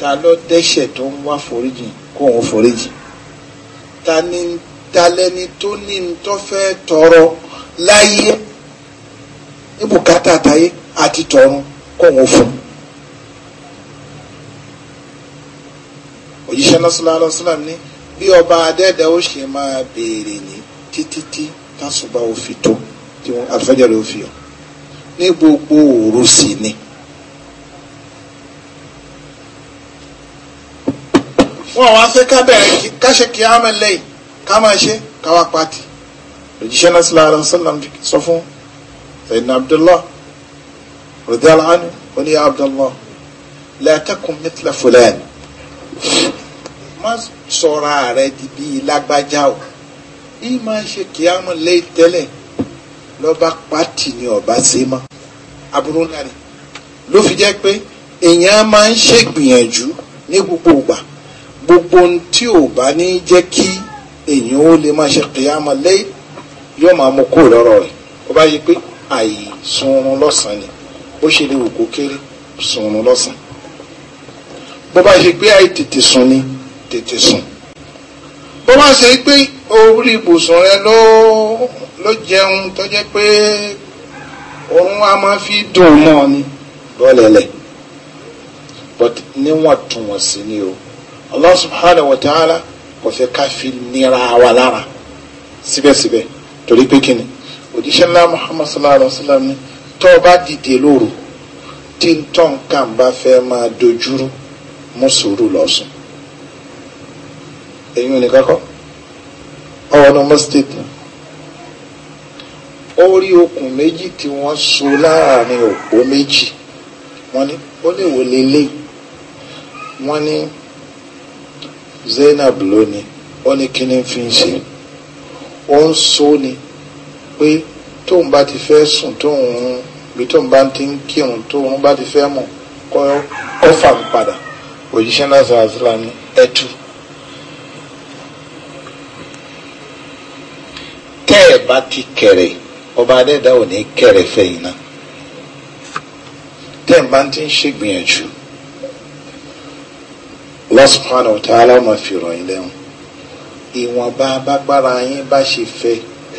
ta ló dẹ́ṣẹ̀ tó ń wá foríjì kó òun foríjì ta ni talẹni tó ní tó fẹ́ tọrọ láyé ní bùkátà táyé àti tọ̀run kó òun fún òjíṣẹ́ náà sallallahu alaihi wasallam ní bí ọba adẹ́ẹ̀dẹ́ ó ṣe máa béèrè ní títítí tásùbà ó tó tí wọ́n àfẹ́jọ́ rẹ̀ ó fi hàn ní gbogbo òru sí ni. Titi, wọn wá pé ká bẹ̀rẹ̀ ká ṣe kí á mẹ́ lẹ́yìn ká máa ṣe ká wá òjíṣẹ́ náà sallallahu alaihi wasallam sọ fún sayyidina abdullah radiyallahu anhu ó abdullah la takun mithla fulan má sọra rẹ di bí lágbájá o yìí máa ṣe kí á mọ̀ lẹ́yìn tẹ́lẹ̀ lọ́ba pàtì ni ọba ṣe mọ́ aburú ńlá rẹ̀ ló fi jẹ́ pé èèyàn máa ń ṣègbìyànjú ní gbogbo ìgbà gbogbo ohun tí ò bá ní jẹ́ kí èyàn ó lè máa ṣe kìyàmà lẹ́yìn yóò máa mú kó lọ́rọ̀ rẹ̀ ó bá yí pé àìsunrun lọ́sàn-án ni bó ṣe lè wò kó kéré sunrun lọ́sàn-án bó bá ṣe pé àìtètè sùn ni tètè sùn bó bá ṣe pé orí ibùsùn rẹ ló ló jẹun tó jẹ́ pé òun á máa fi dùn mọ́ ni lọ́lẹ̀lẹ̀ but níwọ̀ntúnwọ̀nsì ni o. Allah subhanahu wa ta'ala kò fẹ́ ká fi nira wa lára síbẹ̀síbẹ̀ torí pé kíni òjíṣẹ́ ńlá Muhammad sallallahu alayhi wa sallam ni tó o bá dìde lóru tí n tọ́ nǹkan bá fẹ́ máa dojúrú mú sùúrù lọ sùn èyí ni kakọ́ ọwọ́ ní mọ́sítẹ́tì ó rí okùn méjì tí wọ́n so láàrin òpó méjì wọ́n ní ó lè wò lélẹ́yìí wọ́n ní. Zainab lónìí ó ní kí ni fi ń ṣe ó ń sọ ni pé tóun bá ti fẹ́ sùn tóun bí tóun bá ti ń kírun tóun bá ti fẹ́ mọ̀ kọ́ fà mí padà òjíṣẹ́ náà sọ àṣìlá ní ẹ̀tù. tẹ́ ẹ̀ bá ti kẹ̀rẹ̀ ọba adẹ́dá ò ní kẹ̀rẹ̀ fẹ̀yìn náà tẹ́ ẹ̀ bá ti ń ṣègbìyànjú. Allah subhanahu wa ta'ala máa fi rọ̀yìn lẹ́wọ̀n ìwọ̀nba bágbára yín bá ṣe fẹ́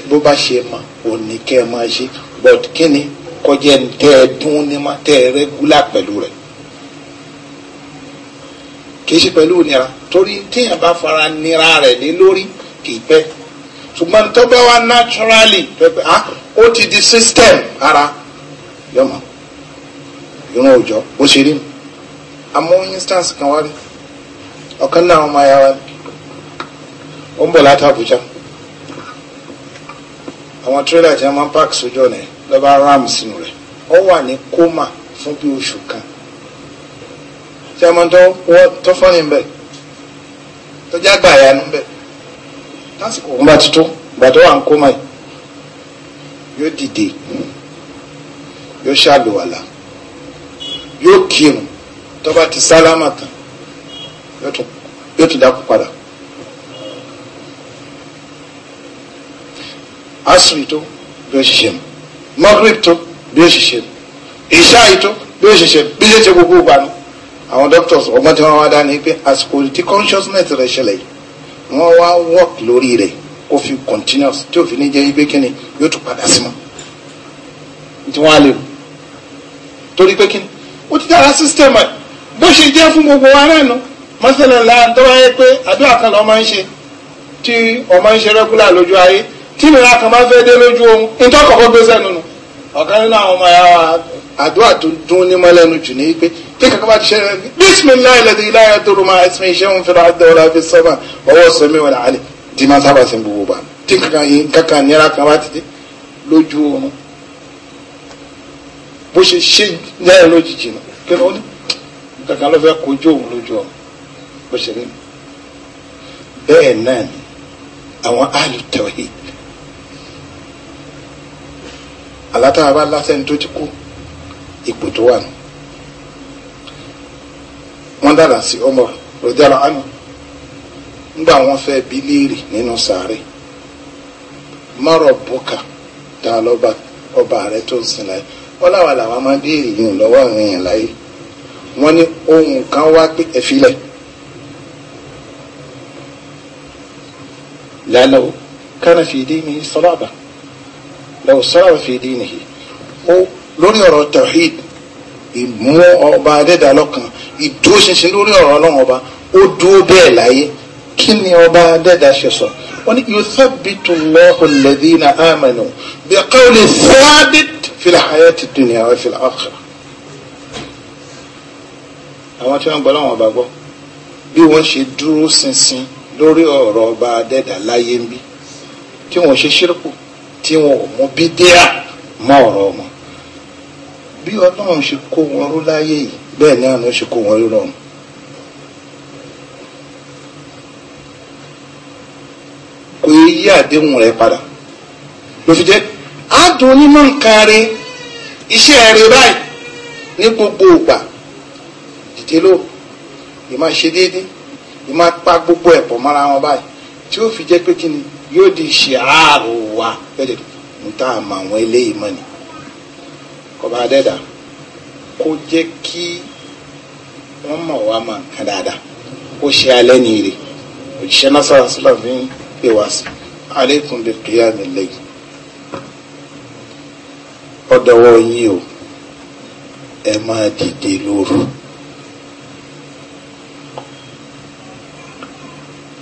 bó bá ṣe mọ̀ ò kẹ́ ẹ máa ṣe but kí ni kọjá tẹ́ ẹ dún ní má tẹ́ ẹ rẹ́gúlà pẹ̀lú rẹ̀ kì í ṣe pẹ̀lú nira torí téèyàn bá fara nira rẹ̀ lé lórí kì í pẹ́ ṣùgbọ́n tó bẹ́ wá naturally pẹ́pẹ́ ah ó ti di system ara yọmọ ìran òòjọ́ bó ṣe rí mu àmọ́ instance kan wá rí ọ̀kan náà ọmọ ayáwa ni ó ń bọ̀ láti Àbújá àwọn tírélà tí wọ́n máa ń pààkì sójú ọ̀nà lọ́ba ram sínú rẹ̀ ó wà ní kómà fún bí oṣù kan tí a máa ń tọ́ fọ́nì ń bẹ̀ tó já gbà yanu bẹ̀ lásìkò òun tuntun ìgbà tó wà ń kómà yìí yóò dìde yóò ṣàlùwàlà yóò kírun tó ti sálámà tán yóò tún dákú padà asiri tó bí ó ṣiṣẹ́ mu magrib tó bí ó ṣiṣẹ́ mu ìṣáì tó bí ó ṣiṣẹ́ mu bí ó ṣe gbogbo ìgbà nu àwọn doctors ọmọ tí wá dání pé àsìkò tí consciousness rẹ̀ ṣẹlẹ̀ yìí wọ́n wá work lórí rẹ̀ kó fi continuous tí òfin ní jẹ́ ibi kíni yóò tún padà sí mọ́ tí wọ́n á lè wò torí pé kíni ó ti dára system ẹ̀ bó ṣe jẹ́ fún gbogbo wa náà nù. No? mọ́sálẹ̀ ńlá tó wáyé pé àdúrà kan lọ́ọ́ máa ń ṣe tí ọmọ ń ṣe rẹ́kúlà lójú ayé tí ìnira kan máa ń fẹ́ dé lójú ohun ìtọ́kọ̀kọ́ gbé sẹ́nu nù ọ̀kan nínú àwọn ọmọ ẹ̀yà àdúrà tó dún ní mọ́lẹ́nu jù ní pé tí kankan bá ti ṣe rẹ̀ bísímìláì lẹ́dí iláyà tó rú máa ẹ̀sìn iṣẹ́ òun fẹ́ràn àdó ọ̀la fi sọ́mà ọwọ́ sọmi wọn àlẹ́ tí máa sábà sí gbogbo bá tí kankan yìí kankan nira kan bá ti dé lójú ohun bó ṣe ṣe lẹ́yìn lójijì nù kankan ló fẹ́ kojú òun lójú ọ̀hún. bó ṣe bẹ́ẹ̀ náà àwọn alùtẹ̀wéèd alátàwọn bá wà nù wọ́n dára sí ọmọ rọ̀díàlá àná nígbà wọ́n fẹ́ bí léèrè nínú sàárè mọ́rọ̀ bùkà dá lọ́ba ọba rẹ tó ń sin láyé wọ́n láwa làwọn máa béèrè yìí lọ́wọ́ àwọn èèyàn láyé wọ́n ní ohun kan wá pé E لا لو كان في دينه صلابة لو صلابة في دينه ó lórí التوحيد tawhid ìmú ọba adẹ́dà lọ́kàn ìdúróṣinṣin lórí ọ̀rọ̀ ọlọ́run ọba ó dúró bẹ́ẹ̀ láyé kí ni ọba adẹ́dà ṣe sọ wọ́n ní yuthabbitu Allahu alladhina amanu biqawli thabit fil hayati dunya wa fil àwọn tí wọ́n gbọ́ láwọn ọba gbọ́ bí wọ́n ṣe dúró ṣinṣin lórí ọ̀rọ̀ ọba adẹ́dà láyé ń bí tí wọ́n ṣe ṣírpù tí wọ́n ò mú bídíà mọ́ ọ̀rọ̀ wọn bí ọlọ́run ṣe kó wọn ró láyé yìí bẹ́ẹ̀ ni àná ṣe kó wọn ró rọrùn. kò yí àdéhùn rẹ padà ló fi jẹ́ àdùn onímọ̀ nǹkan rẹ iṣẹ́ rẹ báyìí ní gbogbo ìgbà dìde lóru déédéé ìmọ̀ pa gbogbo ẹ̀ pọ̀ mọ́ra wọn báyìí tí ó fi jẹ́ pé kí ni yóò di ṣe àárò wa lẹ́dẹ̀ ní tá a mọ àwọn eléyìí mọ́ ni kọba adẹ́dà kó jẹ́ kí wọ́n mọ̀ wá mọ̀ nǹkan dáadáa ó ṣe alẹ́ ní ire òṣìṣẹ́ nasara sílẹ̀ fi ń pè wá sí alaykum bil qiyamil layl ọ̀dọ̀wọ́ yín o ẹ máa dìde lóru.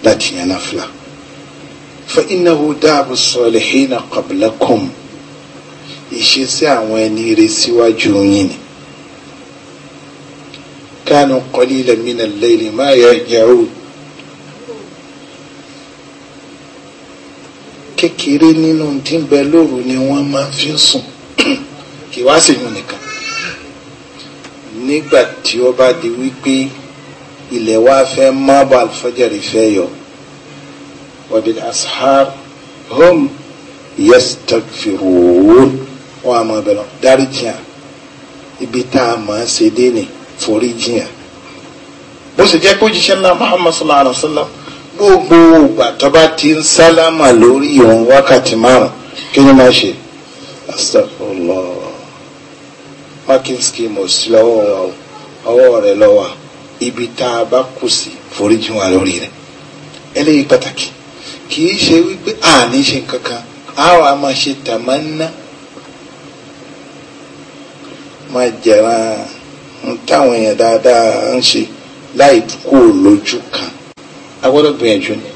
láti yan náfìlà fa innahu dáàbò salihina qablakum ìṣesí àwọn ẹni rẹ síwájú yín ni kanu qalilan minal layli ma yahja'un kékeré nínú tí lóru ni wọ́n máa fi sùn kì wá sí yun nìkan nígbà tí ó bá di wípé ilẹ̀ wa fẹ́ mọ́ bọ́ alifajari fẹ́ yọ wabil ashar hum yastagfirun wọn a máa bẹ̀rẹ̀ dárí jìyàn ibi tá a máa ṣe dé ni forí jìyàn bó sì jẹ́ kó jíṣẹ́ ńlá muhammad sallallahu alayhi wa sallam gbogbo ògbà tó bá ti ń sálámà lórí ìwọ̀n wákàtí márùn kí ni máa ṣe astagfirullah mákìnsìkì mọ̀ sí lọ́wọ́ ọwọ́ lọ́wọ́ ibi tá a bá kù sí foríjì wa lórí rẹ̀ eléyìí pàtàkì kì í ṣe wípé àní ṣe nǹkan kan a wà máa ṣe tàmánà máa jẹ̀ra ń táwọn èèyàn dáadáa ń ṣe láì kó lójú kan a gbọ́dọ̀ gbìyànjú ni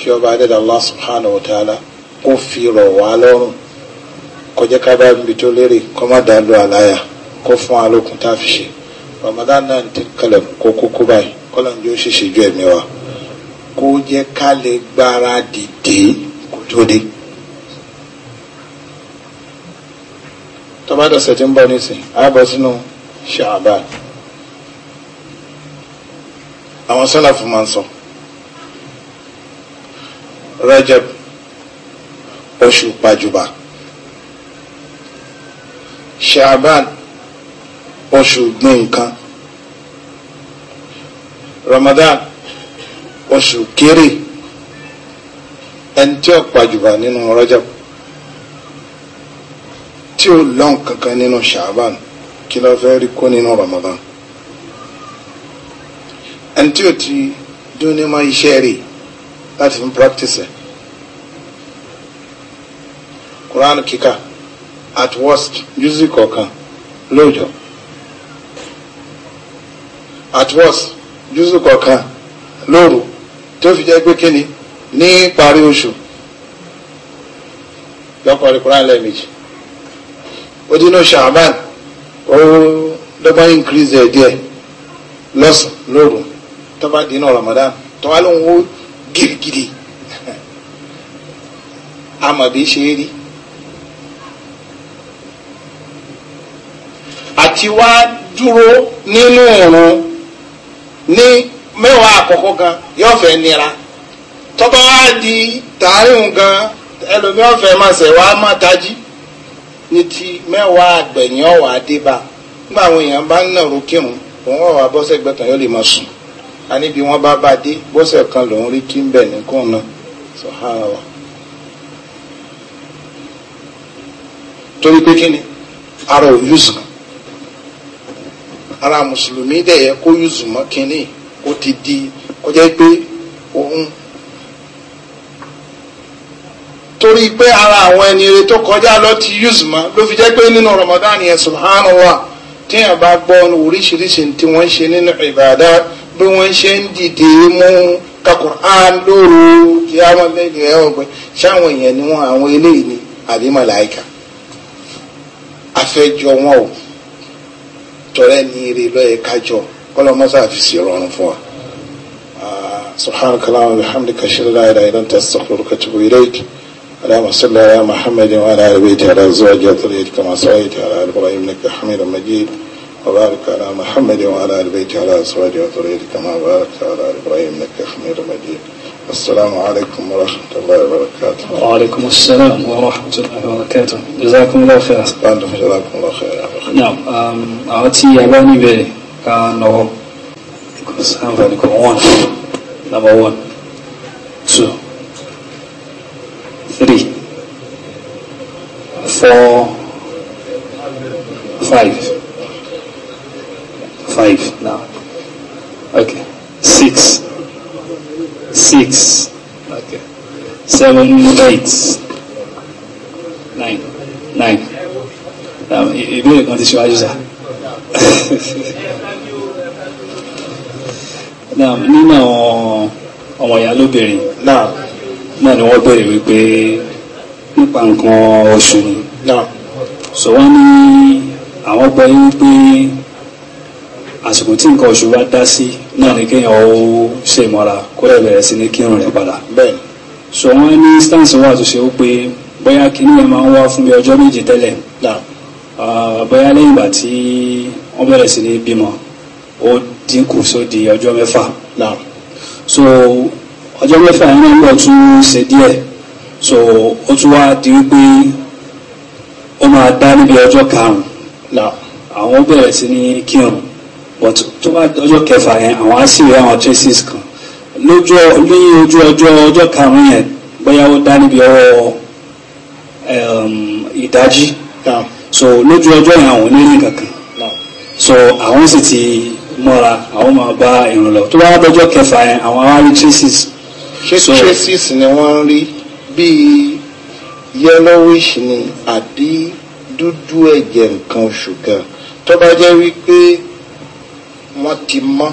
kí ọba adẹ́dà Allah subhanahu wa ta'ala kó fi rọ̀ wá lọ́rùn kọjá ká bá ibi tó lérè kọ́ má dá lu àlàyà kó fún alókun tá a fi ṣe. Ramadan náà ti kalẹ̀ kó kókó báyìí kọ́lọ́n jó ṣèṣe ju ẹ̀mí wa kó jẹ́ ká lè gbára dìde kó tó dé. tọ́mátò ṣẹ̀ ti ń bọ̀ nísìnyí á bọ̀ sínú ṣàbàn àwọn sọ́làfù máa ń sọ Rajab oṣù pàjùbà ṣàbàn oṣù gbìn nǹkan Ramadan oṣù kéré ẹni tí ó pàjùbà nínú Rajab tí ó lọ́n kankan nínú Sha'ban kí ló fẹ́ rí kó nínú Ramadan ẹni tí ó ti dún ní ma iṣẹ́ rè láti fi practice ẹ̀ Quran kíkà at worst júùsì kọ̀ọ̀kan lóòjọ́ at worst júùsù kọ̀ọ̀kan lóru tó fi jẹ́ pé kíni ní parí oṣù lọ́kọ̀ọ́rí Quran lẹ́ẹ̀mejì ó dínú ṣàbán ó dọ́gba increase ẹ̀ díẹ̀ lọ́sàn lóru tó bá dínú Ramadan tó wá lóun ó gidigidi amadi (laughs) ṣe é rí. àti wá dúró nínú òrùn ní mẹ́wàá àkọ́kọ́ gan yóò fẹ́ nira tọ́ba wá di tààrin gan ẹlòmíràn fẹ́ máa ṣẹ̀ wá má tají ní ti mẹ́wàá àgbẹ̀yìn ọ̀wà àdébà nígbà àwọn èèyàn bá ń nàró kírun òun ọ̀wà bọ́sẹ̀ gbẹ̀tàn yóò lè máa sùn àníbi wọn bá bá dé bọ́sẹ̀ kan lòún rí kí ń bẹ̀ nìkan náà sọ̀hánàwà. torí pé kí ni ara ò yùsùn ara mùsùlùmí dẹ̀ yẹ kó yùzù o ti di ó jẹ́ torí pé ara àwọn ẹni rẹ tó kọjá lọ ti yùzù ló fi jẹ pé nínú Ramadan yẹn subhanallah téèyàn bá gbọ́ oríṣiríṣi tí wọ́n ṣe nínú ìbàdá bí wọ́n ṣe ń dìde mú ka Qur'an lóru lẹ́yìn tọrẹ ní ire lọ́yẹ kájọ kọlọmọsá fi sí ọrọrùn fún wa. سبحانك اللهم وبحمدك اشهد ان لا اله الا انت استغفرك واتوب اليك اللهم صل على محمد وعلى ال بيته وعلى ازواجه وذريته كما صليت على ال ابراهيم انك حميد مجيد وبارك على محمد وعلى ال بيته وعلى ازواجه وذريته كما باركت على ال ابراهيم انك حميد مجيد السلام عليكم ورحمة الله وبركاته وعليكم السلام ورحمة الله وبركاته جزاكم الله خير أنتم جزاكم الله خير نعم أعطي ياباني بي كانوا السلام عليكم one نمبر one تو ثري فور فايف فايف نعم أوكي سكس six okay. seven eight nine nine you um, kan ti ṣíwájú sá. (laughs) nínú àwọn ọmọ ìyá lóbìnrin náà ni wọ́n béèrè wípé nípa nǹkan oṣù ni so wọ́n ní àwọn gbọ́ yín pé àsìkò tí nǹkan oṣù bá dá sí náà ni kéèyàn ó ṣe ìmọ̀ra kó lè bẹ̀rẹ̀ sí ní kírun rẹ̀ padà. bẹ́ẹ̀ so wọ́n ní instance wà tó ṣe ó pé bóyá kíní yẹn máa ń wá fún bí ọjọ́ méjì tẹ́lẹ̀ bóyá lẹ́yìn ìgbà tí wọ́n bẹ̀rẹ̀ sí ní bímọ ó dínkù sódi ọjọ́ mẹ́fà so ọjọ́ mẹ́fà yẹn náà lọ tún ṣe díẹ̀ so ó tún wá di wípé ó máa dá níbi ọjọ́ karùn-ún àwọn bẹ̀rẹ̀ sí ní kírun but tó bá ọjọ́ kẹfà yẹn àwọn á sì rí àwọn traces kan lójú lẹ́yìn ojú ọjọ́ ọjọ́ karùn-ún yẹn bóyá ó dá níbi ọwọ́ um, ìdájí so lójú ọjọ́ yẹn àwọn onírìn kankan so àwọn sì ti mọ́ra àwọn máa bá ìrùn lọ tó bá dọjọ́ kẹfà yẹn àwọn á rí traces. ṣé traces ni wọ́n rí bíi yellowish ni àbí dúdú ẹ̀jẹ̀ nǹkan oṣù kan tó bá jẹ́ wípé wọ́n ti mọ́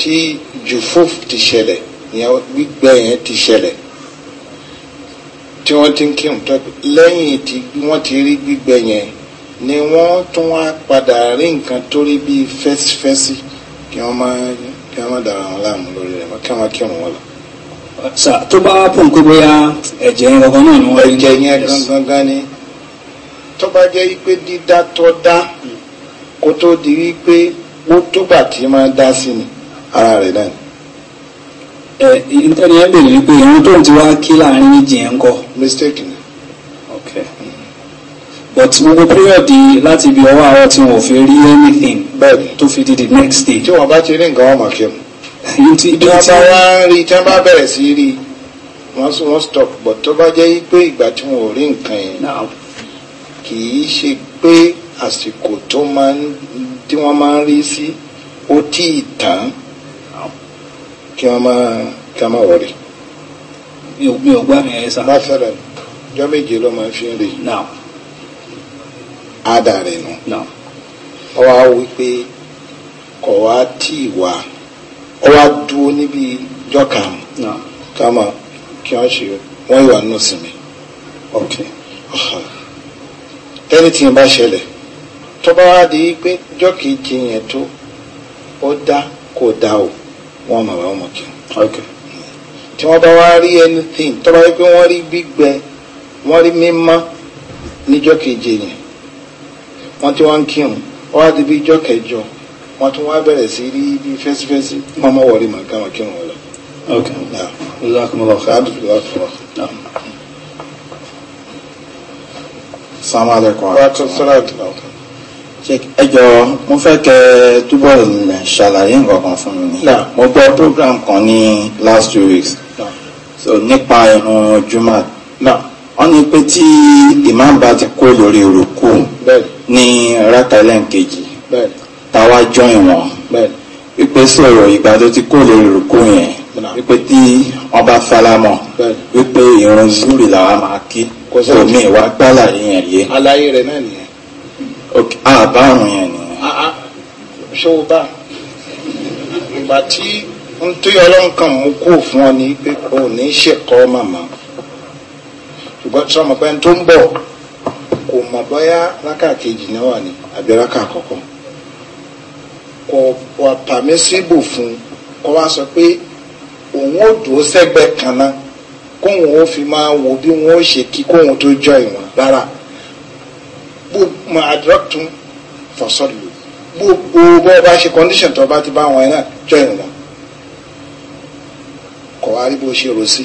tí jùfóf ti ṣẹlẹ̀ ìyẹn gbígbẹ́ yẹn ti ṣẹlẹ̀ tí wọ́n ti ń kírun tó lẹ́yìn tí wọ́n ti rí gbígbẹ́ yẹn ni wọ́n tún wá padà rí nǹkan tó rí bíi fẹ́sífẹ́sí kí wọ́n máa kí wọ́n máa dara wọn láàmú lórí rẹ̀ kí wọ́n kírun wọn lọ. sà tó bá pọ̀ nǹkan bóyá ẹ̀jẹ̀ yẹn gangan náà ni wọ́n rí. ẹ̀jẹ̀ yẹn gangan ni tó bá jẹ́ wípé dídá tó dá kó tó di wípé wọ́n túgbà tí máa dá sí ni ara rẹ̀ náà. ẹ ìtọ́ni ẹ bèrè wípé ìrún tó ń ti wá kí láàrin méjì yẹn ń kọ. mistake ni. ok but gbogbo period láti ibi ọwọ́ àárọ̀ tí wọn ò fi rí anything bẹ́ẹ̀ tó fi di the next day. tí wọn bá ti rí nǹkan wọn mọ̀ kí mu. tí wọn bá wá rí tí wọn bá bẹ̀rẹ̀ sí rí wọ́n stop but tó bá jẹ́ wípé ìgbà tí wọn ò rí nǹkan yẹn kì í ṣe pé àsìkò tó máa ń tí wọ́n máa ń rí sí ó tí ì tán kí wọ́n máa kí wọ́n máa wọlé. mi ò mi ò gbá mi ẹ sá. masala jọ méje ló máa fi ń rè. naam. ada rẹ wá wí pé kọ̀ wá tí ì wá ọ wá dúró níbi jọ kí wọ́n ṣe wọ́n yóò wá nù sí mi. ok. Uh -huh anything bá ṣẹlẹ̀ tó bá wá di pé jọ́kìjì yẹn tó ó dá kò dá o wọ́n mọ̀ wọ́n mọ̀ kí tí wọ́n bá wá rí anything tó bá yẹ pé wọ́n rí gbígbẹ wọ́n rí mímọ́ níjọ́ keje yẹn wọ́n ti wá ń kírun wọ́n á di bí ijọ́ kẹjọ wọ́n tún wá bẹ̀rẹ̀ sí rí bí fẹ́sífẹ́sí wọ́n mọ̀ wọ́n rí màkà wọn kírun wọn lọ. ok ọlọ́kùnrin ọ̀hún. Assalamu alaikum. Wa alaikum salaam. ẹ jọ̀ọ́ mo fẹ́ kẹ́ túbọ̀ ṣàlàyé nǹkan kan fún mi. mo gbọ́ program kan ní last two weeks so nípa ìrun juma wọ́n ní pé tí imam bá ti kó lórí òrùkù ní rákàlẹ́ nkejì táwa join wọn wípé sọ̀rọ̀ ìgbà tó ti kó lórí òrùkù yẹn wípé tí wọ́n bá wípé ìrun zuri làwa máa kí kò mí wá gbálà yẹn yé. àlàyé rẹ̀ náà nìyẹn. ok àbárùn yẹn nìyẹn. ṣé o bá ìgbà tí ń tó yọ ọlọ́run kan mú kó fún ọ ní pé kò ní ṣèkọ́ màmá ṣùgbọ́n tí ọmọ pé ń tó ń bọ̀ kò mọ̀ bóyá rákà kejì náà wà ní àbí rákà àkọ́kọ́ kò wà pàmísíbù fún kó wá sọ pé òun ò dúró sẹ́gbẹ̀ẹ́ kan náà kóhun ó fi máa wò bí wọn ó ṣe kí kóhun tó jọ ìwọn rárá gbogbo àdúrótún fọsọlù gbogbo bó bá ṣe condition tó bá ti bá wọn náà jọ ìwọn kọ wá rí bó ṣe rò sí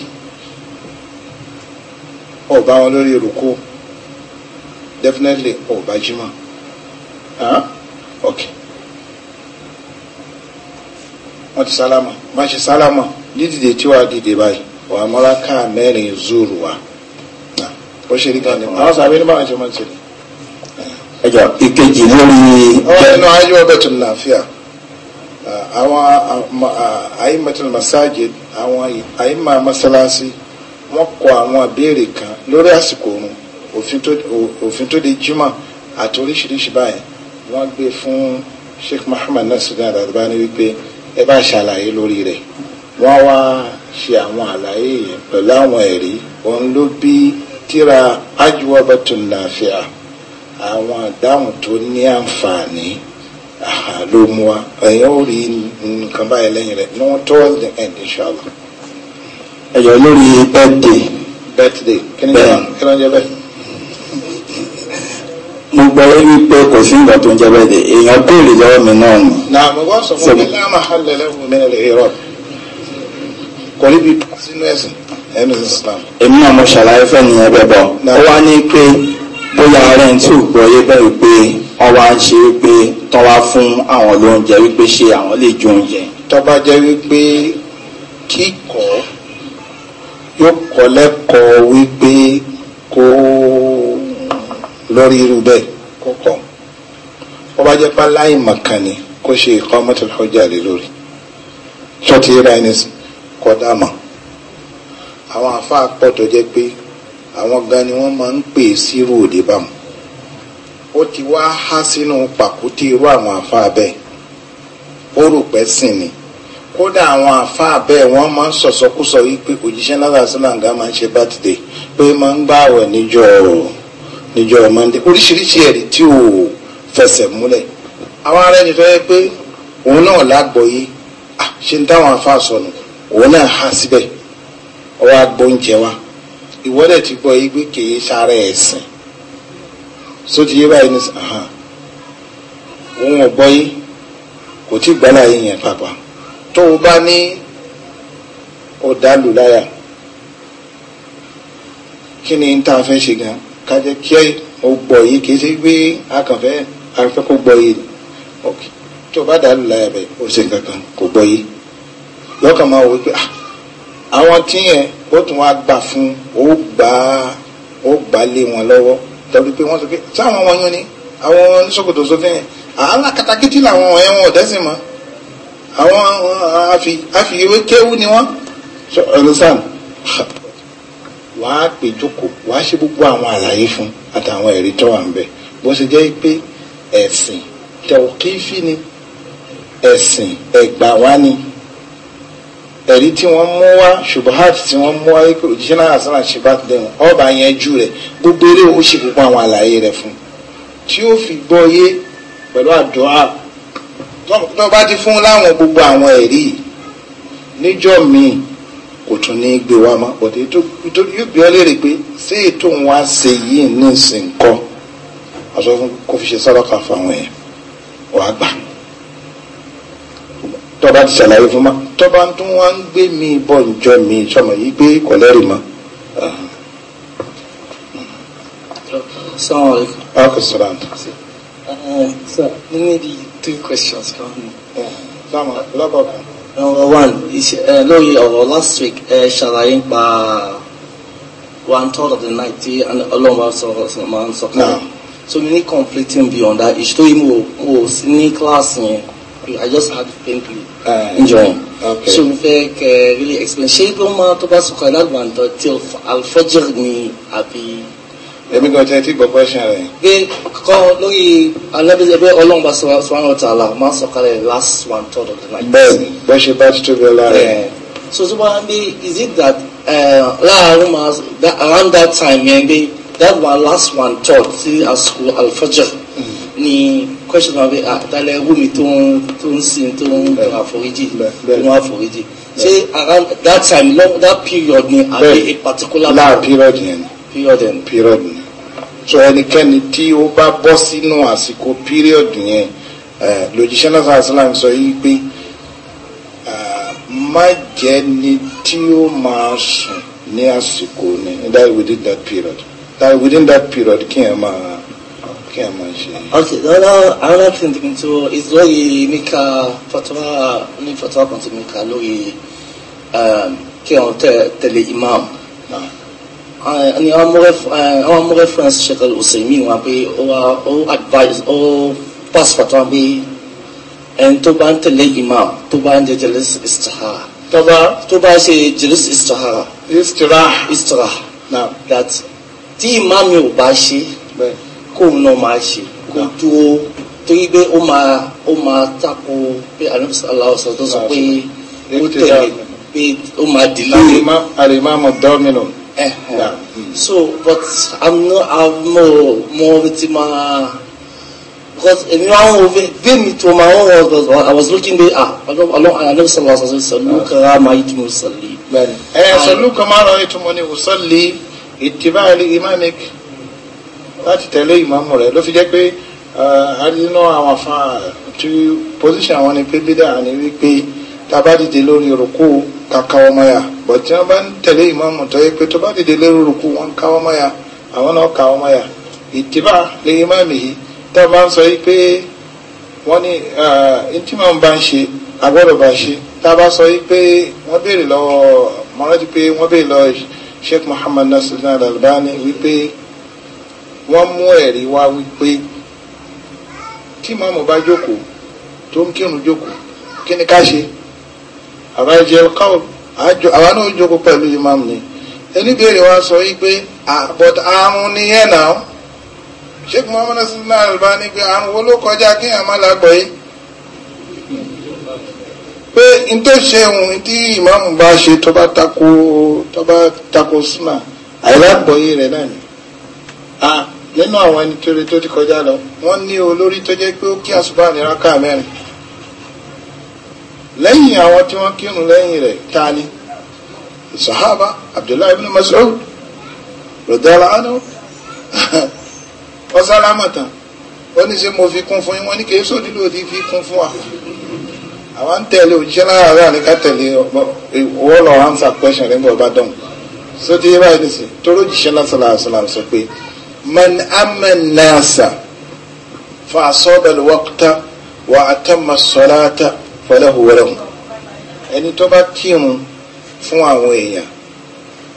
ọ wọn lórí ìrókò definitely ọ bá jí mọ ok wọn ti sálámà má ṣe sálámà dídìde tí wàá dìde báyìí wà mọ́láká mẹ́rin zuru wa ó ṣe rí kan ní wọn àwọn sàbẹ̀ níbàwọn ṣe máa ń ṣe ni. ẹjọ ìkejì lórí. ọ̀rọ̀ inú ayé ọbẹ̀ tó láàfíà àwọn àyímọ̀tún masajid àwọn àyímọ̀ masalasi wọ́n kọ àwọn àbéèrè kan lórí àsìkò oorun òfin tó de jimá àti oríṣiríṣi báyìí wọ́n gbé fún Sheikh Muhammad Nasir Al-Albani wípé ẹ bá ṣàlàyé lórí rẹ̀ wọ́n wá ṣe àwọn àlàyé yẹn pẹ̀lú àwọn ẹ̀rí òun ló bí tíra ajwabatul nafi'a àwọn àdáhùn tó ní àǹfààní ló mú wa ẹ̀yìn ó rí nǹkan báyìí lẹ́yìn rẹ̀ no towards the end inshallah. ẹ̀yọ́ lórí birthday. birthday kí ni jẹ́ jẹ́ bẹ́ẹ̀. mo gbọ́ wípé kò sí nǹkan tó ń jẹ́ bẹ́ẹ̀ de èèyàn béèrè lọ́wọ́ mi náà ni. na mo wá sọ fún mi láàmú àhàlẹ́ lẹ́wọ̀n mi nílẹ̀ ìrọ̀lẹ́ kò níbi sínú ẹ̀sìn ẹnu islam. èmi náà mo ṣàlàyé fẹ́ni yẹn bẹ́ẹ̀ bọ̀ ó wá ní pé bóyá ọ̀rẹ́ tí ò gbọ́ yé bẹ́ẹ̀ wípé wọ́n wá ń ṣe wípé tán wá fún àwọn lóúnjẹ wípé ṣé àwọn lè jó oúnjẹ. tó bá jẹ́ wípé kíkọ́ yóò kọ́ lẹ́kọ̀ọ́ wípé kó lórí irú bẹ́ẹ̀ kó kọ́ ó bá jẹ́ pé aláìmọ̀kan ni kó ṣe ìkọ́ mọ́tò lọ́jà lé lórí. sọ́tì rẹ̀ ẹni sìn kọ́dà mọ̀ àwọn àfáà pọ̀ tó jẹ́ pé àwọn gan ni wọ́n máa ń pè sírù òde bámu ó ti wá há sínú pàkúté irú àwọn àfáà bẹ́ẹ̀ ó rò pẹ́ sìn ni kódà àwọn àfáà bẹ́ẹ̀ wọ́n máa ń sọ̀sọ́kúsọ yìí pé òjíṣẹ́ lálàsílàǹgá máa ń ṣe bátìdè pé máa ń gbààwẹ̀ níjọ́ níjọ́ mọ́ndé oríṣiríṣi ẹ̀rí tí ò fẹsẹ̀ múlẹ̀ àwọn ará ẹni yẹ pé òun náà lágbọ́ ṣe ń táwọn àfáà sọnù òun náà há síbẹ̀ ọwọ́ agbóúnjẹ wa ìwọ́dẹ̀ ti gbọ́ igbe kèé sára ẹ̀sìn sóti yé báyìí ní sàn òun ò gbọ́ yé kò tí gbọ́lá yìí yẹn pàpà tó o bá ní ọ̀dàlù láyà kí ni n ta fẹ́ ṣe gan ká jẹ́ kí o gbọ́ yìí kì í ṣe pé a kàn fẹ́ a fẹ́ kó tó o bá dàlù láyà bẹ́ẹ̀ o ṣe nǹkan kan kò gbọ́ yìí lọ́kàn máa wò pé ah, àwọn tí yẹn ó tún wá gbà fún ó gbà ó gbà lé wọn lọ́wọ́ tàbí pé wọ́n sọ pé sáwọn wọn yún ni àwọn oníṣòkòtò sófin yẹn àhálà katakítí làwọn ọ̀hẹ́ wọn ò dẹ́sìn mọ́ àwọn àfìwé kéwú ni wọ́n sọ ọ̀lùsàn wàá pè jókòó wàá ṣe gbogbo àwọn àlàyé fún àtàwọn ẹ̀rí tó wà ń bẹ̀ bó ṣe jẹ́ pé ẹ̀sìn tẹ̀wọ̀kífì ni ẹ̀sìn ẹ̀gbà wá ni ẹ̀rí tí wọ́n mú wá ṣubuhat tí wọ́n mú wá wípé òjíṣẹ́ náà àsánà ṣubuhat dẹ̀wọ̀n ọba yẹn jù rẹ̀ gbogbo eré ó ṣe púpọ̀ àwọn àlàyé rẹ̀ fún tí ó fi gbọ́ yé pẹ̀lú àdúrà tó bá ti fún láwọn gbogbo àwọn ẹ̀rí níjọ́ míì kò tún ní gbé wa mọ́ òde tó yóò bí ọ léèrè pé ṣé ètò òun wá ṣe yìí ní ìsìn kọ́ kó fi ṣe sọ́dọ̀kà fún àwọn yẹn wàá gbà tọba ti ṣàlàyé fún ma tọba tó wá ń gbé mi bọ̀ njọ́ mi sọmọ yìí gbé kọ̀lẹ́rì mọ́. Assalamu alaikum. Alaikum salam. Uh, sir, maybe two questions from me. Lama, lama. Number one, uh, lórí ọ̀rọ̀ last week ẹ ṣàlàyé nípa one third of the night tí ọlọ́run sọ̀rọ̀ máa ń sọ kalẹ̀. So many need completing beyond that. Ìṣòro yìí mo mo ní kíláàsì yẹn. I just had to think njọ. ṣé mo fẹ́ kẹ́ really explain ṣé ló máa tó bá sọ̀kọ̀ alágbàntọ́ tí alfajir ni àbí. èmi gan tẹ́ tí gbọ́ question rẹ̀. pé kọ́ lórí alábẹ́sẹ̀ ọlọ́run bá sọ̀rọ̀ tààlà máa sọ̀kalẹ̀ last one third of the night. bẹ́ẹ̀ni bó ṣe bá ti tóbi ọlá rẹ̀. so tó bá ń is it that uh, láàárọ̀ máa around that time yẹn bí that one last one third sí àsìkò alfajir mm. ni. Mm -hmm question ma pe àtàlẹ̀ ah, ewu mi tó ń tó ń sin tó ń àforíjì tó ń àforíjì ṣé around that time long that period ni àbí a particular. láà period yẹn period yẹn period ni so ẹnikẹ́ni tí ó bá bọ́ sínú àsìkò period yẹn lòjíṣẹ́ náà sáà sílám sọ yìí pé má jẹ́ ni tí ó máa sùn ní àsìkò ni that within that period that within that period kí ẹ máa kí a máa ṣe. okay the other another thing to consider is lórí mika fatawa ní fatawa kan ti mika lórí kí wọn tẹ̀lé imam ni àwọn mú reference Sheikh Al-Uthaymin wọn pé ó advise ó pass fatawa pé ẹni tó bá ń tẹ̀lé imam tó bá ń jẹ jealous istihara tó bá ṣe jealous istihara istiraha istiraha that tí imam yóò bá ṣe kóun náà máa ṣe kó dúró torí pé ó máa ó máa tako pé aláwọ sọ tó sọ pé ó tẹ̀lé pé ó máa dìlé. alimami domino. so but i'm not i'm more more ti máa because èmi máa ń wo bí mi tó máa ń wọ because i was looking there ah aláwọ sọ wàásù sọlú kara máa yí tó mo sọlí. ẹ sọlú kan máa rọ ètò mọ ni wò sọlí ìtìbá ìmáàmì láti tẹ̀lé ìmáàmù rẹ̀ ló fi jẹ́ pé àdínú eh, àwọn afán tí position àwọn ni pé bídà ni wípé tá a bá dìde lórí rúkú kàkà ọmọ yà bọ̀ tí wọ́n bá ń tẹ̀lé ìmáàmù tó yẹ pé tó bá dìde lórí rúkú wọn ká ọmọ yà àwọn náà ká ọmọ yà ìtìbà lè ìmáàmù yìí tá a bá ń sọ yìí pé wọ́n ní eh, ntí màá bá ń ṣe agbọ́dọ̀ bá ṣe tá a bá sọ yìí pé wọ́n béèrè lọ́wọ́ mọ́rán pé wọ́n béèrè lọ́wọ́ Sheikh Muhammad Nasir Al-Albani wípé wọ́n mú ẹ̀rí wá wípé tí màmú bá jókòó tó ń kírun jókòó kí ni ká ṣe àbájẹ káwọn àwa náà jókòó pẹ̀lú imam ni oníbèrè wa sọ wípé but àrùn nìyẹn náà sheikh muhammad sallallahu alaihi wa sallam pé àrùn wo ló kọjá kí èèyàn má lágbọ̀ yìí pé n tó ṣe ohun tí ìmáàmù bá ṣe tó bá tako tó bá tako súnà àìlágbọ̀ rẹ̀ náà ni nínú àwọn ẹni kéré tó ti kọjá lọ wọ́n ní olórí tó jẹ́ pé ó kí àsùbá ní rákà mẹ́rin lẹ́yìn àwọn tí wọ́n kírun lẹ́yìn rẹ̀ ta ni sahaba abdullahi ibn mas'ud rọ̀dọ́lá ánú wọ́n sálámà tán ó ní ṣe mo fi kún fún yín wọ́n ní kí èso nílò ní fi kún fún wa àwa ń tẹ̀lé òjíṣẹ́ láàárọ̀ àníká tẹ̀lé eh, wọ́n lọ answer question rẹ̀ ń bọ̀ bá dọ̀hún sótì yé báyìí nìsín tó lójìṣẹ́ lásán làásán làásán pé من أما الناس فأصاب الوقت وأتم الصلاة فله وله ẹni tó bá kírun fún àwọn èèyàn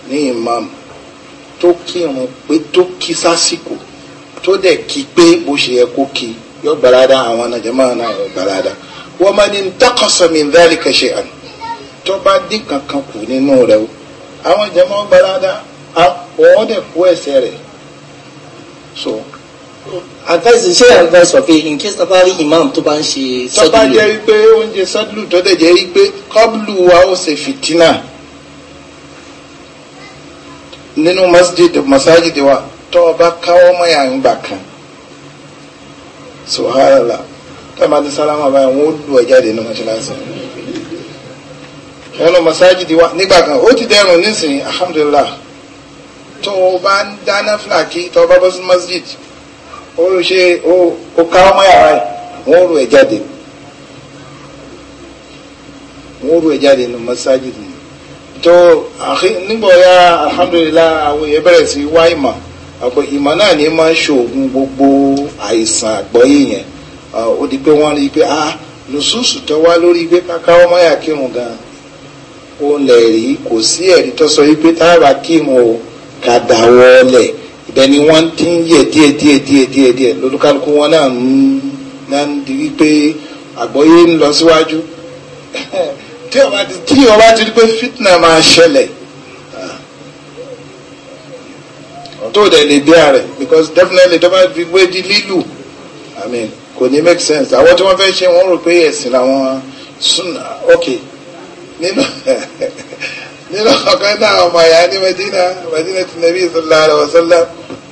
ní imam tó kírun pé tó kí sásìkò tó dẹ̀ kí pé bó ṣe yẹ kó kí yóò gbalada àwọn anajama náà yóò gbalada wa man intaqasa min dhalika shay'an tó bá dín kankan kù nínú rẹ̀ o àwọn jama gbalada àwọn ọ̀dẹ̀ kú ẹsẹ̀ rẹ̀ so advice ṣé advice wà pé in case tá a bá rí imam tó bá ń ṣe sádùlù. tó bá jẹ́ wípé oúnjẹ sádùlù tó dẹ̀ jẹ́ wípé kọ́bùlù wa ó ṣe fìtínà nínú masjid masajid wa tó o bá káwọ́ mọ́ yà ń gbà kan subhanallah tó o bá ti sálámà báyìí wọ́n ó lu ẹ̀ jáde ní mọ́tíláṣí nínú masajid wa nígbà kan ó ti dẹrùn nísìnyí alhamdulillah. tó o bá ń dáná fìlàkì tó o bá bọ́ sí masjid ó ṣe o káwọ́ mọ́ yàrá yìí wọ́n rò ẹ̀ jáde wọ́n rò ẹ̀ jáde ní masajid ni tó nígbà ya alhamdulilah àwọn èèyàn bẹ̀rẹ̀ sí wá ìmọ̀ àpò ìmọ̀ náà ni máa ń ṣoògùn gbogbo àìsàn yẹn ó di pé wọ́n rí i pé ah lùsùsù tó wá lórí pé kírun gan Kada dáwọ́ lẹ̀ ìbẹ́ni wọ́n ti ń yẹ díẹ̀ díẹ̀ díẹ̀ díẹ̀ díẹ̀ lólúkálùkù wọn náà ń náà ń di wípé àgbọ́yé ń lọ síwájú tí ọba ti tí ti di pé fitna máa ṣẹlẹ̀ ah, tó dẹ̀ lè bí ààrẹ because definitely tó bá fi wé di lílù I mean kò ní make sense àwọn tí wọ́n fẹ́ ṣe wọ́n rò pé ẹ̀sìn làwọn sunna okay nínú (laughs) nínú ọ̀kan náà ọmọ ẹ̀yà ní Medina Medina ti nàbí sallallahu alaihi wasallam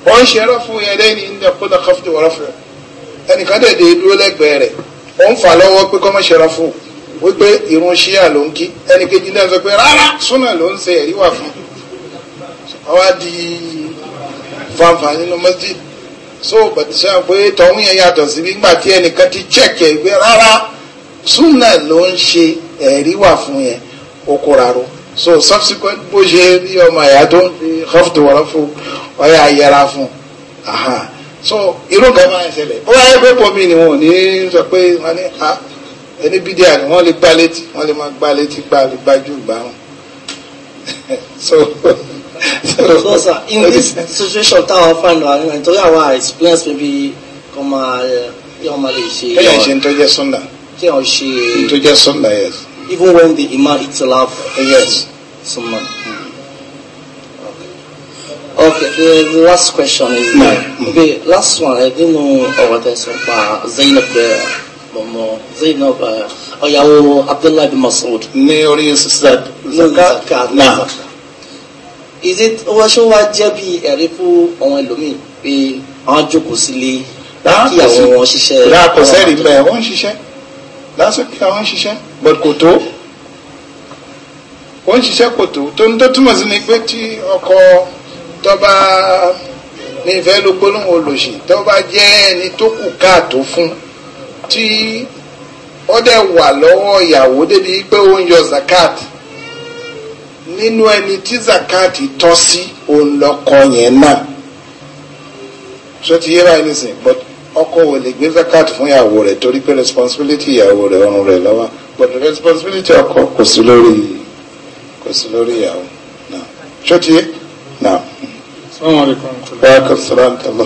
wọ́n ṣe rọ́fù yẹn lẹ́yìn ní ọ̀pọ̀ náà kọ́fù tó wọ́n rọ́fù ẹnìkan dẹ̀ dé dúró lẹ́gbẹ̀ẹ́ rẹ̀ wọ́n fà lọ́wọ́ pé kọ́mọ̀ ṣe rọ́fù wípé irun ṣíà ló ń kí ẹnì kejì náà sọ pé rárá súnà ló ń ṣe ẹ̀rí wà fún ọwọ́ di fanfa nínú masjid so bàtìṣà pé tọ́hún yẹn yàtọ̀ sí nígbà tí ẹnìkan ti chẹ́kẹ̀ pé rárá súnà ló ń ṣe ẹ̀rí wà fún yẹn okòràrò so subsequent bó ṣe rí ọmọ ẹ̀yà tó ń fi hafdu wọ̀rọ̀ fún ọyà yẹra fún so irú kan máa ń ṣẹlẹ̀ ó wáyé pé pọ̀ mi ni wọn ò ní sọ pé wọ́n ní a ah, ẹni bídíà ni wọ́n lè gbá létí wọ́n lè máa gbá létí gbá lè gbájú gbá wọn. (laughs) so so sir in this (laughs) situation táwọn fan wa nítorí àwọn experience maybe kọ́ máa yọ̀ eh, máa lè ṣe. kéèyàn ṣe ń tọ́jẹ́ sunday. kéèyàn ṣe. ń tọ́jẹ́ sunday yes even when the Imam Itilaf yes, someone. Okay, the, the last question is yeah. Mm. Mm. okay. Last one, I didn't know what I said about Zainab, uh, Zainab, uh, Oh, Abdullah bin Masood. Ní orí sísá. Nǹkan kà náà. Is it wọ́n ṣé wá jẹ́ bí ẹ̀rí fún àwọn ẹlòmíì pé àwọn jókòó sílé kíyàwó wọn ṣiṣẹ́. Rà kò sẹ́rìí mẹ́, wọ́n ń ṣiṣẹ́ lásìkò àwọn ṣiṣẹ́ but kò tó ó ń ṣiṣẹ́ kò tó tó ń tó túmọ̀ sí ni pé tí ọkọ tọ́ba ní ìfẹ́ ló gbólóhùn olòṣì tọ́ba jẹ́ ẹni tó kù káàtó fún tí ó dẹ̀ wà lọ́wọ́ ìyàwó débi pé ó ń yọ zakat nínú ẹni tí zakat tọ́ sí òun lọ́kọ yẹn náà so ti yé báyìí nísìnyí but ọkọ ò lè gbé zakat fún ìyàwó rẹ̀ torí pé responsibility ìyàwó rẹ̀ ọrùn rẹ̀ lọ́wọ́ but responsibility ọkọ kò sí lórí kò sí lórí ìyàwó náà ṣó ti yé náà. sọ́wọ́n rẹ̀ kan tó lọ. báyà kan sọ́ra ń tẹ̀lọ.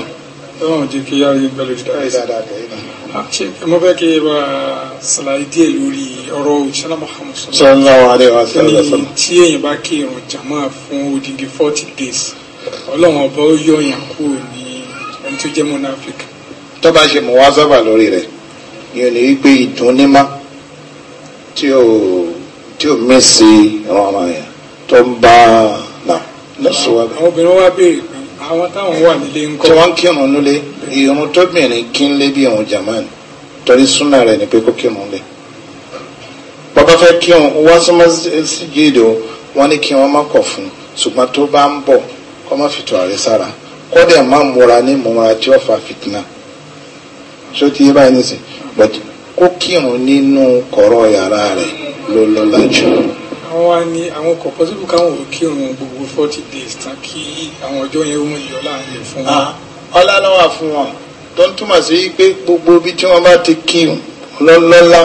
sọ́wọ́n jẹ́ kí yára yín gbẹ́lẹ̀ fìdá ẹ̀sìn. ṣe mo fẹ́ kí ẹ bá ṣàlàyé díẹ̀ lórí ọ̀rọ̀ òṣèlú Muhammad sallallahu alaihi wa sallam. tí èèyàn bá kí irun jàmá fún odindi forty days ọlọ́run ọba ó yọ̀yàn kúrò ní ẹni tó jẹ́ monafric tó bá ṣe muwazaba lórí rẹ̀ yóò ní wípé ìdúnnímá tí ò tí ò mí sí àwọn ọmọ yẹn tó ń bá nà lọ́sọ̀wá. obìnrin wa béèrè àwọn táwọn wà nílé ń kọ́. tí wọ́n ń kírun nílé irun tóbìnrin kí ń lé bí irun jamani torí súnà rẹ̀ ni pé kó kírun lé. bàbá fẹ́ kírun wá sí masjid o wọ́n ní kí wọ́n má kọ̀ fún un ṣùgbọ́n tó bá ń bọ̀ kó má fi tùràrí sára kó má múra ní múra tí ó fa fìtínà ṣó ti yé báyìí nísìn but kó kírun nínú kọ̀rọ̀ yàrá rẹ̀ ló lọ́la jù. àwọn ni àwọn kò pọ́sibú káwọn ò kírun gbogbo forty days tán kí àwọn ọjọ́ yẹn ó mọ ìyọ́ láàyè fún wọn. Ah, ọlá ló wà fún wọn tó ń túmọ̀ sí pé gbogbo ibi tí wọ́n bá ti kírun lọ́lọ́lá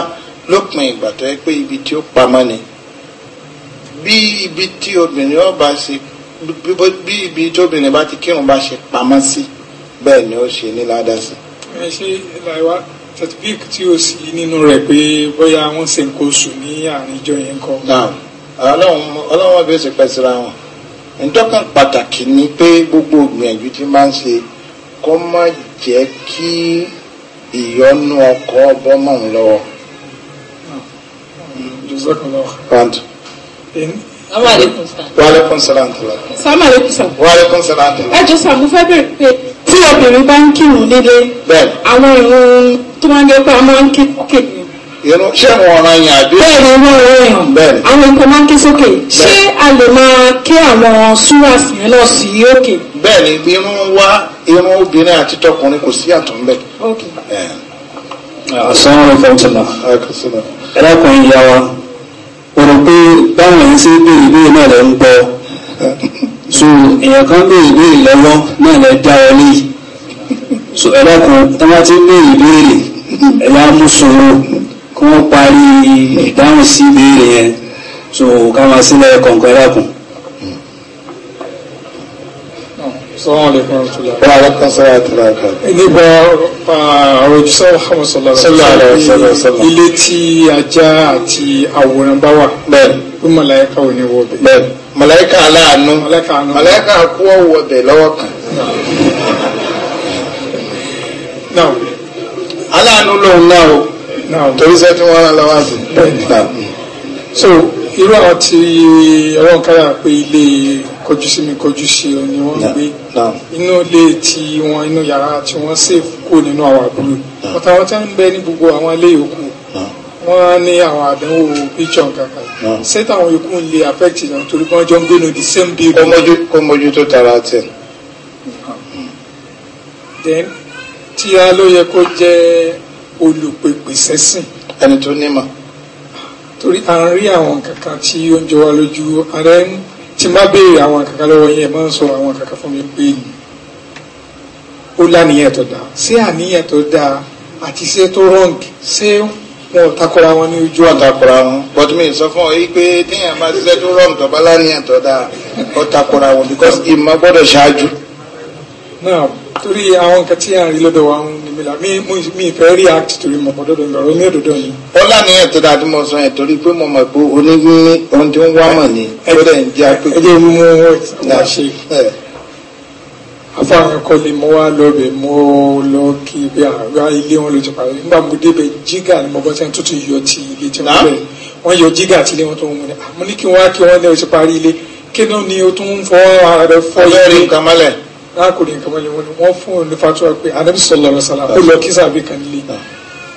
lópin ìgbà tó yẹ pé ibi tí ó pamọ́ ni bí ibi tí obìnrin ọba ṣe bí ibi tí obìnrin bá ti kírun bá ṣe pamọ́ sí bẹ́ẹ̀ ni ó ṣe ní ládàá sí i ṣé láìwá tẹ̀tìbíkì tí ó sì nínú rẹ̀ pé bóyá wọ́n ṣe ń kó sùn ní àárín ìjọ yẹn kọ́. ọlọ́wọ́n bí ó ṣe pẹ́ síra wọn ǹdọ́kàn pàtàkì ni pé gbogbo ìgbìyànjú tí máa ń ṣe kó má jẹ́ kí ìyọnu ọkọ ọbọ mọ̀ ń lọ́wọ́. Wàlẹ́kùn sàlántìlá. Wàlẹ́kùn sàlántìlá. Ẹ jọ sàmú fẹ́ bẹ̀rẹ̀ pé tí obìnrin bá ń kírun nílé àwọn ìrun tó máa ń lépa máa ń kí sókè. irun ṣé wọn ọ̀ràn yẹn àbí. bẹ́ẹ̀ni wọn ọ̀ràn yẹn àwọn nǹkan máa ń kí sókè ṣé a lè máa kí àwọn súwàsì yẹn lọ sí òkè. bẹ́ẹ̀ni irun wá irun obìnrin àti tọkùnrin kò sí àtọ̀ ńbẹ. asalaamualeykum sọlá ẹlẹ́kùnrin ìyá wa mo rò pé báwọn yẹn ṣe ń béèrè náà lẹ́ ń gbọ́. (laughs) so èèyàn kan béèrè ìbéèrè lọ́wọ́ náà lẹ dá ọ lé so ẹ dákun tí wọ́n ti béèrè ìbéèrè ẹ wá mú sòrò kí wọ́n parí ìdáhùn sí ìbéèrè yẹn so ká máa sílẹ̀ kọ̀ọ̀kan ẹ dákun. nípa ọ̀rọ̀ ìjísọ́ ọ̀hún sọ̀lá ilé tí ajá àti àwòrán bá wà bí mọ̀láyà káwọn ní wọ́ọ̀bẹ̀ màláíkà aláàánú màláíkà kú ọ̀wọ̀ bẹ̀ lọ́wọ́ kan. aláàánú lòun náà o torí sẹ́ tí wọ́n rán lọ́wọ́ sí. so irú àwọn tí ọlọ́run káyà pé ilé kojú sí mi kojú sí ọ ni wọ́n gbé inú ilé tí wọ́n inú yàrá tí wọ́n sèfù kó nínú àwọn àbúrò ọ̀tá wọn tẹ́ ń bẹ ní gbogbo àwọn ilé yòókù wọ́n ní àwọn àdánwò píṣọ̀ kankan ṣé táwọn ikú ń lè affect náà torí wọ́n jọ ń gbé ní the same bill. kó mójú tó tara tẹ̀. Hmm. then tí a ló yẹ kó jẹ́ olùpèpè sẹ́sìn. ẹni tó ní mà. torí à ń rí àwọn kankan tí ó ń jọ wá lójú ara ẹni tí má béèrè àwọn kankan lọ́wọ́ yẹn máa ń sọ àwọn kankan fún mi pé ó láníyàn tó dáa ṣé àníyàn tó dáa àti ṣé tó wrong ṣé yóò takora wọn ní ojú àtakora wọn but mi sọ fún ọ yìí pé téèyàn bá ṣiṣẹ́ tó rọrùn tọ́ba lánìyàn tó dáa ó takora wọn because ìmọ̀ gbọ́dọ̀ ṣáájú. náà torí àwọn nǹkan tí à ń rí lọ́dọ̀ wa ń ní mílà mi mi ìfẹ́ react torí mo mọ̀ dọ́dọ̀ ìgbà omi òdòdó ni. ó lánìyàn tó dáa tí mo sọ yẹn torí pé mo mọ̀ pé onígbín ohun tí ń wá mọ̀ ni ó dẹ̀ ń jẹ́ àpéjọ. ẹ jẹ́ mú wọn ṣe afáàmìkọ́ ni mo wá lọ́bẹ̀ mo lọ kí ibi àgbà ilé wọn ló ti parí nígbà mo débẹ̀ jígà ni mo bọ́ sẹ́ni tó ti yọ ti ilé tí wọ́n bẹ̀ wọ́n yọ jígà àti ilé wọn tó ń mu ni àmọ́ ní kí wọ́n á kí wọ́n lẹ́yìn ti parí ilé kí náà ni o tún ń fọ́ ara rẹ fọ́ ilé. abẹ́rẹ́ nǹkan mọ́lẹ̀. lákòrè nǹkan mọ́lẹ̀ wọn ni wọ́n fún òun ní fatuwa pé anabi sọlọ rẹ sàlá ó lọ kí sàbí kan lé ah.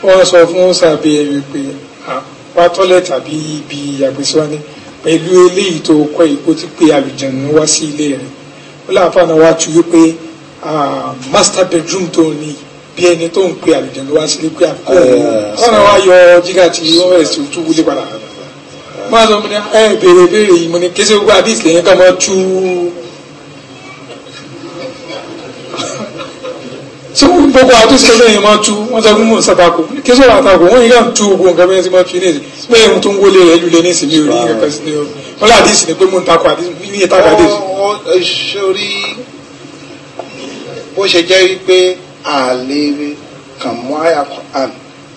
wọ́n sọ fún sàbí ẹ ó láǹfà náà wá tu wípé master bedroom tó ní bí ẹni tó ń pe àlùjẹ ló wá sílé pé àbúkọ ọ̀nà wa yọ jíga tí wọ́n bẹ̀rẹ̀ sí tú wúlé padà máa sọ fún mi ẹ béèrè béèrè yìí mo ní kí ṣe gbogbo àdìsí lẹ́yìn ká máa tú tí wọ́n gbogbo àdìsí lẹ́yìn máa tú wọ́n sọ fún mò ń sàbàkù kí ṣe wà á ta kò wọ́n yìí kàn gbogbo nǹkan bẹ́ẹ̀ tí wọ́n fi ní ìsìn pé ohun tó ń wọlé rẹ̀ lulẹ̀ ní ìsìn mi ò rí nǹkan ní ọ̀rọ̀ ó lé àdìsí ni pé mo ń takò àdìsí mi ní ìtakò àdìsí. sórí bó ṣe jẹ́ wípé àlè kàn mọ́ àyà Quran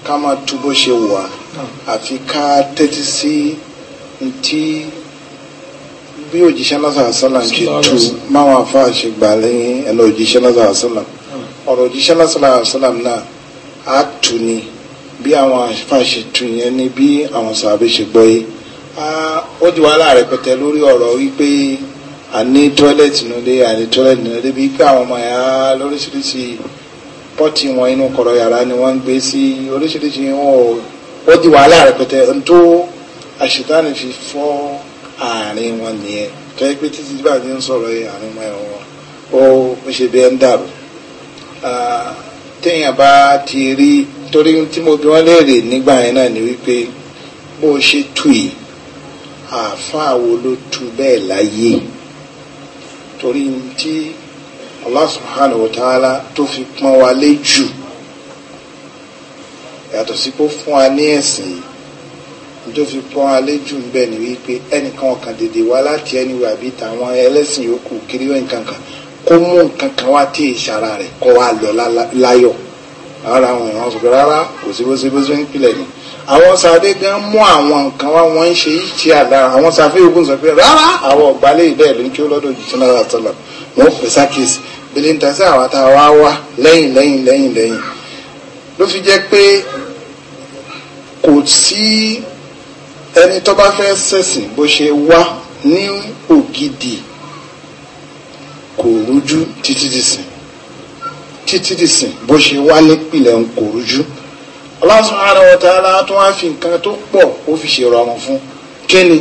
ká máa tu bó ṣe wà àfi ká tẹ́tí sí ntí bí òjíṣẹ́ náà sàásánlá ń ṣe tu máwọn afáà ṣe gbà lẹ́yìn ẹ̀nà òjíṣẹ́ náà sàásánlá ọ̀rọ̀ òjíṣẹ́ náà sàásánlá náà á tu ni bí àwọn afáà ṣe yẹn ni bí àwọn sàábé ṣe gbọ́ yìí ó di wàhálà rẹpẹtẹ lórí ọ̀rọ̀ wípé a ní tọ́lẹ̀tì nílé a ní tọ́lẹ̀tì nílé bíi pé àwọn ọmọ ẹ̀yà lóríṣiríṣi pọ́tì wọn inú kọ̀rọ̀ yàrá ni wọ́n ń gbé sí oríṣiríṣi wọn ò ó di wàhálà rẹpẹtẹ n tó àṣetánì fi fọ́ àárín wọn nìyẹn tọ́ pé títí bá ti ń sọ̀rọ̀ yẹn àárín wọn ẹ̀rọ wọn ó ó ṣe bí ń dàrú téèyàn bá ti rí torí tí mo bi wọ́n léèrè nígbà yẹn náà ni wípé bó o ṣe tù yìí àáfàá wo ló tu bẹ́ẹ̀ láyé torí tí Allah subhanahu wa ta'ala tó fi pọ́n wa lé jù yàtọ̀ sí kó fún wa ní ẹ̀sìn yìí tó fi pọ́n alẹ́ jù ń bẹ̀ ni wípé ẹnìkan ọ̀kan dèdè wá láti ẹni wà bí tàwọn ẹlẹ́sìn yòókù kiri nǹkan kan kó mú nǹkan kan wá tí ìṣara rẹ̀ kọ́ wa lọ láyọ̀ ara àwọn èèyàn rárá kò sí bó ṣe bó ṣe ń pilẹ̀ ni àwọn sàdé gan mú àwọn nǹkan wá wọ́n ń ṣe ìṣe àlá àwọn sàfẹ́ ogun sọ pé rárá àwọn ọ̀gbálẹ̀ ìbẹ́ẹ̀ ló ń kí ó lọ́dọ̀ òjijì náà àtọ́lá wọ́n pè sákèsì bèlè ń tasẹ́ àwọn tá a wá wá lẹ́yìn lẹ́yìn lẹ́yìn lẹ́yìn ló fi jẹ́ pé kò sí ẹni tó bá fẹ́ ṣẹ̀sìn bó ṣe wá ní ògidì kò rújú títí dìsìn títí dìsìn bó ṣe wá nípìnlẹ̀ kò rújú. Allah subhanahu wa ta'ala tún á fi nǹkan tó pọ̀ ó fi ṣèrọ̀rùn fún kíni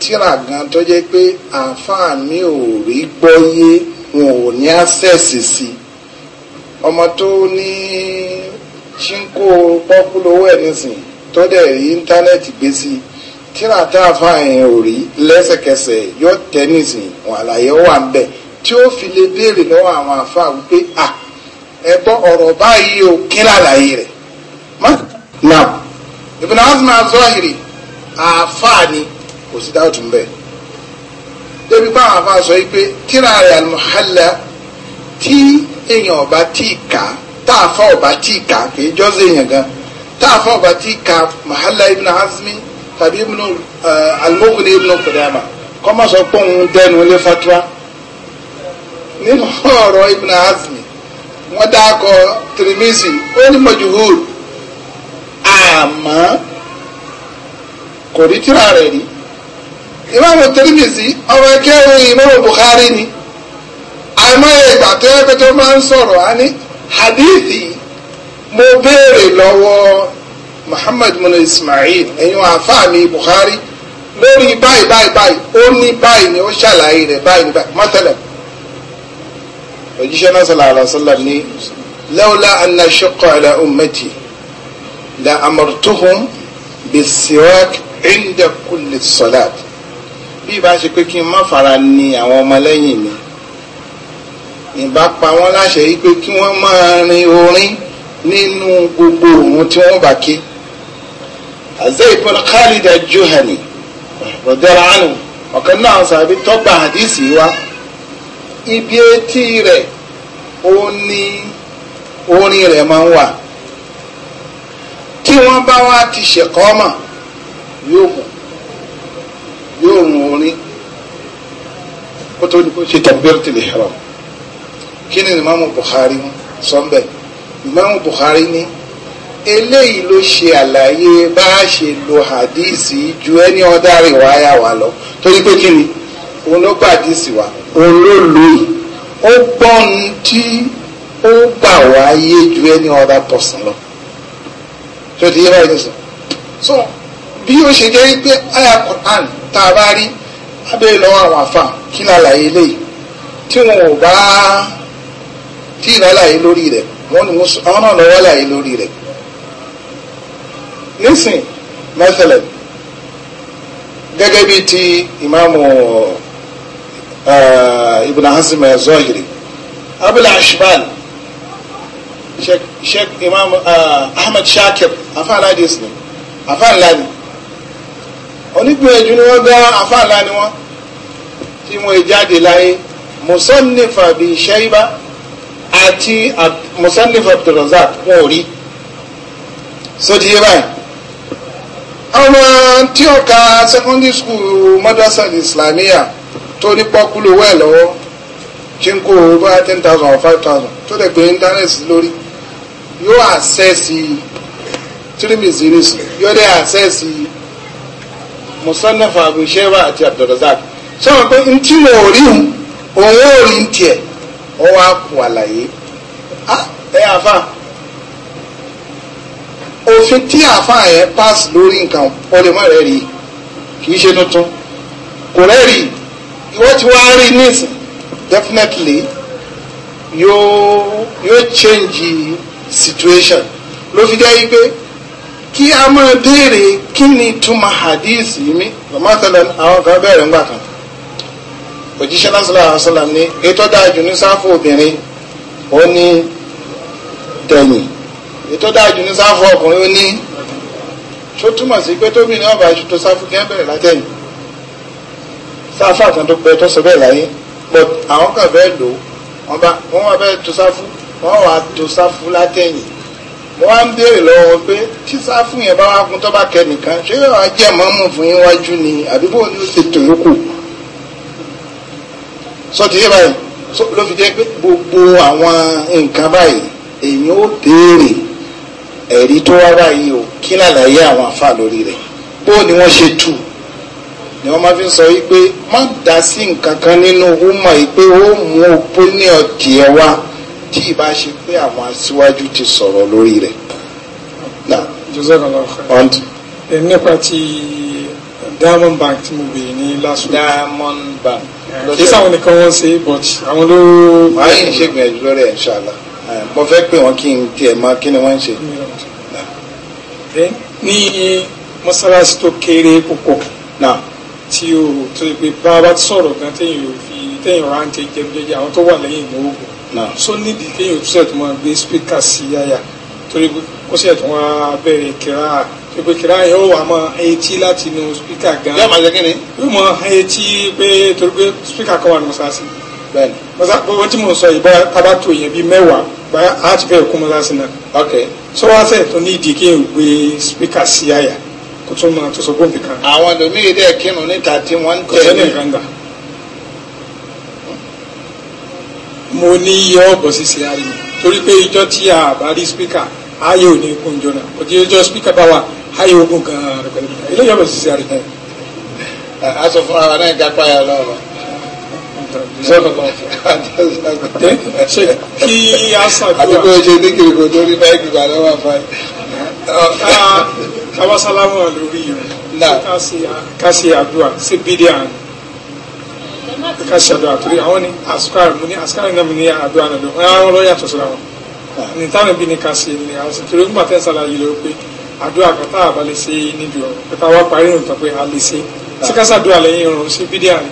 tíra gan tó jẹ́ pé àáfàá mi ò rí gbọ́yé wọn ò ní àṣẹ̀sì sí ọmọ tó ní ṣínkó pọ́kú lówó ẹ̀ nísìn tó dẹ̀ rí íńtánẹ́ẹ̀tì gbé sí tíra tá àáfàá yẹn ò rí lẹ́sẹ̀kẹsẹ̀ yóò tẹ́ nísìn wọn àlàyé wà ń bẹ̀ tí ó fi lè béèrè lọ́wọ́ àwọn àáfàá wípé à ẹ̀gbọ́n ọ̀rọ̀ báyìí ò kí lálàyé rẹ̀ náà Ibn Hazm az-Zahiri àáfàá ni kò sí dáàtú ń bẹ débi bá àwọn àáfàá sọ yìí pé tíra rẹ̀ al-Muhalla tí èèyàn ọba tí kà táàfà ọba tí kà kì í jọ́ sí èèyàn gan táàfà ọba tí kà Muhalla Ibn Hazmi tàbí Ibn al-Mughni Ibn Qudama kọ́mọ́ sọ pé òun dẹnu ilé fatwa nínú ọ̀rọ̀ Ibn Azmi, wọ́n dáa kọ Tirmidhi ó ní majhul àmọ́ kò rí tíra rẹ̀ rí ìmáàmù Tirmidhi ọmọ ẹkẹ́rin ìmáàmù Bukhari ni àìmọye ìgbà tó yẹ pé tó máa ń sọ̀rọ̀ á ní hadithi mo béèrè lọ́wọ́ Muhammad bin Ismail ẹ̀yin àfáà mi Bukhari lórí báyìí báyìí báyìí ó ní báyìí ni ó ṣàlàyé rẹ̀ báyìí ní báyìí mọ́tẹ́lẹ̀ òjíṣẹ́ náà sallallahu alaihi wasallam ní lawla an ashqa ala ummati. لأمرتهم بالسواك عند كل الصلاة bí ìbá ṣe pé kí n má fara ni àwọn ọmọlẹ́yìn mi ìbá pa wọ́n láṣẹ yìí pé kí wọ́n máa rin orin nínú gbogbo òun tí wọ́n bá ké Zayd bin Khalid al-Juhani radiyallahu anhu náà sàbí tọ́gbà àdìsí wa ibi etí rẹ̀ ó ní orin rẹ̀ máa ń wà tí wọ́n bá wá ti ṣẹ̀kọ́ mà yóò mú yóò rún orin kó tó ní kó ṣe takbiratul ihram kí ni ìmáàmù Bukhari sọ́nbẹ̀ ìmáàmù Bukhari ní eléyìí ló ṣe àlàyé bá a ṣe lo hadisi ju ẹni ọ̀dà rìwáyà wa lọ torí pé kí ni òun ló gbà hadisi wa òun ló lò yìí ó gbọ́n tí ó gbà wá ju ẹni ọ̀dà pọ̀sán lọ tó ti yé báyìí nìsín so bí ó ṣe jẹ́ pé aya Quran tá a bá rí abẹ́rẹ́ lọ́wọ́ àwọn àfa kí ni àlàyé eléyìí tí wọn ò bá tí ì lálàyé lórí rẹ̀ wọ́n ní àwọn náà lọ́wọ́ àlàyé lórí rẹ̀ nísìn mẹ́sẹ̀lẹ̀ gẹ́gẹ́ bíi ti ìmáàmù eh, Ibn Hazm az-Zahiri Abul Ashbal sheikh imam uh, ahmed shakir afáàlá dìísì ni afáàlá ni onígbìyànjú ni wọ́n gbá afáàlá ni wọ́n tí wọ́n jáde láyé musannif abi shayba àti musannif abdulrazak wọn ò rí sódì yé báyìí àwọn tí ó ka secondary school madrasa islamiyya tó ní pọ́kúlù wẹ̀ lọ́wọ́ tí ń kó owó bá ten thousand or five thousand tó dẹ̀ pé internet lórí yóò àṣẹ́sì tirimizi nìsí yóò dé àṣẹ́sì musannafa abusheba àti abdulrasaq sọ́wọ́n pé ntí wọn ò rí hun òun ò rí tiẹ̀ ọ wá kù àlàyé ẹ àfa òfin tí àfa yẹn pass lórí nǹkan ọlẹ́mọ̀ rẹ̀ rí kì í ṣe tuntun kò rẹ́rì ìwọ́n ti wá rí nísìn definitely yóò yóò change situation ló fi jẹ́ pé kí a máa béèrè kí ni túmọ̀ hadith yìí mi mọ́tàlá àwọn kan bẹ̀rẹ̀ ńgbà kan òjíṣẹ́ lásìlá àṣọlá ní ètò dájú ní sáfù obìnrin ó ní tẹ̀yìn ètò dájú ní sáfù ọkùnrin ó ní tó túmọ̀ sí pé tóbi ní ọ̀bà ìṣòtò sáfù kí wọ́n bẹ̀rẹ̀ látẹ̀yìn sáfù àkàntó pẹ́ tó sọ bẹ́ẹ̀ láyé but àwọn kan fẹ́ lò wọ́n bá wọ́n wá bẹ́ẹ̀ tó sáfù wọ́n wàá to sáfù látẹ̀yìn mo wá ń béèrè lọ́wọ́ wọn pé tí sáfù yẹn bá wá kun tó bá kẹ nìkan ṣé yóò jẹ́ mọ́mù fún yín wájú ni àbí bó ló ṣe tò yókù sọ ti yé báyìí ló fi jẹ́ pé gbogbo àwọn nǹkan báyìí èyí ó béèrè ẹ̀rí tó wá báyìí o kí làlàyé àwọn àfa lórí rẹ̀ bó ni wọ́n ṣe tù ni wọ́n máa fi sọ yìí pé má dá sí nǹkan kan nínú ó mọ̀ yìí ó mú opó ní ọ̀dì wá tí ìbá ṣe pé àwọn aṣíwájú ti sọ̀rọ̀ lórí rẹ̀. nípa ti diamond bank tí mo gbé ní lásù. diamond bank. kìí sáwọn nìkan wọ́n ṣe but àwọn ló. màá yìí ṣe gbìyànjú lórí ẹ̀ ṣàlà mo fẹ́ pè wọ́n kí n tiẹ̀ mọ kí ni wọ́n ń ṣe. ní mọ́sálásí tó kéré púpọ̀ tí o tó yẹ pé bá a sọ̀rọ̀ gan téèyàn rántí jẹ́ bí àwọn tó wà lẹ́yìn ìmọ̀ ogun náà só nídìí kéèyàn tó sẹ̀tún máa gbé spíkà sí àyà torí kó sẹ̀tún wá bẹ̀rẹ̀ kíra tó pé kíra yẹn ó wà mọ etí láti inú spíkà gan. yóò máa jẹ kí ni. yóò mọ etí pé torí pé spíkà kan wà ní mọ́sáàsì. bẹ́ẹ̀ni. mọ́sáàsì wọ́n ti mọ̀ sọ yìí báyà tábà tó yẹn bíi mẹ́wàá báyà á ti bẹ̀rẹ̀ kún mọ́sáàsì náà. ok sọ wá sẹ̀tún nídìí kéèyàn gbé spíkà sí àyà kó tó máa tó sọ gbòǹbì kan. àwọn lòmíì mo ní iye ọ̀bọ̀ ṣíṣe ariwo torí pé ìjọ tí a bá rí spíkà ayé ò ní kún jọ náà òjì ìjọ spíkà bá wà ayé ogun kan rẹpẹtẹ ilé ìjọba ṣíṣe ariwo. a sọ fún ara náà ìjàpá yà lọ́wọ́ kí a ṣàdúrà àti pé o ṣe ní kiri kò tó ní báyìí kìgbà ló wà fún ẹ. káwá sálámù lórí yìí ká ṣe àdúrà sí bídíà ká ṣàdúrà torí àwọn ní asukari mo ní asukari náà mi ní àdúrà náà lọ wọn lọ yàtọ̀ síra wọn ní táwọn ibi ní ká ṣe ní àwọn sì torí nígbà tẹ́ ṣàlàyé lọ pé àdúrà kan tá a bá lè ṣe níbi ọ̀rọ̀ pé ká wá parí nǹkan pé a lè ṣe sí ká ṣàdúrà lẹ́yìn ọ̀rọ̀ sí bídíà ni.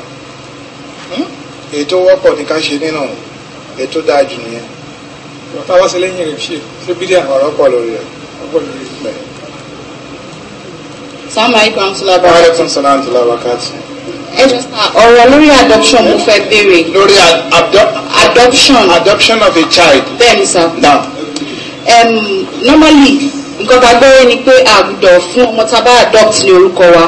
Hmm? ètò wọ́pọ̀ ni ká ṣe nínú ètò dáa jù nìyẹn. ọ̀tá wá sí lẹ́yìn rẹ̀ ṣe ṣé bídíà. ọ̀rọ̀ pọ̀ lórí rẹ̀. ọ̀pọ̀ lórí rẹ̀. sàmà ikọ̀ àǹtí làbàkàtì ọ̀rọ̀ lórí adoption mo fẹ́ béèrè. lórí adoption. adoption of a child. bẹ́ẹ̀ni sir. now. Um, normally nǹkan tá a gbọ́ ni pé a gbọ́dọ̀ fún ọmọ tá a bá adopt ní orúkọ wa.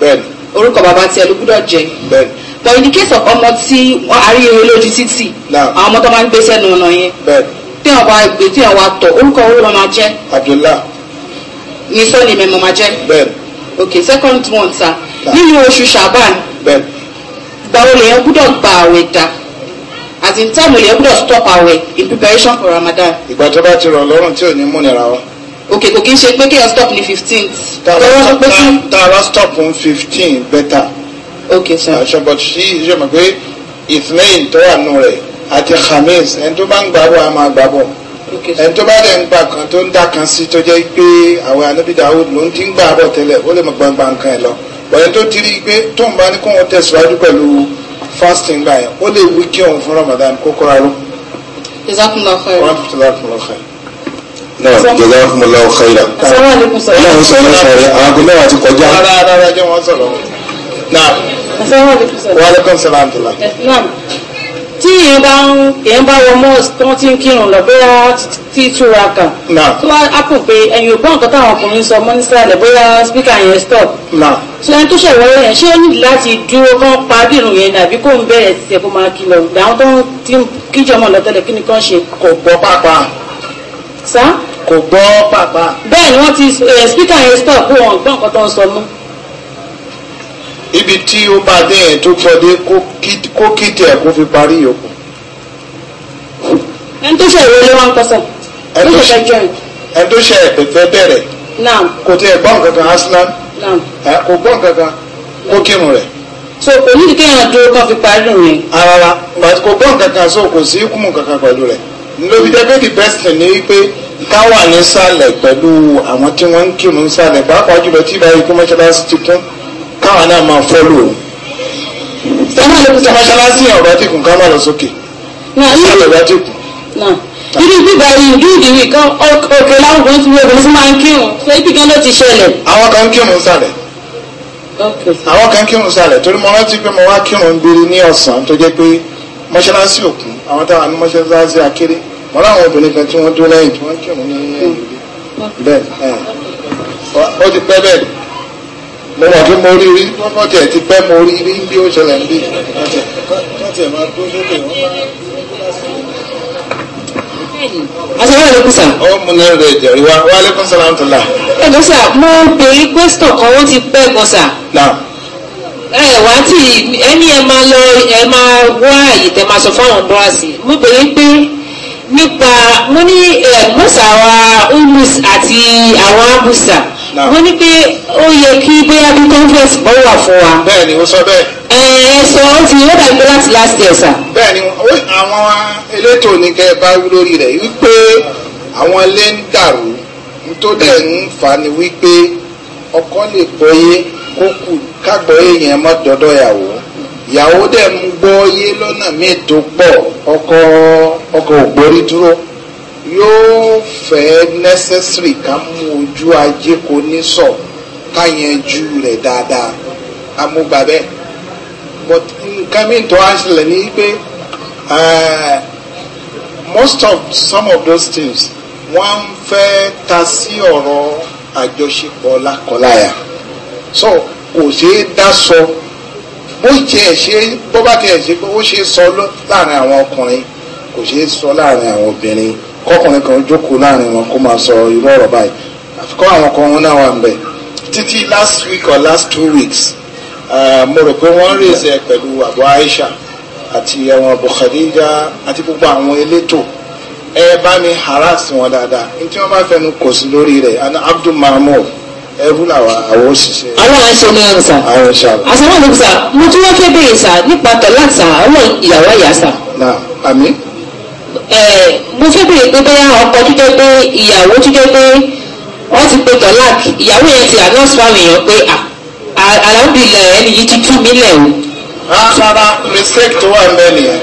bẹ́ẹ̀ni. orúkọ bàbá tiẹ̀ ló gbọ́dọ̀ jẹ́. bẹ́ẹ̀ni. but in the case of ọmọ tí wọ́n arí eré lójú títì. now àwọn ọmọ tó máa ń gbé sẹ́nu ọ̀nà yẹn. bẹ́ẹ̀ni. tí wọn bá gbé tí wọn wá tọ̀ orúkọ wo ló máa jẹ́. Abdullah. ní sọ́ọ̀nì mi mo máa jẹ́. bẹ́ẹ̀ni ok second one sir nínú oṣù shaban gbàwo lèyàn gbúdọ̀ gba àwẹ̀ As in ní táàmù lèyàn gbúdọ̀ stop àwẹ̀ in preparation for ramadan. ìgbà tó bá ti rọ̀ lọ́rùn tí ò ní múnira wa. ok kò kí n ṣe pé kéèyàn stop ní fifteenth. tààrà stop tààrà stop on fifteen better. ok sir. àṣọ bọ̀ sí ìṣe mọ̀ pé ìtìlẹ́yìn tó wà nù rẹ̀ àti khamis ẹni tó bá ń gbàgbọ́ a máa ẹni tó bá dẹ̀ ń gba kan tó ń dá kan sí tó jẹ́ pé àwọn anábì Dawud ló ń ti ń gbà bọ̀ tẹ́lẹ̀ ó lè mọ gbangba nǹkan ẹ̀ lọ bọ̀dẹ̀ tó ti rí i pé tó ń bá ní kó wọn tẹ̀síwájú pẹ̀lú fasting gbà yẹn ó lè wí kí òun fún Ramadan kó kóra ró. jazakumullahu khairan. náà jazakumullahu khairan. asalaamualeykum sọ̀rọ̀. ọlọ́run sọ̀rọ̀ sọ̀rọ̀ àwọn akọ mẹ́wàá kọjá. rárá rárá jẹ́ wọ́n sọ̀rọ̀. náà. asalaamualeykum sọ̀rọ̀. wa aleykum salaam tí yìí ń bá wọ mọ́ọ̀sì tí wọ́n ti ń kírun lọ tí túra kan tó wá ápù pé ẹ̀yin ògbọ́n nǹkan táwọn ọkùnrin sọ mọ́ nísàlẹ̀ bóyá spíkà yẹn stop so ẹni tó ṣẹ̀wọ́rọ̀ yẹn ṣé ó láti dúró kán parí ìrùn yẹn àbí kó ń bẹ̀rẹ̀ sí ẹ̀kọ́ máa kìlọ̀ dáhùn tó ń tí ń kíjọ mọ̀ lọ́tẹ́lẹ̀ kí ni kán ṣe. kò gbọ́ pàpà. sá. kò gbọ́ pàpà. bẹ́ẹ̀ ni wọ́n ti eh, spíkà yẹn stop ibi tí ó bá dé yẹn tó gbọdé kó kìtì ẹ̀ kó fi parí yòókù. ẹni tó ṣe ìwé ló wá ń kọsọ ẹni tó ṣe jẹun. ẹni tó ṣe ìfẹ́ bẹ̀rẹ̀ kò tí ẹ gbọ́ nǹkan kan aslan kò gbọ́ nǹkan kan kó kírun rẹ̀. so kò ní kéèyàn dúró kan fi parí rẹ̀. arara ah, but kò gbọ́ nǹkan kan so kò sí kúmù kankan pẹ̀lú rẹ̀ lóbi jẹ́ pé the best thing ni wípé ká wà nísàlẹ̀ pẹ̀lú àwọn tí wọ́n ń kírun nísàlẹ̀ pàápàá jùlọ tí ìbáyé káwọn náà máa fọ́lù o tẹ́lá ló fi mọ́ṣáláṣí ọ̀rọ̀ tí kùn ká má lọ sókè ọ̀rọ̀ tí kùn. irú bíbá yìí ìlú ìdìrí kan òkè láwùjọ ti wo obìnrin tí máa ń kírun ṣé ibi kan ló ti ṣẹlẹ̀. àwọn kan ń kírun sálẹ̀ àwọn kan ń kírun sálẹ̀ torí mo rántí pé mo wá kírun gbére ní ọ̀sán tó jẹ́ pé mọ́ṣáláṣí òkun àwọn táwọn ní mọ́ṣáláṣí akéré mo láwọn obìnrin kan tí wọ́n dúró lẹ́yìn tí wọ́n kírun ní ẹ̀yìn bẹ́ẹ̀ mo rọ̀ pé mo rí rí lọ́nà tiẹ̀ ti pẹ́ mo rí rí bí ó ṣẹlẹ̀ ń bí. asalaamu aleykum sir. ọ mo náà rẹ jẹrìí wa wa aleykum salaam tó la. ẹ̀gbọ́n sà mo béèrè question kan ó ti pẹ́ gan sà. ẹ wá tí ẹni ẹ máa lọ ẹ máa wá àyè tẹ máa sọ fáwọn bọ́ọ̀sì mo béèrè pé nípa mo ní mọ́sà wa ulus àti àwọn abusa wọ́n ní pé ó yẹ kí bóyá bí conference bọ́ wà fún wa. bẹ́ẹ̀ ni ó sọ bẹ́ẹ̀. ẹ ẹ sọ ó ti ó dàgbé láti last year sir. bẹ́ẹ̀ ni àwọn elétò ní kẹ́ ẹ bá wú lórí rẹ̀ wípé àwọn ilé ń dàrú tó dẹ̀ ń fà ni wípé ọkọ lè gbọ́yé kó kù kágbọ́yé yẹn mọ́ dọ́dọ́ yàwó ìyàwó dẹ̀ ń gbọ́yé lọ́nà míì tó pọ̀ ọkọ ọkọ ògbórí dúró yóò fẹ́ necessary ká mú ojú ajé kò ní sọ ká yanjú rẹ̀ dáadáa amúgbà bẹ́ẹ̀ but nǹkan mi tó á ṣẹlẹ̀ ní pé eh, most of some of those things wọ́n ń fẹ́ ta sí ọ̀rọ̀ àjọṣepọ̀ lákọláya so kò ṣeé dá sọ bó tiẹ̀ ṣe bó bá tiẹ̀ ṣe pé ó ṣeé sọ láàrin àwọn ọkùnrin kò ṣeé sọ láàrin àwọn obìnrin kọkùnrin kan jókòó láàrin wọn kó máa sọ irú ọ̀rọ̀ báyìí àfikọ́ àwọn kan wọn náà wà ń bẹ̀ títí last week or last two weeks uh, mo rò pé wọ́n rèézẹ̀ pẹ̀lú àbọ̀ Aisha àti ẹ̀wọ̀n àbọ̀ Khadija àti gbogbo àwọn elétò ẹ bá mi harass wọn dáadáa ní tí wọ́n bá fẹnu kò sí lórí rẹ̀ Abdul Mahmoud ẹrú làwọn àwọn òṣìṣẹ́. ọlọ́run ṣe ní ọ̀sà. àwọn ìṣà. àṣà náà ló ń sà mo tún wá fẹ́ bẹ̀rẹ̀ sà nípa tọ̀ sà ọlọ́run ìyàwó ìyá sà mo fẹ́ bèrè pé bẹ́ẹ̀ ọkọ tó jẹ́ pé ìyàwó tó jẹ́ pé wọ́n ti pe tọ́lák ìyàwó yẹn ti anọ́ọ̀sì fáwọn èèyàn pé alábìlẹ̀ ẹni yìí ti tú mí lẹ̀ o. Ah, rárá mistake tó wà ńbẹ̀ nìyẹn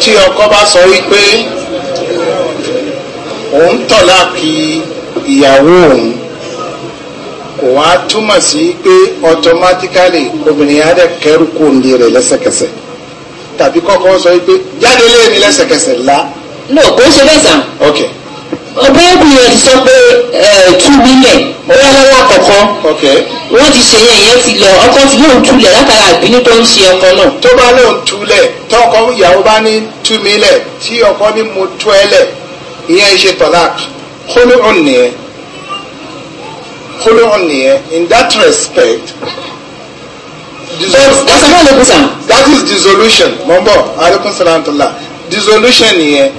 tí ọkọ bá sọ wípé òun tọ́lákì ìyàwó òun kò wá túmọ̀ sí pé automatically obìnrin yẹn á dẹ̀ kẹ́rù kò ní rẹ̀ lẹ́sẹ̀kẹsẹ̀ tàbí kọ́kọ́ sọ pé jáde lé mi lẹ́sẹ̀kẹsẹ̀ lá. no kò ṣe bẹ́ẹ̀ sàn. ok. ọbẹ̀ ẹ̀kùnrin ti sọ pé tú nílẹ̀ bóyá lọ́wọ́ àkọ́kọ́. ok. wọ́n ti ṣe yẹn yẹn ti lọ ọkọ ti yóò túlẹ̀ látara àbínú tó ń ṣe ọkọ náà. tó bá lóun túlẹ̀ tọkọ ìyàwó bá ní tú mi lẹ̀ tí ọkọ ní mo tú ẹ lẹ̀ ìyẹn ṣe tọ́lák kólóhùn nìyẹn kólóhùn nìyẹn in that respect so ọ̀sán náà ló that is dissolution mo ń bọ̀ aleykum salaam tula dissolution nìyẹn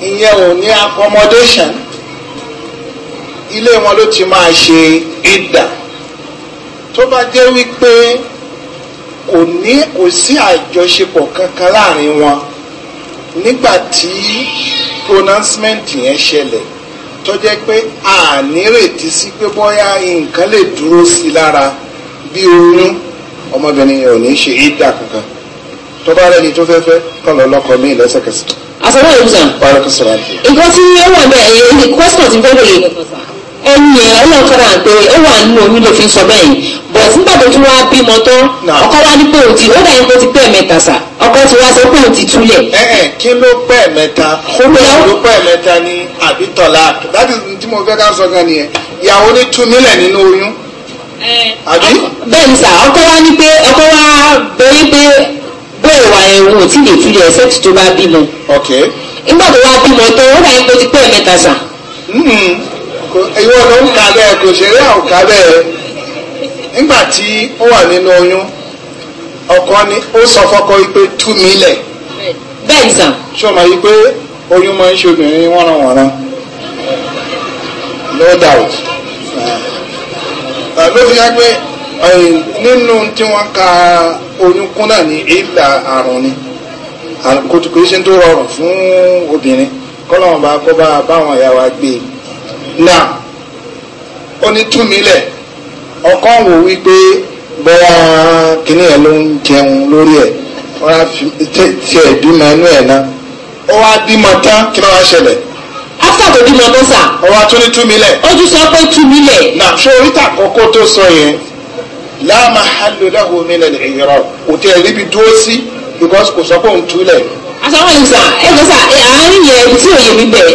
ìyẹn ò ní accommodation ilé wọn ló ti máa ṣe ìdà tó bá jẹ́ wípé kò ní kò sí àjọṣepọ̀ kankan láàrin wọn nígbà tí pronouncement yẹn ṣẹlẹ̀ tó jẹ́ pé a nírètí sí pé bóyá nǹkan lè dúró sí lára bí oyún. Mm -hmm ọmọbìnrin yẹn ò ní ṣe ìdá kankan tó bá rẹni tó fẹ́fẹ́ kọ́ lọ lọ́kọ mí lẹ́sẹ̀kẹsẹ̀. àsọ̀rọ̀ yóò sàn. wàá kó àti. nǹkan tí ó wà bẹ́ẹ̀ ẹ̀yẹ ni question ti fẹ́ lòye ẹni ẹ ọlọ́kọ̀ọ́ra àgbẹ̀ ó wà nínú omi ló fi sọ bẹ́ẹ̀ bọ̀ nígbà tó tún wá bímọ tán ọkọ wá ní pé òun ti ó dà yín pé ó ti pẹ́ mẹ́ta sà ọkọ ti wá sọ pé òun túlẹ̀. ẹ ẹ kí ló pẹ́ mẹ́ta kí ló pẹ́ mẹ́ta ni àbí tọ̀la that is tí mo fẹ́ ká sọ gan nìyẹn ìyàwó ní tú nínú oyún. Eh, àbí. bẹ́ẹ̀ ni sà ọkọ wa ní pé ọkọ wa bẹ́ẹ̀ pé bóyá wà ò tí lè fi rẹ̀ ṣẹ́ẹ̀tì tó bá bímọ. ok. nígbà tó bímọ tó ó dà yín pé tipẹ́ mẹ́ta hmm. ìwọ ló ń ka bẹ́ẹ̀ kò àwọn bẹ́ẹ̀ nígbà tí ó wà nínú fọkọ pé tú mi bẹ́ẹ̀ ni oyún máa ń ṣe obìnrin wọ́nranwọ̀nran no Ah, ló fi yá pé eh, nínú tí wọ́n ka oyún náà ní ìlà àrùn ni ah, kòtùkù yìí tó rọrùn fún obìnrin kọ́lọ́wọ́n bá bá báwọn ìyá wa gbé e náà ó ní túmílẹ̀ ọkọ wò wípé bóyá kínní ẹ̀ ló ń jẹun lórí ẹ̀ wọ́n á fi tiẹ̀ bímọ inú ẹ̀ náà ó wá bímọ tán kí ló wá ṣẹlẹ̀ after the bímọ tó sà. ọwọ́ tún ní tú mi lẹ̀. ó tún sọ pé tú mi lẹ̀. nà ṣé oríta àkọ́kọ́ tó sọ yẹn láàmà hàlùláhù mi lẹ̀ ìyọ̀rọ̀ kò tẹ̀ rí bi dúró sí because kò sọ pé òun tú lẹ̀. asáwọn ìlú sà ẹ jọ sà àárín yẹn tí òye mi bẹ̀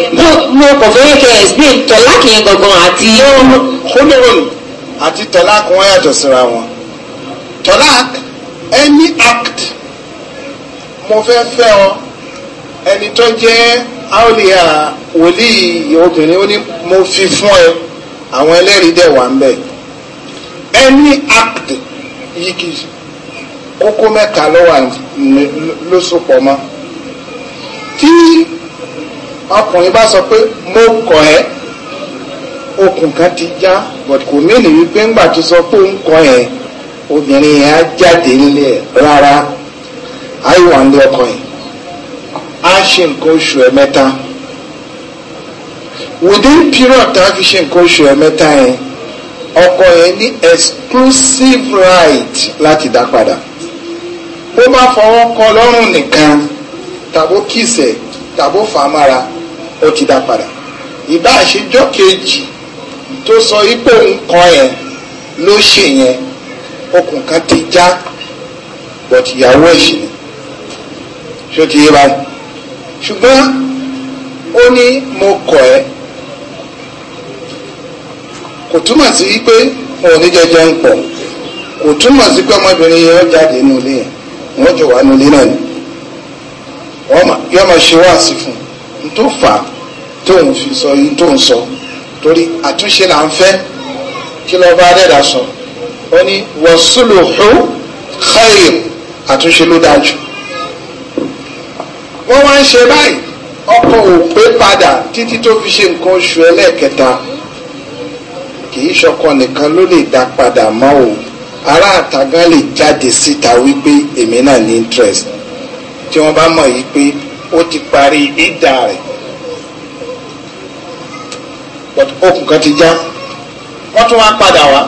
mo kò fẹ́ kẹ́ explain tọ́láàkì yẹn gangan àti. kólóòlù àti tọ́láàkì wọn yàtọ̀ síra wọn tọ́láàkì any act mo fẹ́ fẹ́ ọ ẹni tó jẹ́ áwòlíyà wòlíì obìnrin ó ní mo fi fún ẹ àwọn ẹlẹ́rìí dẹ̀ wà ń bẹ̀ any act yìí kókó mẹ́ta ló wà ló sopọ̀ mọ́ tí ọkùnrin bá sọ pé mo kọ̀ ẹ́ okùn kan ti já but kò mẹ́lì wípé ńgbà tó sọ pé ó ń kọ̀ ẹ́ obìnrin yẹn á jáde nílé rárá àìwà ń lé ọkọ yẹn. á ṣe nǹkan oṣù ẹ̀mẹ́ta within period tá a fi ṣe nǹkan oṣù ẹ̀mẹ́ta yẹn ọkọ ya ni exclusive right láti dá padà bó bá fọwọ́ kọ lọ́rùn nìkan tàbó kìsẹ̀ tàbó fàmára ó ti dá padà ìbá àṣejọ́ kejì tó sọ ipò nǹkan yẹn ló ṣe yẹn okùn kan ti já bọ̀tìyàwó ẹ̀ṣin ṣó ti yé báyìí. ṣùgbọ́n ó ní mo kọ̀ ẹ́ kò túmọ̀ sí pé òun ní jẹjẹ ń pọ̀ kò túmọ̀ sí pé ọmọbìnrin yẹn jáde nínú ilé yẹn wọ́n jọ wà nínú ilé náà ni yọ́ọ́ máa ṣe wáàsí fún un tó fà á tóun fi sọ yìí tóun sọ torí àtúnṣe là ń fẹ́ kí lọ́ọ́ bá dẹ́dà sọ ó ní wọ́sùlùhù khair àtúnṣe ló dájú wọ́n wá ń ṣe báyìí ọkọ ò pé padà títí tó fi ṣe nǹkan oṣù ẹlẹ́ẹ̀kẹta kì í ṣọkọ nìkan ló lè dá padà mọ́ o ará àtàgán lè jáde síta wípé èmi náà ní interest tí wọ́n bá mọ̀ yìí pé ó ti parí ìdá rẹ̀ okùn kan ti já wọ́n tún wá padà wá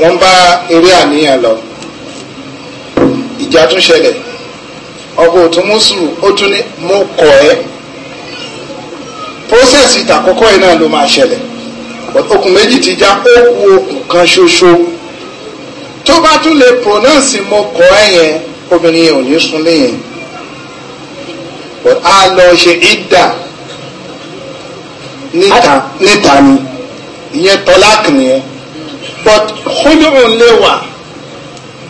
wọ́n bá eré àníyàn lọ ìjà tún ṣẹlẹ̀ ọba òtún mùsùlùmí ó tún ní mo kọ̀ ẹ́ pósẹ̀sì ìtàkọ́kọ́ yìí náà ló máa ṣẹlẹ̀ okùn méjì ti já ó okùn kan ṣoṣo tó bá tún lè pronounce mo kọ̀ ẹ́ yẹn obìnrin yẹn ò ní sunlé yẹn a lọ ṣe ìdà níta ni ìyẹn tọ́láàkì nìyẹn but kólóhùn lè wà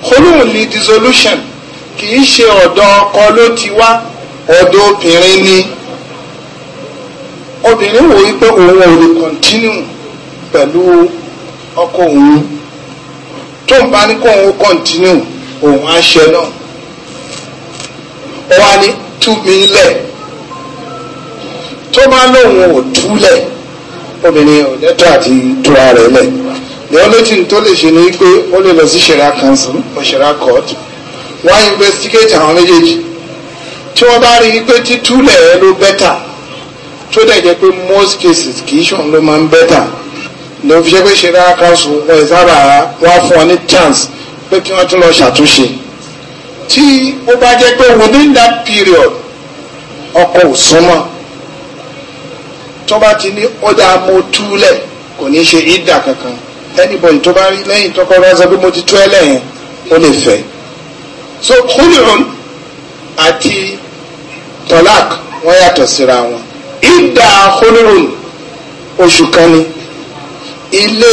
kólóhùn ní dissolution kì í ṣe ọ̀dọ̀ ọkọ ló ti wá ọ̀dọ̀ obìnrin ni obìnrin wò wípé òun ò lè kọ̀ntínú pẹ̀lú ọkọ òun tó ń bá ní kó òun kọ̀ntínú òun á ṣe náà ó wá ní tú mi lẹ̀ tó bá lóun ò túlẹ̀ obìnrin ò lẹ́tọ̀ àti túra rẹ̀ lẹ̀ lẹ́yìn ló tó lè ṣe ni pé ó lè lọ sí ṣẹ̀ra council or ṣẹ̀ra court wọ́n investigate àwọn méjèèjì tí wọ́n bá rí i pé títúlẹ̀ ẹ ló bẹ́tà tó dẹ̀ jẹ́ pé most cases kì í ṣàn ló máa ń bẹ́tà ló fi ṣe pé ṣe rárá council wọ́n ẹ̀ sábà wá fún ọ ní chance pé kí wọ́n tún lọ ṣàtúnṣe tí ó bá jẹ́ pé within that period ọkọ̀ ò súnmọ́ tó bá ti ní ọ̀dà mo túlẹ̀ kò ní ṣe ìdà kankan anybody tó bá rí lẹ́yìn tọkọ rẹ sọ pé mo ti tú ẹ lẹ́yìn ó lè fẹ́ so khulun àti tọ́lák wọ́n yàtọ̀ síra wọn ìdá khulun oṣù kan ni ilé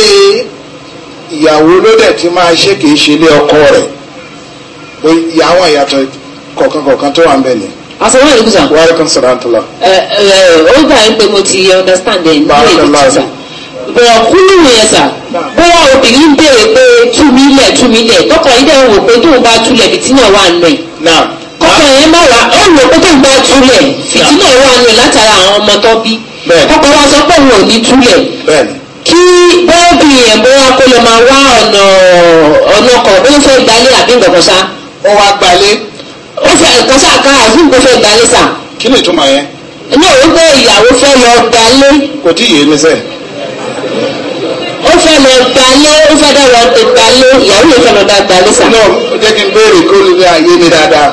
ìyàwó ló dẹ̀ ti máa ṣe kìí ṣe ilé ọkọ rẹ̀ pé àwọn ìyàtọ̀ kọ̀ọ̀kan kọ̀ọ̀kan tó wà ń bẹ̀ ni. asọ́wọ́n ìlú sàn. wàhálà kan sọ̀rọ̀ àtọ́lá. ó gbà ń pé mo ti understand ẹ̀ ní èdè tuntun bọ̀rọ̀ kúlù yẹn sà bóyá obìnrin ń béèrè pé tú mi lẹ̀ tú mi lẹ̀ tọkọ yìí dẹ̀ ń wò pé tóun bá túlẹ̀ fìtínà wà nù ẹ̀. kọkọ yẹn má wà ó wò pé tóun bá túlẹ̀ fìtínà wà nù ẹ̀ látara àwọn ọmọ tó bí. kọkọ wa sọ pé òun ò ní túlẹ̀ kí bọ́ọ̀bì yẹn bóyá kó lọ máa wá ọ̀nà ọ̀nà ọkọ̀ bóyá fẹ́ gbalé àbí nǹkan sá. ó wá gbalé. ó fẹ́ nǹkan sá ká àfihàn kó fẹ́ gbalé sá. kí ni ìtumọ̀ yẹn. ní òun pé ìyàwó fẹ́ lọ gbalé. kò tí ì yé mi sẹ́ẹ̀ fẹ́ lọ gbalé ó fẹ́ dáwọ́ lọ gbalé ìyàwó yẹn fẹ́ lọ dá gbalé sà. náà ó jẹ́ kí n béèrè kó lè fi àyè mi dáadáa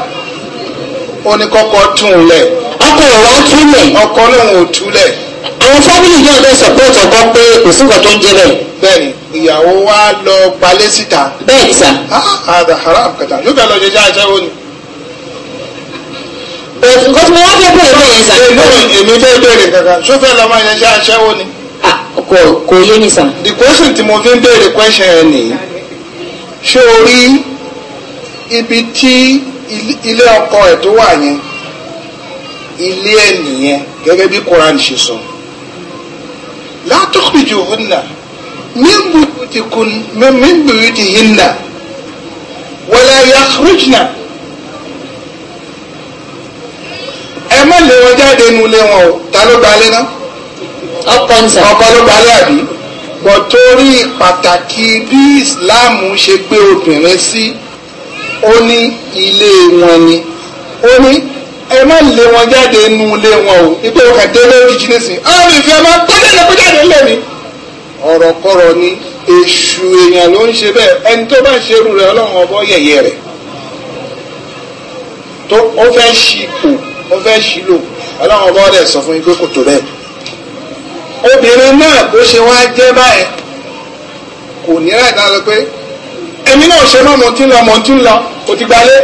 ó ní kọ́kọ́ tún un lẹ̀. ọkọ rẹ̀ wá túlẹ̀. ọkọ lòun ò túlẹ̀. àwọn fámìlì yóò lọ sọpọ́ọ̀tì ọkọ pé kò sí nǹkan tó ń jẹ bẹ́ẹ̀. bẹ́ẹ̀ni ìyàwó wa lọ gbalé síta. bẹ́ẹ̀ni sà. àdà ah, ah, haram kẹta yóò fẹ́ lọ jẹjẹ àjẹwò ni. nǹkan tí mo wá fẹ́ bẹ̀rẹ̀ bẹ́ẹ̀ yẹn sà. èmi fẹ́ bẹ̀rẹ̀ kankan sófẹ́ lọ́mọ yẹn jẹ́ àjẹwò ni kò kò yé mi sàn. the question tí mo fi ń béèrè question yẹn nìyí ṣé o rí ibi tí ilé ọkọ ẹ̀ tó wà yẹn ilé ẹ̀ nìyẹn gẹ́gẹ́ bí Quran ṣe sọ látọkùnjù hùnà mímbìrì ti hìnà wọlé yàkùrùjìnà ẹ má lé wọn jáde nulẹ̀ wọn o ta ló gbalẹ̀ náà ọkọ ló parí àbí bọ̀ torí pàtàkì bí Islam ṣe gbé obìnrin sí ó ní ilé wọn ni ó ní ẹ má lé wọn jáde inú ilé wọn o ipe ọkà délé ojijì nísìn àwọn ìfẹ́ máa tọ́jú ẹ̀kọ́ jáde ńlẹ̀ mi. ọ̀rọ̀ ni èṣù èèyàn ló ń ṣe bẹ́ẹ̀ ẹni tó bá ń ṣerú rẹ̀ ọlọ́run ọbọ̀ yẹ̀yẹ́ rẹ̀ tó ó fẹ́ ṣipò ó fẹ́ ṣìlò ọlọ́run ọbọ̀ rẹ̀ sọ fún yín kò tó bẹ́ẹ̀ obìnrin náà bó ṣe wá jẹ́ báyìí kò ní láì dára pé èmi náà ṣe mọ́ mọ́tí lọ mọ́tí lọ kò ti gbalé.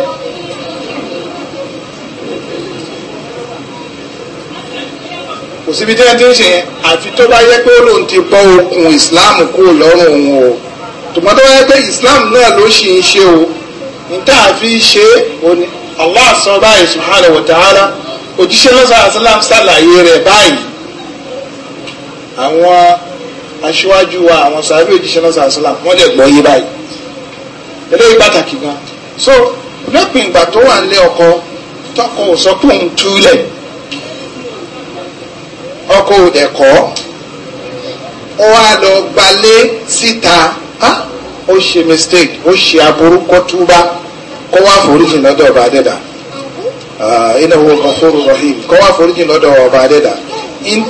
kò síbi tí wọ́n ti ń ṣe yẹn àfi tó bá yẹ pé ó lòun ti bọ́ okùn ìsìláàmù kúrò lọ́rùn òun o tùmọ̀ tó yẹ pé ìsìláàmù náà ló ṣì ń ṣe o níta àfi ṣe o Allah sọ báyìí subhanahu wa ta'ala òjíṣẹ́ lọ́sàá àṣálàm ṣàlàyé rẹ̀ báyìí àwọn aṣíwájú wa àwọn sàbí òjíṣẹ́ náà sàṣàlà wọ́n dẹ̀ gbọ́ yé báyìí eléyìí pàtàkì gan so lópin ìgbà tó wà nílé ọkọ tọkọ ò sọ pé òun túlẹ̀ ọkọ ò dẹ̀ kọ́ ó wá lọ gbalé síta ó ṣe mistake ó ṣe aburú kó túbá kó wá foríjì lọ́dọ̀ ọba adẹ́dà ah, innahu ghafurur rahim kó wá foríjì lọ́dọ̀ ọba adẹ́dà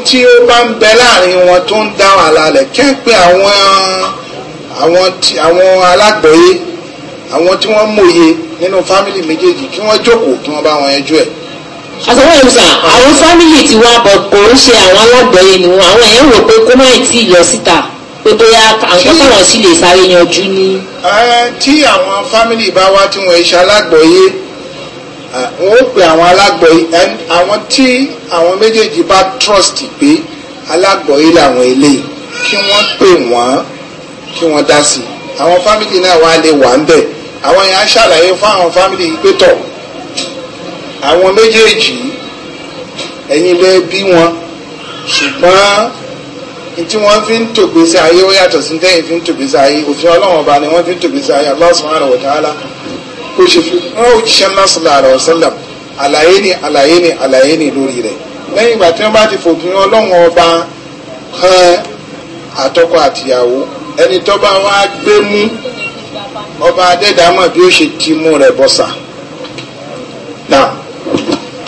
tí ó bá ń bẹ láàrin wọn tó ń dáhùn àlàlẹ̀ kẹ́pẹ́ àwọn àwọn àwọn àwọn tí wọ́n mòye nínú fámìlì méjèèjì kí wọ́n jókòó kí wọ́n bá wọn yanjú ẹ̀. àtàwọn èèyàn àwọn fámìlì tí wàá bọ̀ kò ń ṣe àwọn alágbọ̀yé ni wọn àwọn èèyàn rò pé kó má tí ì lọ síta pé bóyá àwọn táwọn sì lè sáré yanjú ní. tí àwọn fámìlì bá wá tí wọn ṣe alágbọ̀yé wọ́n ó pe àwọn alágbọ̀ àwọn tí àwọn méjèèjì bá trust pé alágbọ̀ yìí làwọn eléyìí kí wọ́n pè wọ́n kí wọ́n dá sí i àwọn fámìlì náà wà lè wà ń bẹ̀ àwọn yẹn á ṣàlàyé fún àwọn fámìlì yìí pé tọ̀ àwọn méjèèjì ẹ̀yin lè bí wọn ṣùgbọ́n tí wọ́n fi ń tògbésí ayé ó yàtọ̀ sí tẹ́yìn fi ń tògbésí ayé òfin ọlọ́wọ̀n ọba ni wọ́n fi ń tògbésí ayé Allah subhanahu wa ta'ala kó ṣe fún wọn òjíṣẹ́ ńlá sallallahu alaihi wasallam àlàyé ni àlàyé ni àlàyé ni lórí rẹ̀ lẹ́yìn ìgbà tí wọ́n bá ti fòpin ọlọ́run ọba hàn àtọkọ àtìyàwó ẹni tó bá wá gbé mú ọba adẹ́dàámọ̀ bí ó ṣe ti mú rẹ̀ bọ́sà.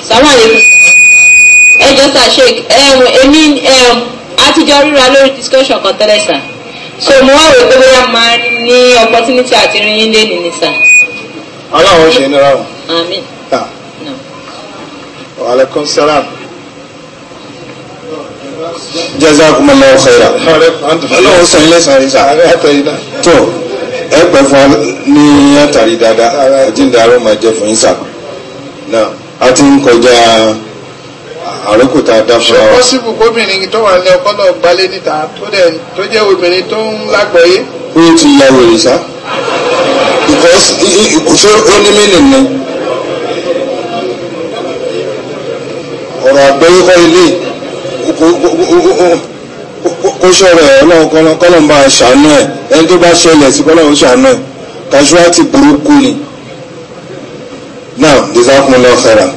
sàmà lè ẹ jọ sà sheik èmi àtijọ́ ríra lórí discussion kan tẹ́lẹ̀ sà so mo wá wò pé bóyá máa ní opportunity àti rí yín lé nìyí sà aláwọ̀ ṣe nira wọn. àmín. wa alaikum salaam. jazakumullahu khairan. ọlọ́wọ́ sọ ilé sàn ìsà. tó ẹ pẹ́ fún wa ní àtàrí dáadáa àjíǹdarọ́ máa jẹ fún ìsà. a ti ń kọjá àrékùtà dáfọ́. ṣé pọ́sibù kóbìnrin tó wà ní ọkọ́ náà gbalé níta tó jẹ́ obìnrin tó ń lágbọ̀ọ́yé. ó ti ya wèrè sá because ìkùsọ onímìnì ni ọ̀rọ̀ àgbẹ̀yẹkọ ilé kó sọ̀rọ̀ ẹ̀ ọlọ́run kọ́lọ́n bá ṣàánú ẹ̀ ẹni tó bá ṣẹlẹ̀ sí kọ́lọ́run ṣàánú ẹ̀ casualty burúkú ni now jazakumullahu khairan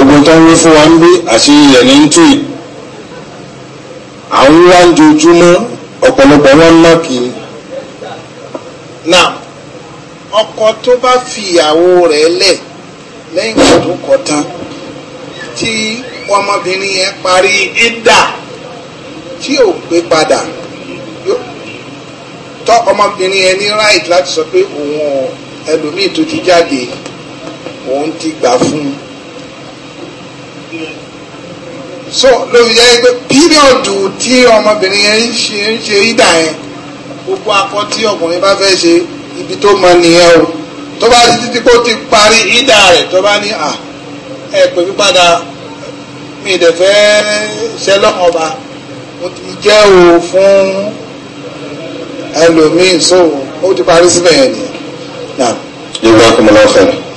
ogun tó ń wí fún wa ń bí àṣeyẹ ẹni ń tù àwọn wá ń dojúmọ́ ọ̀pọ̀lọpọ̀ wọn náà kì í náà ọkọ tó bá fi ìyàwó rẹ̀ lẹ̀ lẹ́yìn ìgbà tó kọ̀ tán tí ọmọbìnrin yẹn parí ìdà tí ò gbé padà tọ́ ọmọbìnrin yẹn ní right láti sọ pé òun ẹlòmíì tó ti jáde òun ti gbà fún un so lórí yẹn pé píríọ̀dù tí ọmọbìnrin yẹn ń ṣe ń ṣe ìdà yẹn gbogbo akọ tí ọkùnrin bá fẹ́ ṣe ibi tó mọ nìyẹn o tó bá ti títí kó ti parí ìdá rẹ̀ tó bá ní à ẹ pè mí padà mi ìdẹ̀ fẹ́ ṣe lọ́kàn ọba mo ti jẹ́ o fún ẹlòmíín so ó ti parí síbẹ̀ yẹn nìyẹn. ìgbà kọ́mọlá ọ̀fẹ́ rẹ̀.